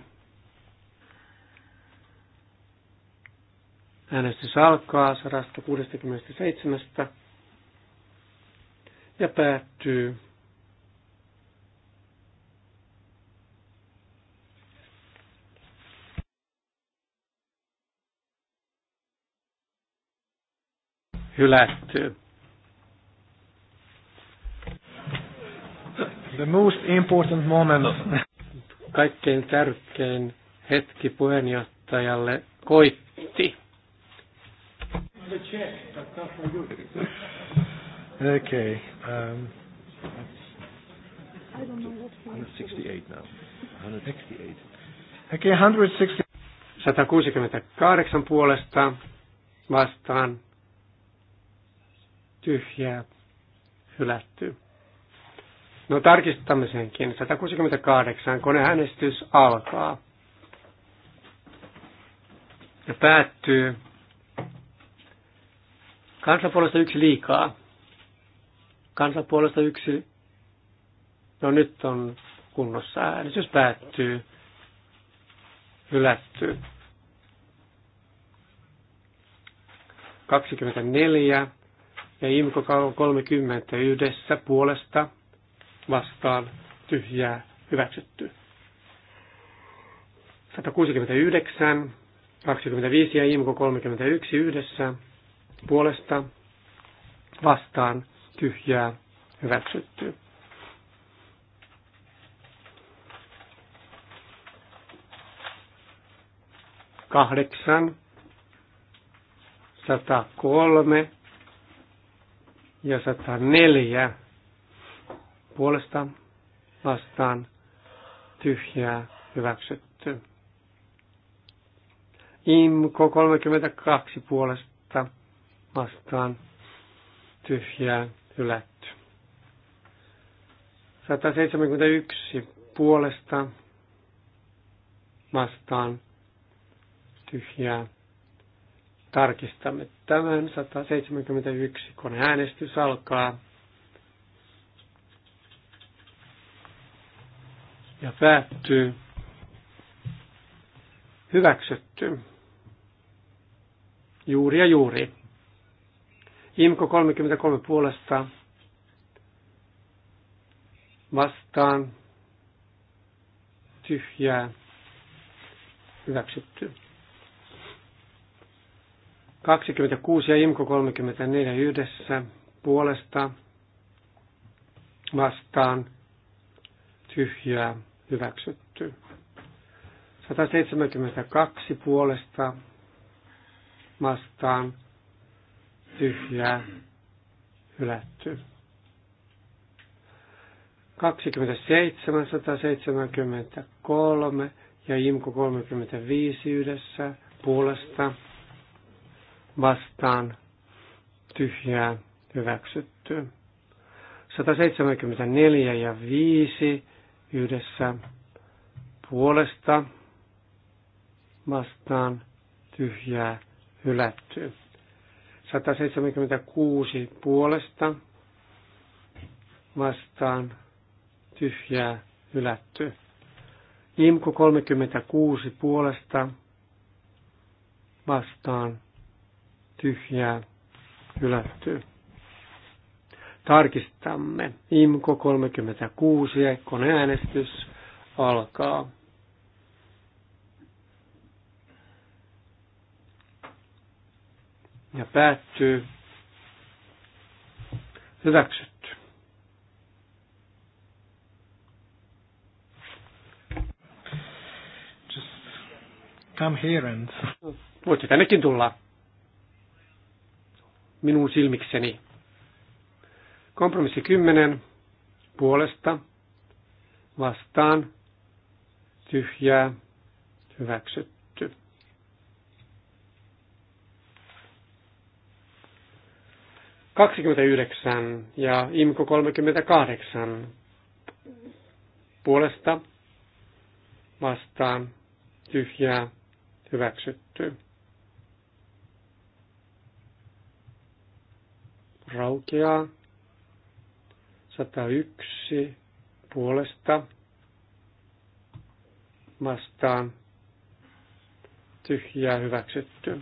Äänestys alkaa 167 ja päättyy hylätty. The most important moment. Kaikkein tärkein hetki puheenjohtajalle koitti. No okay. Um, I don't know what 168 now. 168. Okay, 168 puolesta vastaan tyhjää hylätty. No tarkistamme senkin. 168. Koneäänestys alkaa. Ja päättyy Kansapuolesta yksi liikaa. kansapuolesta yksi. No nyt on kunnossa. Äänestys päättyy. Hylätty. 24 ja Imko 30 yhdessä puolesta vastaan tyhjää hyväksytty. 169, 25 ja Imko 31 yhdessä puolesta vastaan tyhjää hyväksytty. Kahdeksan, sata kolme ja sata neljä puolesta vastaan tyhjää hyväksytty. Imko 32 puolesta vastaan tyhjää hylätty. 171 puolesta vastaan tyhjää. Tarkistamme tämän 171, kun äänestys alkaa. Ja päättyy. Hyväksytty. Juuri ja juuri. Imko 33 puolesta vastaan tyhjää hyväksytty. 26 ja Imko 34 yhdessä puolesta vastaan tyhjää hyväksytty. 172 puolesta vastaan tyhjää hylätty. 27, 173 ja IMKO 35 yhdessä puolesta vastaan tyhjää hyväksytty. 174 ja 5 yhdessä puolesta vastaan tyhjää hylätty. 176 puolesta vastaan tyhjää hylätty. Imku 36 puolesta vastaan tyhjää hylätty. Tarkistamme. Imko 36 koneäänestys alkaa. ja päättyy. Hyväksytty. Just come here and... Voitte tännekin tulla minun silmikseni. Kompromissi 10 puolesta vastaan tyhjää hyväksytty. 29 ja IMKO 38 puolesta vastaan tyhjää hyväksytty. Raukeaa 101 puolesta vastaan tyhjää hyväksytty.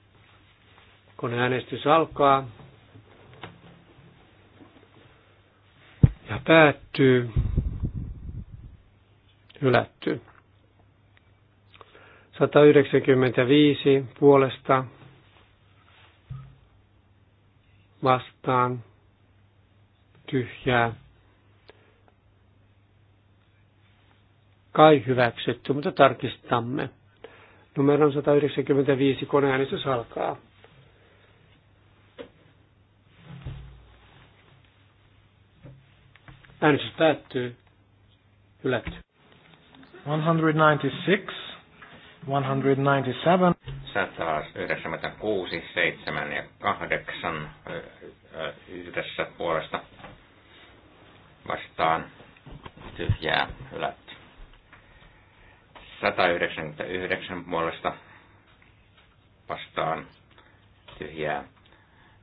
kun äänestys alkaa ja päättyy, hylätty. 195 puolesta vastaan tyhjää. Kai hyväksytty, mutta tarkistamme. Numeron 195 koneäänestys alkaa. Äänestys päättyy. Hylätty. 196, 197. 196, 7 ja 8 yhdessä puolesta vastaan tyhjää hylätty. 199 puolesta vastaan tyhjää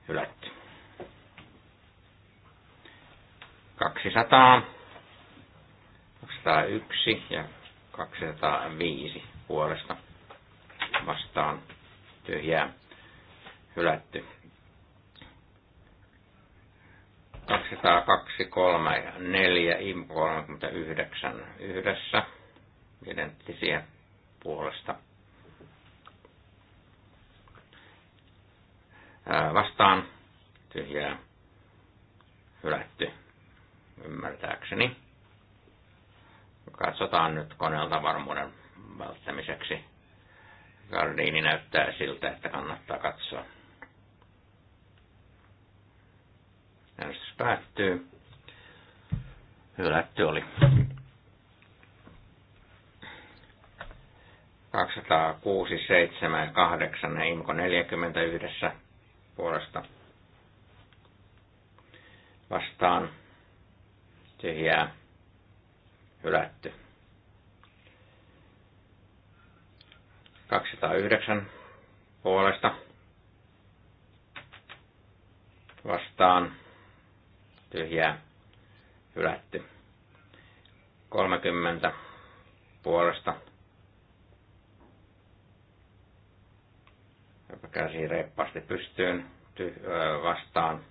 hylätty. 200, 201 ja 205 puolesta vastaan tyhjää hylätty. 202, 3 ja 4, IMCO 39 yhdessä, identtisiä puolesta. Ää, vastaan tyhjää hylätty ymmärtääkseni. Katsotaan nyt koneelta varmuuden välttämiseksi. Gardiini näyttää siltä, että kannattaa katsoa. Äänestys päättyy. Hylätty oli. 206, 7 ja 8 ja Imko 41 puolesta vastaan tyhjää hylätty. 209 puolesta vastaan tyhjää hylätty. 30 puolesta käsi reippaasti pystyyn ty- vastaan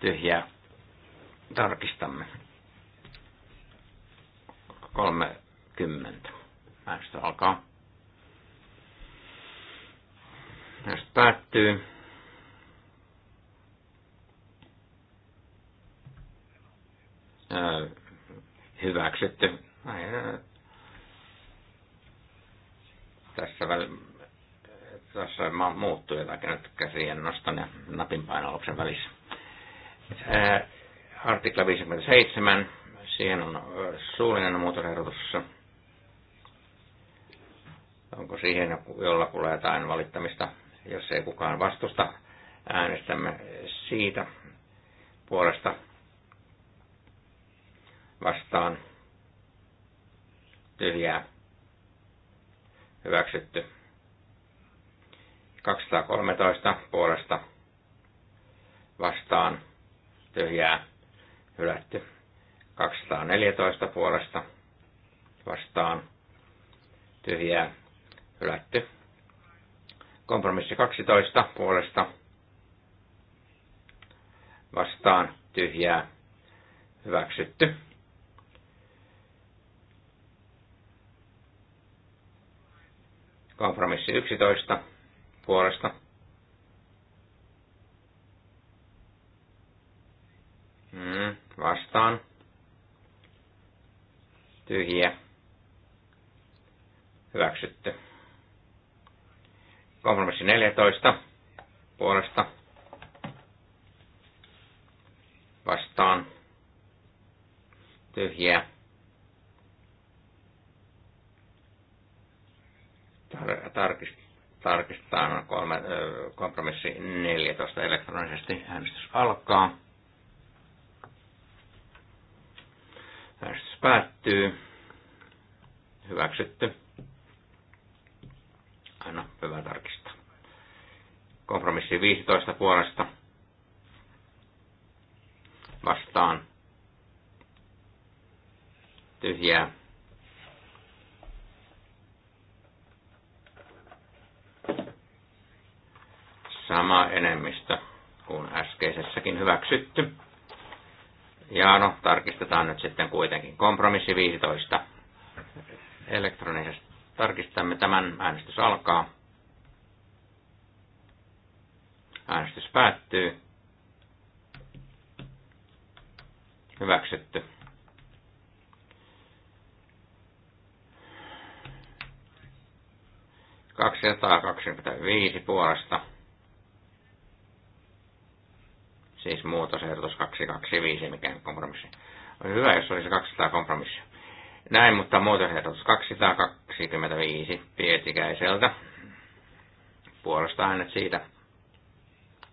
tyhjää tarkistamme. 30. näistä alkaa. Näistä päättyy. Äh, hyväksytty. Äh. Tässä väl, tässä muuttuu jotakin nyt käsien nostan ja napin painalluksen välissä. Äh, Artikla 57, siihen on suullinen muutosehdotus. Onko siihen jollakulla jotain valittamista? Jos ei kukaan vastusta, äänestämme siitä puolesta vastaan tyhjää hyväksytty. 213 puolesta vastaan tyhjää hylätty. 214 puolesta vastaan tyhjää hylätty. Kompromissi 12 puolesta vastaan tyhjää hyväksytty. Kompromissi 11 puolesta Mm, vastaan. Tyhjä. Hyväksytty. Kompromissi 14. Puolesta. Vastaan. Tyhjä. Tar- tarkistaa tarkistetaan kolme, kompromissi 14 elektronisesti. Äänestys alkaa. Äänestys päättyy. Hyväksytty. Aina hyvä tarkistaa. Kompromissi 15 puolesta vastaan. Tyhjää. Sama enemmistö kuin äskeisessäkin hyväksytty. Ja no, tarkistetaan nyt sitten kuitenkin. Kompromissi 15. Elektronisesti tarkistamme tämän. Äänestys alkaa. Äänestys päättyy. Hyväksytty. kaksi puolesta Siis muutosehdotus 225, mikään kompromissi. On hyvä, jos olisi 200 kompromissia. Näin, mutta muutosehdotus 225 Pietikäiseltä. Puolesta hänet siitä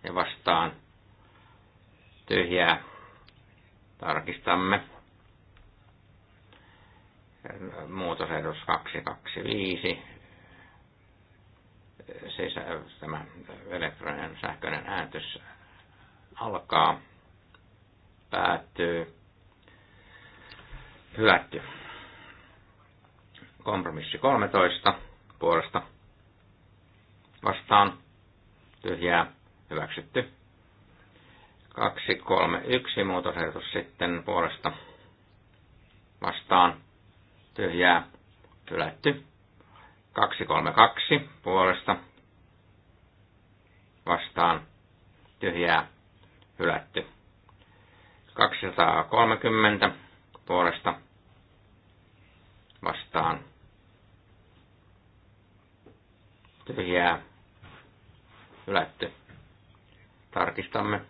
ja vastaan tyhjää. Tarkistamme. Muutosehdotus 225. Siis tämä elektroninen sähköinen ääntys alkaa, päättyy, hylätty. Kompromissi 13 puolesta vastaan tyhjää hyväksytty. 2, 3, 1 muutosehdotus sitten puolesta vastaan tyhjää hylätty. 2, 3, 2 puolesta vastaan tyhjää hylätty. 230 puolesta vastaan tyhjää hylätty. Tarkistamme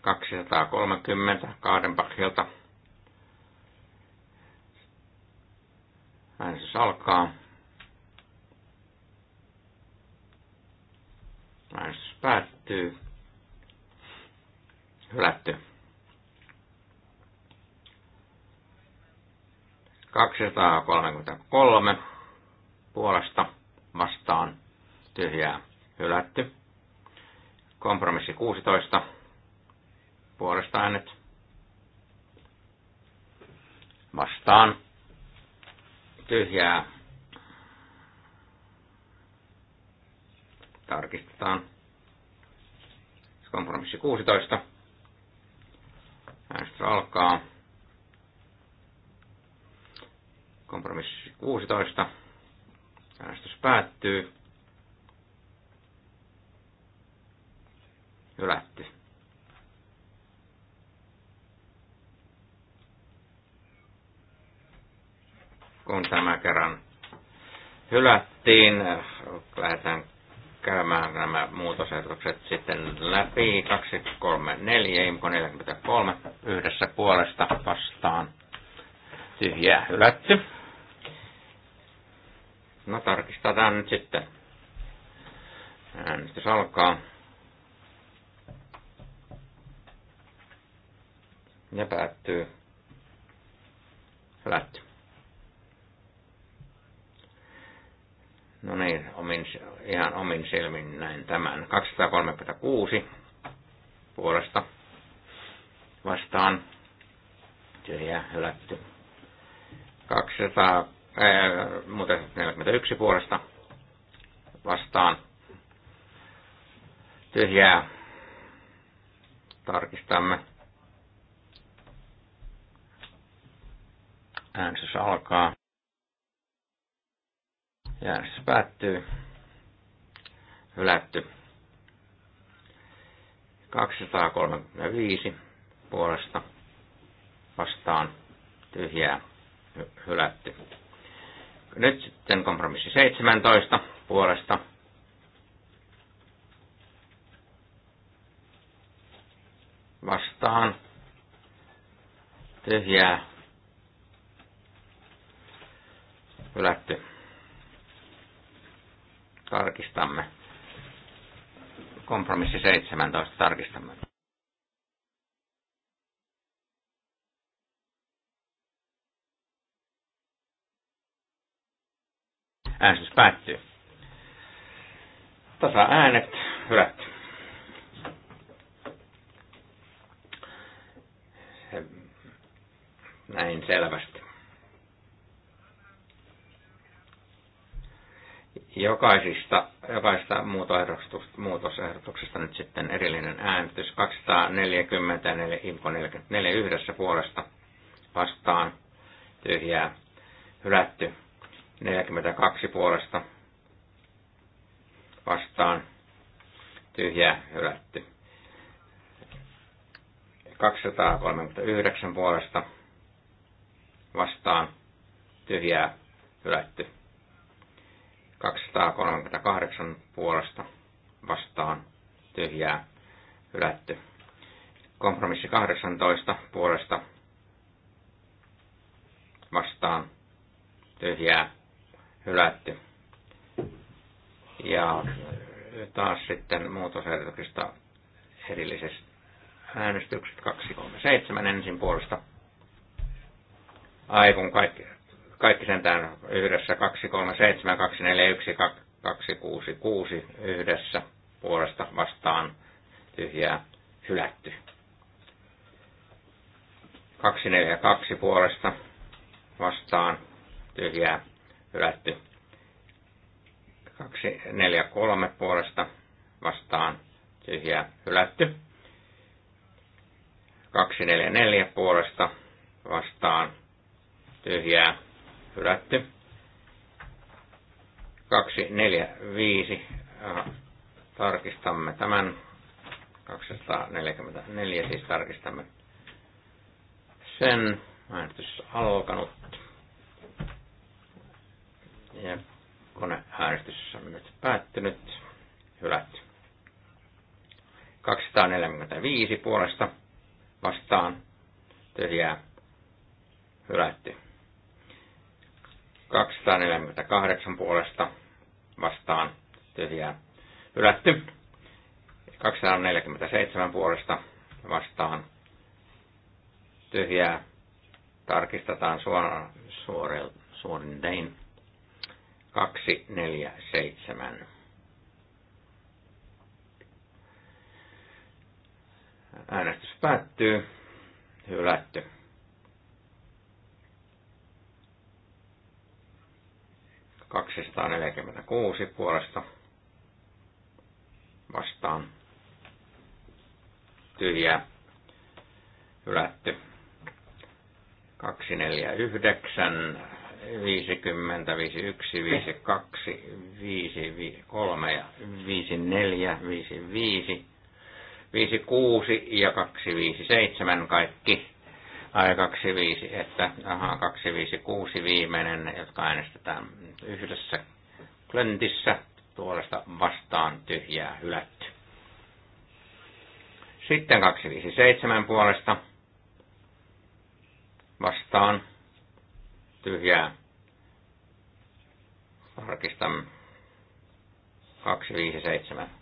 230 Kaadenbachilta. Äänestys alkaa. Äänestys päättyy hylätty. 233 puolesta vastaan tyhjää hylätty. Kompromissi 16 puolesta äänet vastaan tyhjää tarkistetaan. Kompromissi 16. Äänestys alkaa. Kompromissi 16. Äänestys päättyy. Hylätty. Kun tämä kerran hylättiin, lähdetään käymään nämä muutosehdotukset sitten läpi. 2, 3, 4, IMKO 43 yhdessä puolesta vastaan. Tyhjää hylätty. No tarkistetaan nyt sitten. Äänestys alkaa. Ja päättyy. Hylätty. No niin, omin, ihan omin silmin näin tämän. 236 puolesta vastaan tyhjä hylätty. 200, ää, äh, muuten 41 puolesta vastaan tyhjää. Tarkistamme. Äänestys alkaa järjestys päättyy. Hylätty. 235 puolesta vastaan tyhjää hylätty. Nyt sitten kompromissi 17 puolesta vastaan tyhjää hylätty tarkistamme. Kompromissi 17 tarkistamme. Äänestys päättyy. Tasa äänet hylätty. Näin selvästi. jokaisista, jokaisesta muutosehdotuksesta nyt sitten erillinen äänestys. 240 ja 44 yhdessä puolesta vastaan tyhjää hylätty. 42 puolesta vastaan tyhjää hylätty. 239 puolesta vastaan tyhjää hylätty. 238 puolesta vastaan tyhjää hylätty. Kompromissi 18 puolesta vastaan tyhjää hylätty. Ja taas sitten muutosehdotuksista erillisestä äänestykset 237 ensin puolesta. Ai kun kaikki kaikki sentään yhdessä 237, 241, 266 yhdessä puolesta vastaan tyhjää hylätty. 242 puolesta vastaan tyhjää hylätty. 243 puolesta vastaan tyhjää hylätty. 244 puolesta vastaan tyhjää hylätty. 2, 4, 5. tarkistamme tämän. 244 siis tarkistamme sen. Äänestys alkanut. Ja koneäänestys on nyt päättynyt. Hylätty. 245 puolesta vastaan tyhjää hylätty. 248 puolesta vastaan tyhjää hylätty. 247 puolesta vastaan tyhjää tarkistetaan suoraan suorin suor, suorintein. 247. Äänestys päättyy. Hylätty. 246 puolesta vastaan tyhjä hylätty. 249, 50, 51, 52, 53 ja 54, 55, 56 ja 257 kaikki ai 25, että aha, 256 viimeinen, jotka äänestetään yhdessä klöntissä puolesta vastaan tyhjää hylätty. Sitten 257 puolesta vastaan tyhjää. Tarkistan 257.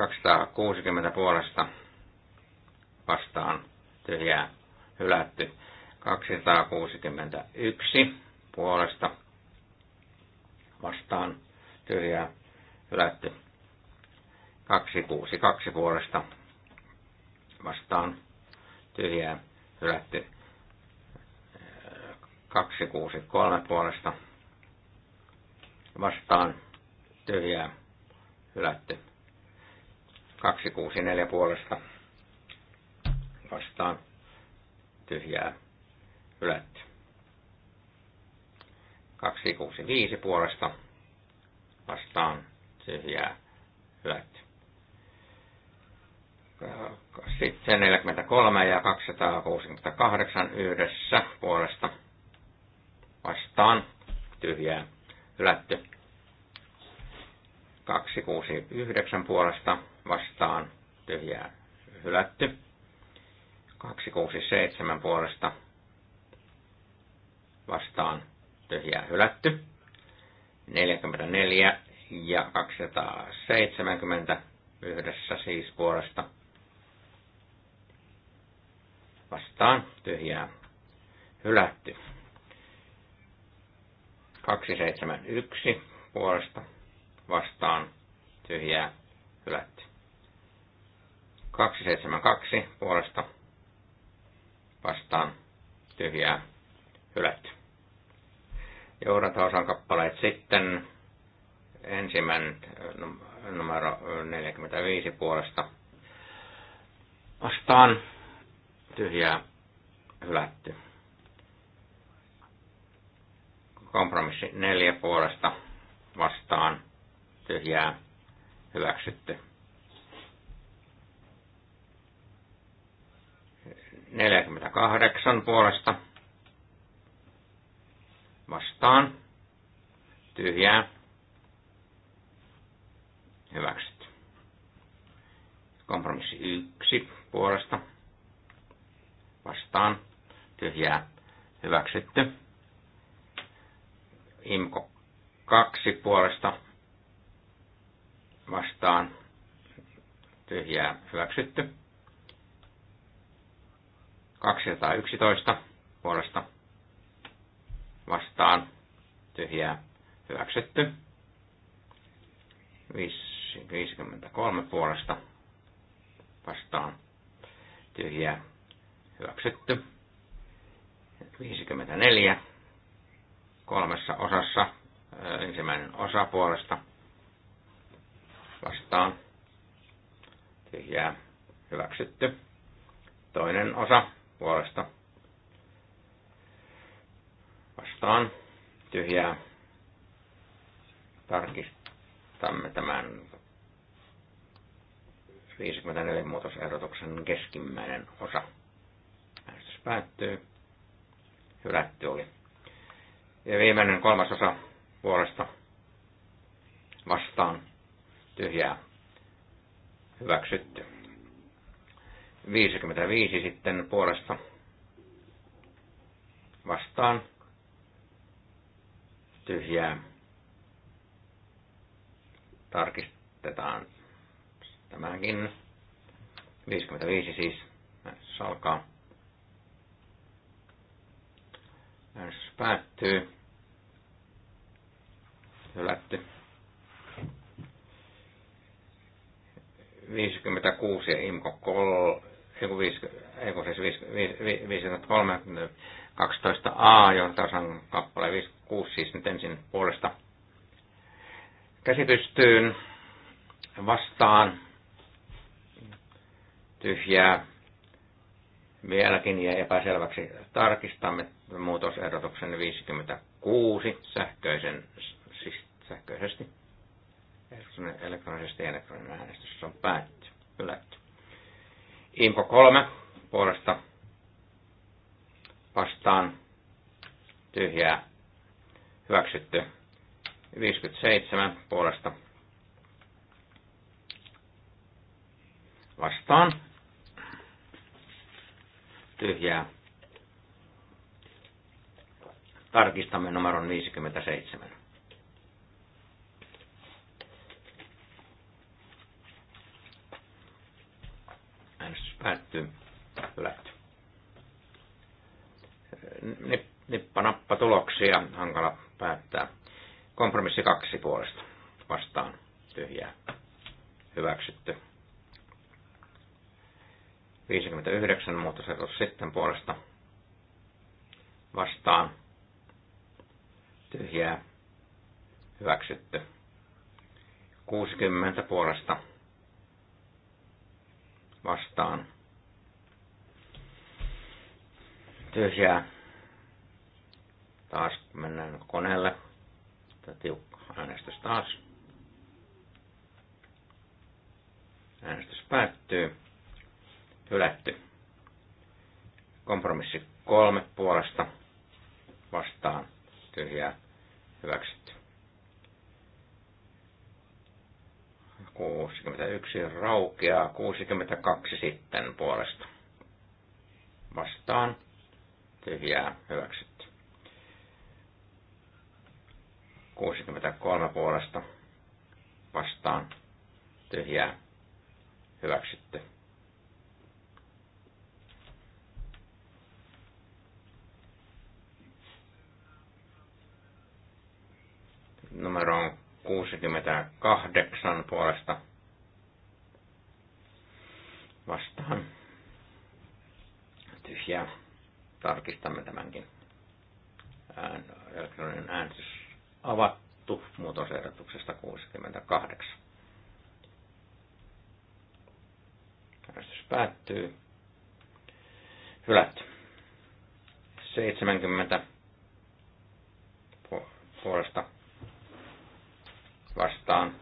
260 puolesta vastaan tyhjää hylätty. 261 puolesta vastaan tyhjää hylätty. 262 puolesta vastaan tyhjää hylätty. 263 puolesta vastaan tyhjää hylätty. 264 puolesta vastaan tyhjää hylätty. 265 puolesta vastaan tyhjää hylätty. Sitten 43 ja 268 yhdessä puolesta vastaan tyhjää hylätty. 269 puolesta vastaan tyhjää hylätty. 267 puolesta vastaan tyhjää hylätty. 44 ja 270 yhdessä siis puolesta vastaan tyhjää hylätty. 271 puolesta vastaan tyhjää hylätty. 272 puolesta vastaan tyhjää hylätty. Johdantaosan kappaleet sitten. Ensimmäinen numero 45 puolesta vastaan tyhjää hylätty. Kompromissi neljä puolesta vastaan tyhjää hyväksytty. 48 puolesta vastaan. Tyhjää. Hyväksytty. Kompromissi 1 puolesta vastaan. Tyhjää. Hyväksytty. Imko 2 puolesta vastaan. Tyhjää. Hyväksytty. 211 puolesta vastaan tyhjää hyväksytty. 53 puolesta vastaan tyhjää hyväksytty. 54 kolmessa osassa ensimmäinen osa puolesta vastaan tyhjää hyväksytty. Toinen osa puolesta vastaan tyhjää. Tarkistamme tämän 54 muutosehdotuksen keskimmäinen osa. Äänestys päättyy. Hylätty oli. Ja viimeinen kolmas osa puolesta vastaan tyhjää hyväksytty. 55 sitten puolesta vastaan tyhjää. Tarkistetaan tämäkin. 55 siis. Äänestys alkaa. Äänestys päättyy. Hylätty. 56 ja Imko joku 5, siis 5, 5, 53, 12a, johon taas on kappale 56, siis nyt ensin puolesta käsitystyyn vastaan tyhjää vieläkin ja epäselväksi tarkistamme muutosehdotuksen 56 sähköisen, siis sähköisesti elektronisesti elektroninen äänestys on päätty, ylätty. Impo 3 puolesta vastaan tyhjää hyväksytty. 57 puolesta vastaan tyhjää. Tarkistamme numeron 57. Päättyy. Hylätty. nappa tuloksia. Hankala päättää. Kompromissi kaksi puolesta. Vastaan. Tyhjää. Hyväksytty. 59 muutosehdotus sitten puolesta vastaan tyhjää hyväksytty. 60 puolesta vastaan. Tyhjää. Taas mennään koneelle. Tämä tiukka äänestys taas. Äänestys päättyy. Hylätty. Kompromissi kolme puolesta vastaan. Tyhjää. hyväksi. 61 raukeaa, 62 sitten puolesta. Vastaan tyhjää hyväksytty. 63 puolesta vastaan tyhjää hyväksytty. Numero on 68 puolesta vastaan. Tyhjää. Tarkistamme tämänkin. Ään, elektroninen äänestys avattu muutosehdotuksesta 68. Äänestys päättyy. Hylätty. 70 puolesta vastaan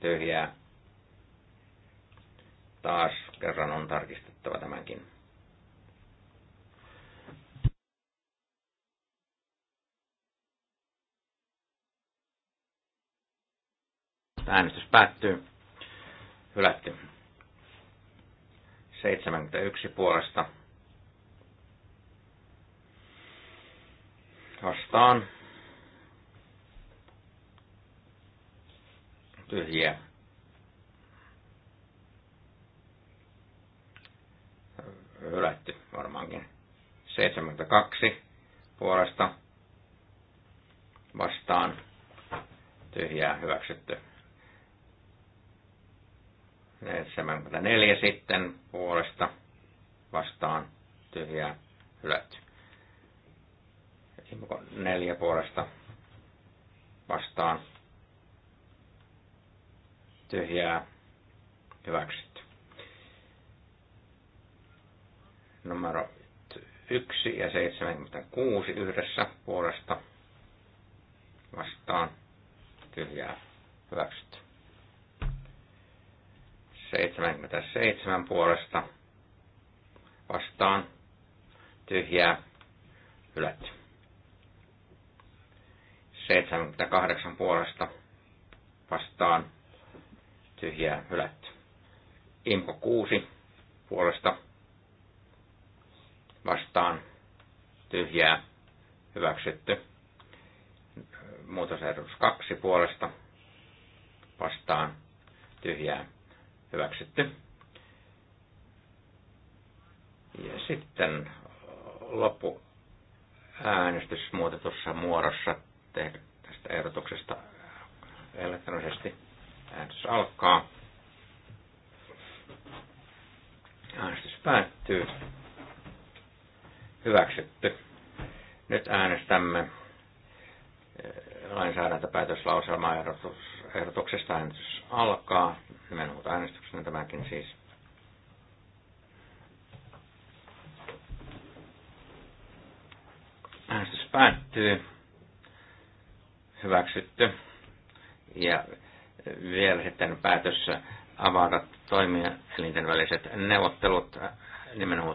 tyhjää. Taas kerran on tarkistettava tämänkin. Äänestys päättyy. Hylätty. 71 puolesta. Vastaan. tyhjiä. Hylätty varmaankin. 72 puolesta vastaan tyhjää hyväksytty. 74 sitten puolesta vastaan tyhjää hylätty. Neljä puolesta vastaan tyhjää hyväksytty. Numero 1 ja 76 yhdessä puolesta vastaan tyhjää hyväksytty. 77 puolesta vastaan tyhjää hylätty. 78 puolesta vastaan tyhjää hylätty. Impo 6 puolesta vastaan tyhjää hyväksytty. Muutosehdotus 2 puolesta vastaan tyhjää hyväksytty. Ja sitten loppu äänestys muutetussa muodossa tästä ehdotuksesta elektronisesti Äänestys alkaa. Äänestys päättyy. Hyväksytty. Nyt äänestämme eh, lainsäädäntöpäätöslauselman ehdotuksesta äänestys alkaa. Nimenomaan äänestyksenä tämäkin siis. Äänestys päättyy. Hyväksytty. Ja vielä sitten päätös avata toimielinten väliset neuvottelut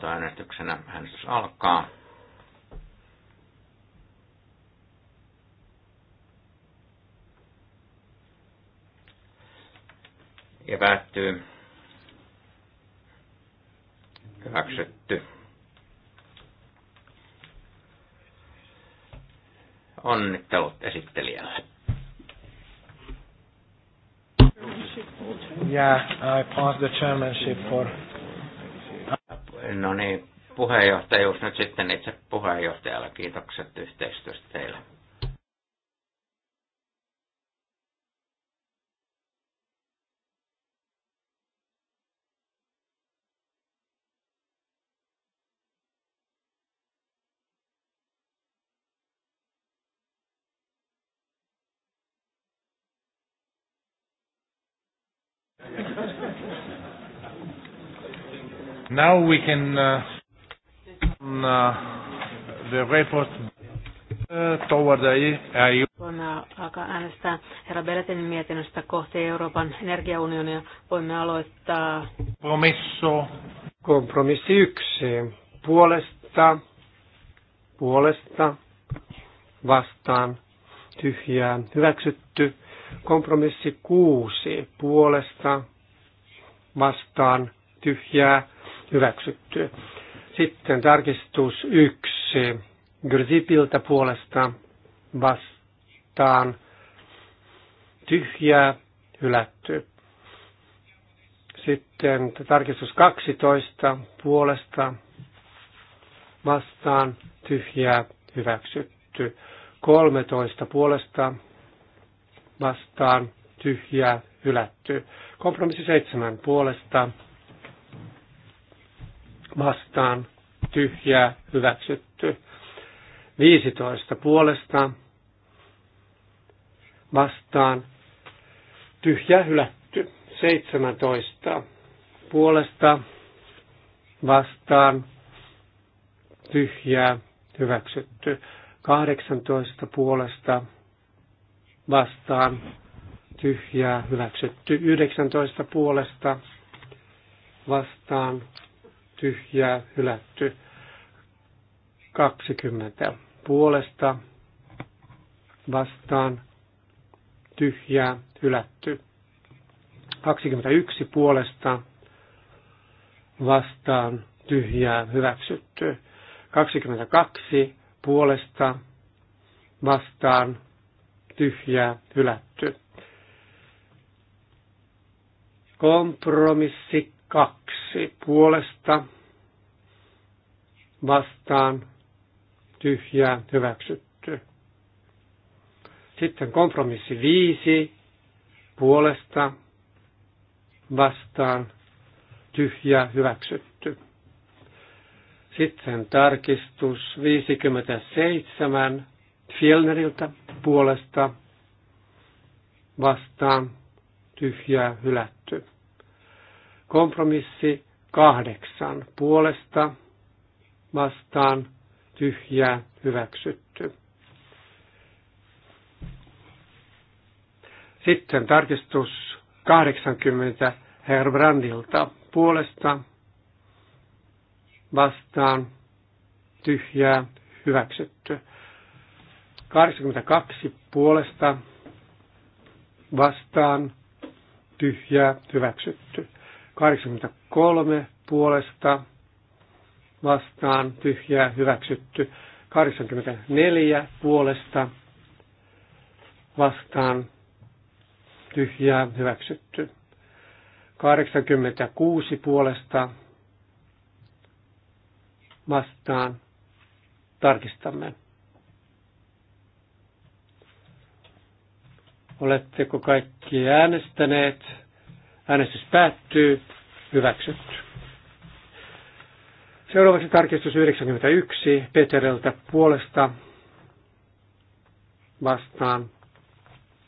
äänestyksenä. Äänestys alkaa. Ja päättyy. Hyväksytty. Onnittelut esittelijälle. Yeah, I pass the chairmanship for... No niin, puheenjohtajuus nyt sitten itse puheenjohtajalle. Kiitokset yhteistyöstä teille. Now we can uh, on, uh, the report uh, toward the EU. Voimme alkaa äänestää herra Beletin mietinnöstä kohti Euroopan energiaunionia. Voimme aloittaa. Promisso. Kompromissi yksi. Puolesta, puolesta, vastaan, tyhjää, hyväksytty. Kompromissi kuusi. Puolesta, vastaan, tyhjää, hyväksytty. Sitten tarkistus yksi Grzipiltä puolesta vastaan tyhjää hylätty. Sitten tarkistus 12 puolesta vastaan tyhjää hyväksytty. 13 puolesta vastaan tyhjää hylätty. Kompromissi 7 puolesta vastaan tyhjää hyväksytty. 15 puolesta vastaan tyhjää hylätty. 17 puolesta vastaan tyhjää hyväksytty. 18 puolesta vastaan tyhjää hyväksytty. 19 puolesta vastaan tyhjää hylätty 20 puolesta vastaan tyhjää hylätty 21 puolesta vastaan tyhjää hyväksytty 22 puolesta vastaan tyhjää hylätty kompromissi kaksi puolesta vastaan tyhjää hyväksytty. Sitten kompromissi viisi puolesta vastaan tyhjää hyväksytty. Sitten tarkistus 57 Fjellneriltä puolesta vastaan tyhjää hylätty. Kompromissi kahdeksan puolesta vastaan tyhjää hyväksytty. Sitten tarkistus 80 Herbrandilta puolesta vastaan tyhjää hyväksytty. 82 puolesta vastaan tyhjää hyväksytty. 83 puolesta vastaan tyhjää hyväksytty. 84 puolesta vastaan tyhjää hyväksytty. 86 puolesta vastaan tarkistamme. Oletteko kaikki äänestäneet? Äänestys päättyy. Hyväksytty. Seuraavaksi tarkistus 91 Petereltä puolesta vastaan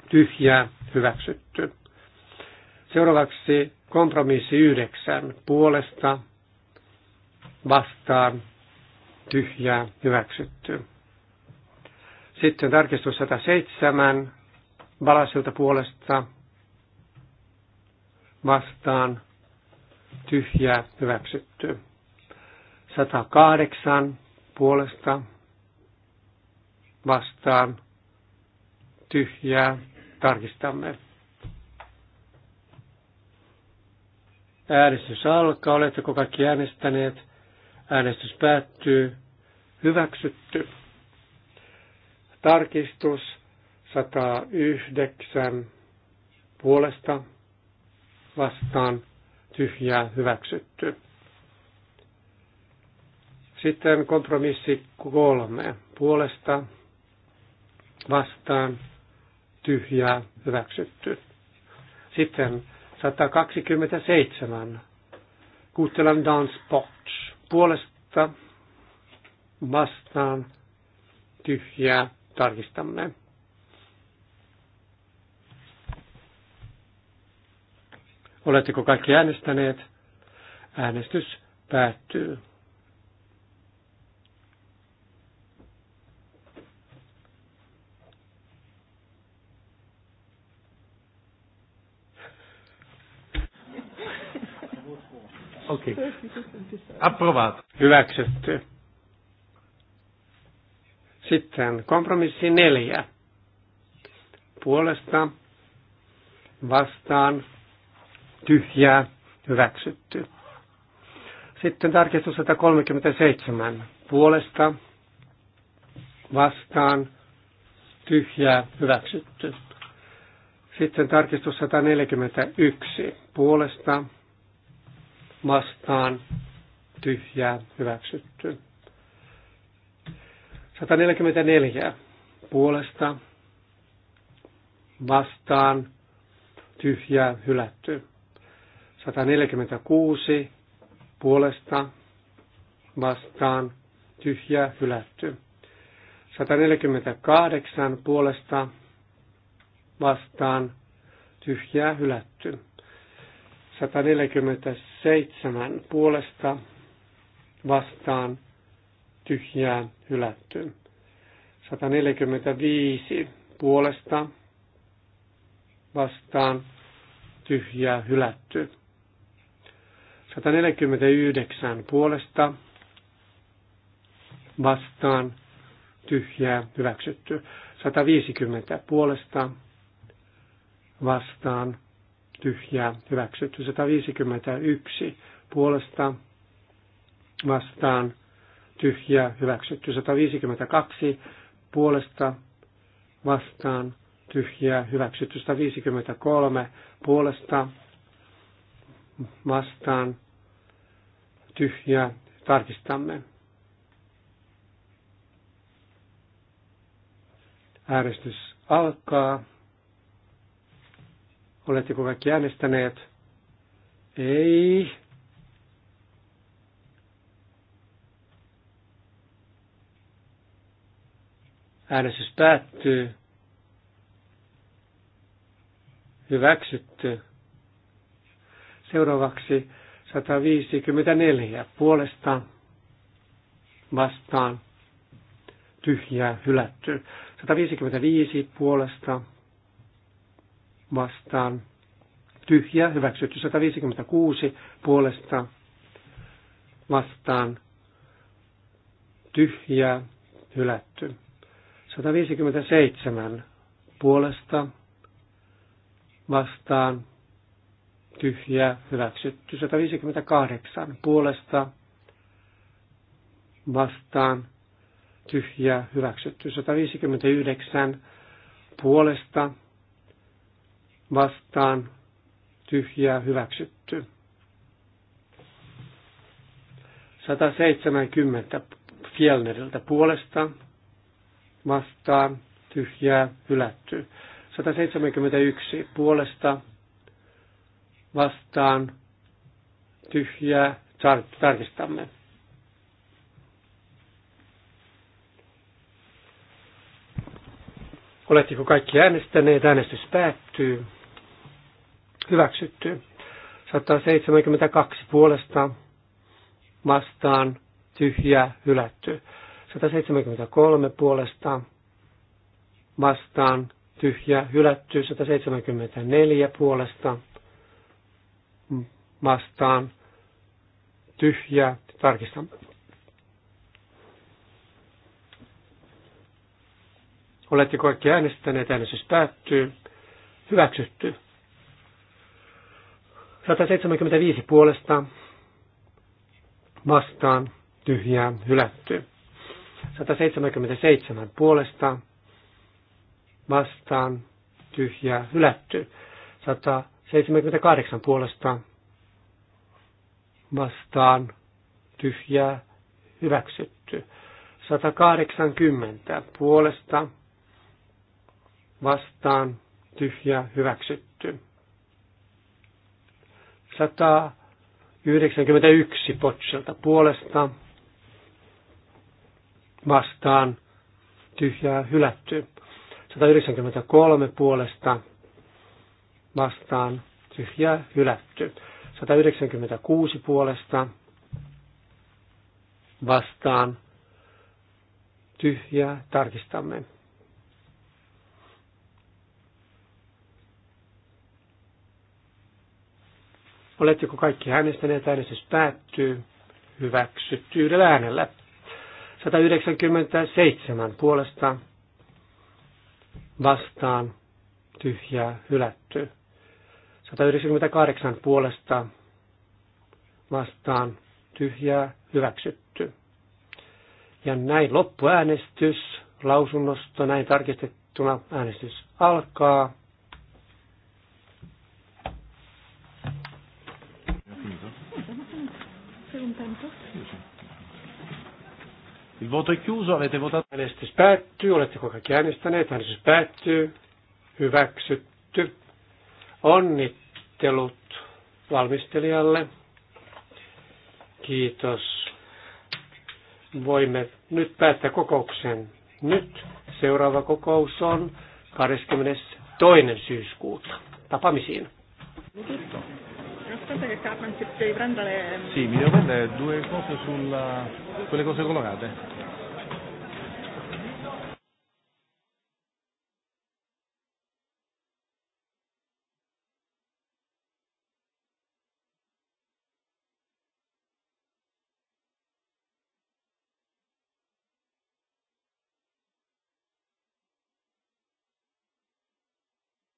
tyhjää hyväksytty. Seuraavaksi kompromissi 9 puolesta vastaan tyhjää hyväksytty. Sitten tarkistus 107 Valasilta puolesta vastaan tyhjää hyväksytty. 108 puolesta vastaan tyhjää tarkistamme. Äänestys alkaa. Oletteko kaikki äänestäneet? Äänestys päättyy. Hyväksytty. Tarkistus 109 puolesta vastaan tyhjää hyväksytty. Sitten kompromissi kolme. Puolesta vastaan tyhjää hyväksytty. Sitten 127. Kuuttelan dans Pots. Puolesta vastaan tyhjää tarkistamme. Oletteko kaikki äänestäneet? Äänestys päättyy. Okei. Okay. Approvaat. Hyväksytty. Sitten kompromissi neljä. Puolesta vastaan tyhjää hyväksytty. Sitten tarkistus 137 puolesta vastaan tyhjää hyväksytty. Sitten tarkistus 141 puolesta vastaan tyhjää hyväksytty. 144 puolesta vastaan tyhjää hylätty. 146 puolesta vastaan tyhjä hylätty. 148 puolesta vastaan tyhjää hylätty. 147 puolesta vastaan tyhjää hylätty. 145 puolesta vastaan tyhjää hylätty. 149 puolesta vastaan tyhjää hyväksytty. 150 puolesta vastaan tyhjää hyväksytty. 151 puolesta vastaan tyhjää hyväksytty. 152 puolesta vastaan tyhjää hyväksytty. 153 puolesta vastaan tyhjää tarkistamme. Äänestys alkaa. Oletteko kaikki äänestäneet? Ei. Äänestys päättyy. Hyväksytty. Seuraavaksi 154 puolesta vastaan tyhjää hylätty. 155 puolesta vastaan tyhjää hyväksytty. 156 puolesta vastaan tyhjää hylätty. 157 puolesta vastaan tyhjä hyväksytty. 158 puolesta vastaan tyhjä hyväksytty. 159 puolesta vastaan tyhjä hyväksytty. 170 Fjellneriltä puolesta vastaan tyhjää hylätty. 171 puolesta vastaan tyhjää tarkistamme. Oletteko kaikki äänestäneet? Äänestys päättyy. Hyväksytty. 172 puolesta vastaan tyhjää hylätty. 173 puolesta vastaan tyhjää hylätty. 174 puolesta vastaan tyhjää Tarkistan. Olette kaikki äänestäneet, äänestys päättyy. Hyväksytty. 175 puolesta vastaan tyhjää hylätty. 177 puolesta vastaan tyhjää hylätty. 178 puolesta vastaan tyhjää hyväksytty. 180 puolesta vastaan tyhjää hyväksytty. 191 potselta puolesta vastaan tyhjää hylätty. 193 puolesta vastaan tyhjää hylätty. 196 puolesta vastaan tyhjää tarkistamme. Oletteko kaikki äänestäneet? Äänestys päättyy. Hyväksytty yhdellä äänellä. 197 puolesta vastaan tyhjää hylätty. 198 puolesta vastaan tyhjää hyväksytty. Ja näin loppuäänestys lausunnosta, näin tarkistettuna äänestys alkaa. Il voto è chiuso, avete votato. Äänestys päättyy, oletteko kaikki äänestäneet, äänestys päättyy, hyväksytty. Onnittelut valmistelijalle. Kiitos. Voimme nyt päättää kokouksen. Nyt seuraava kokous on 22. syyskuuta. Tapaamisiin. Sì, mi devo prendere due cose sulla... quelle cose colorate.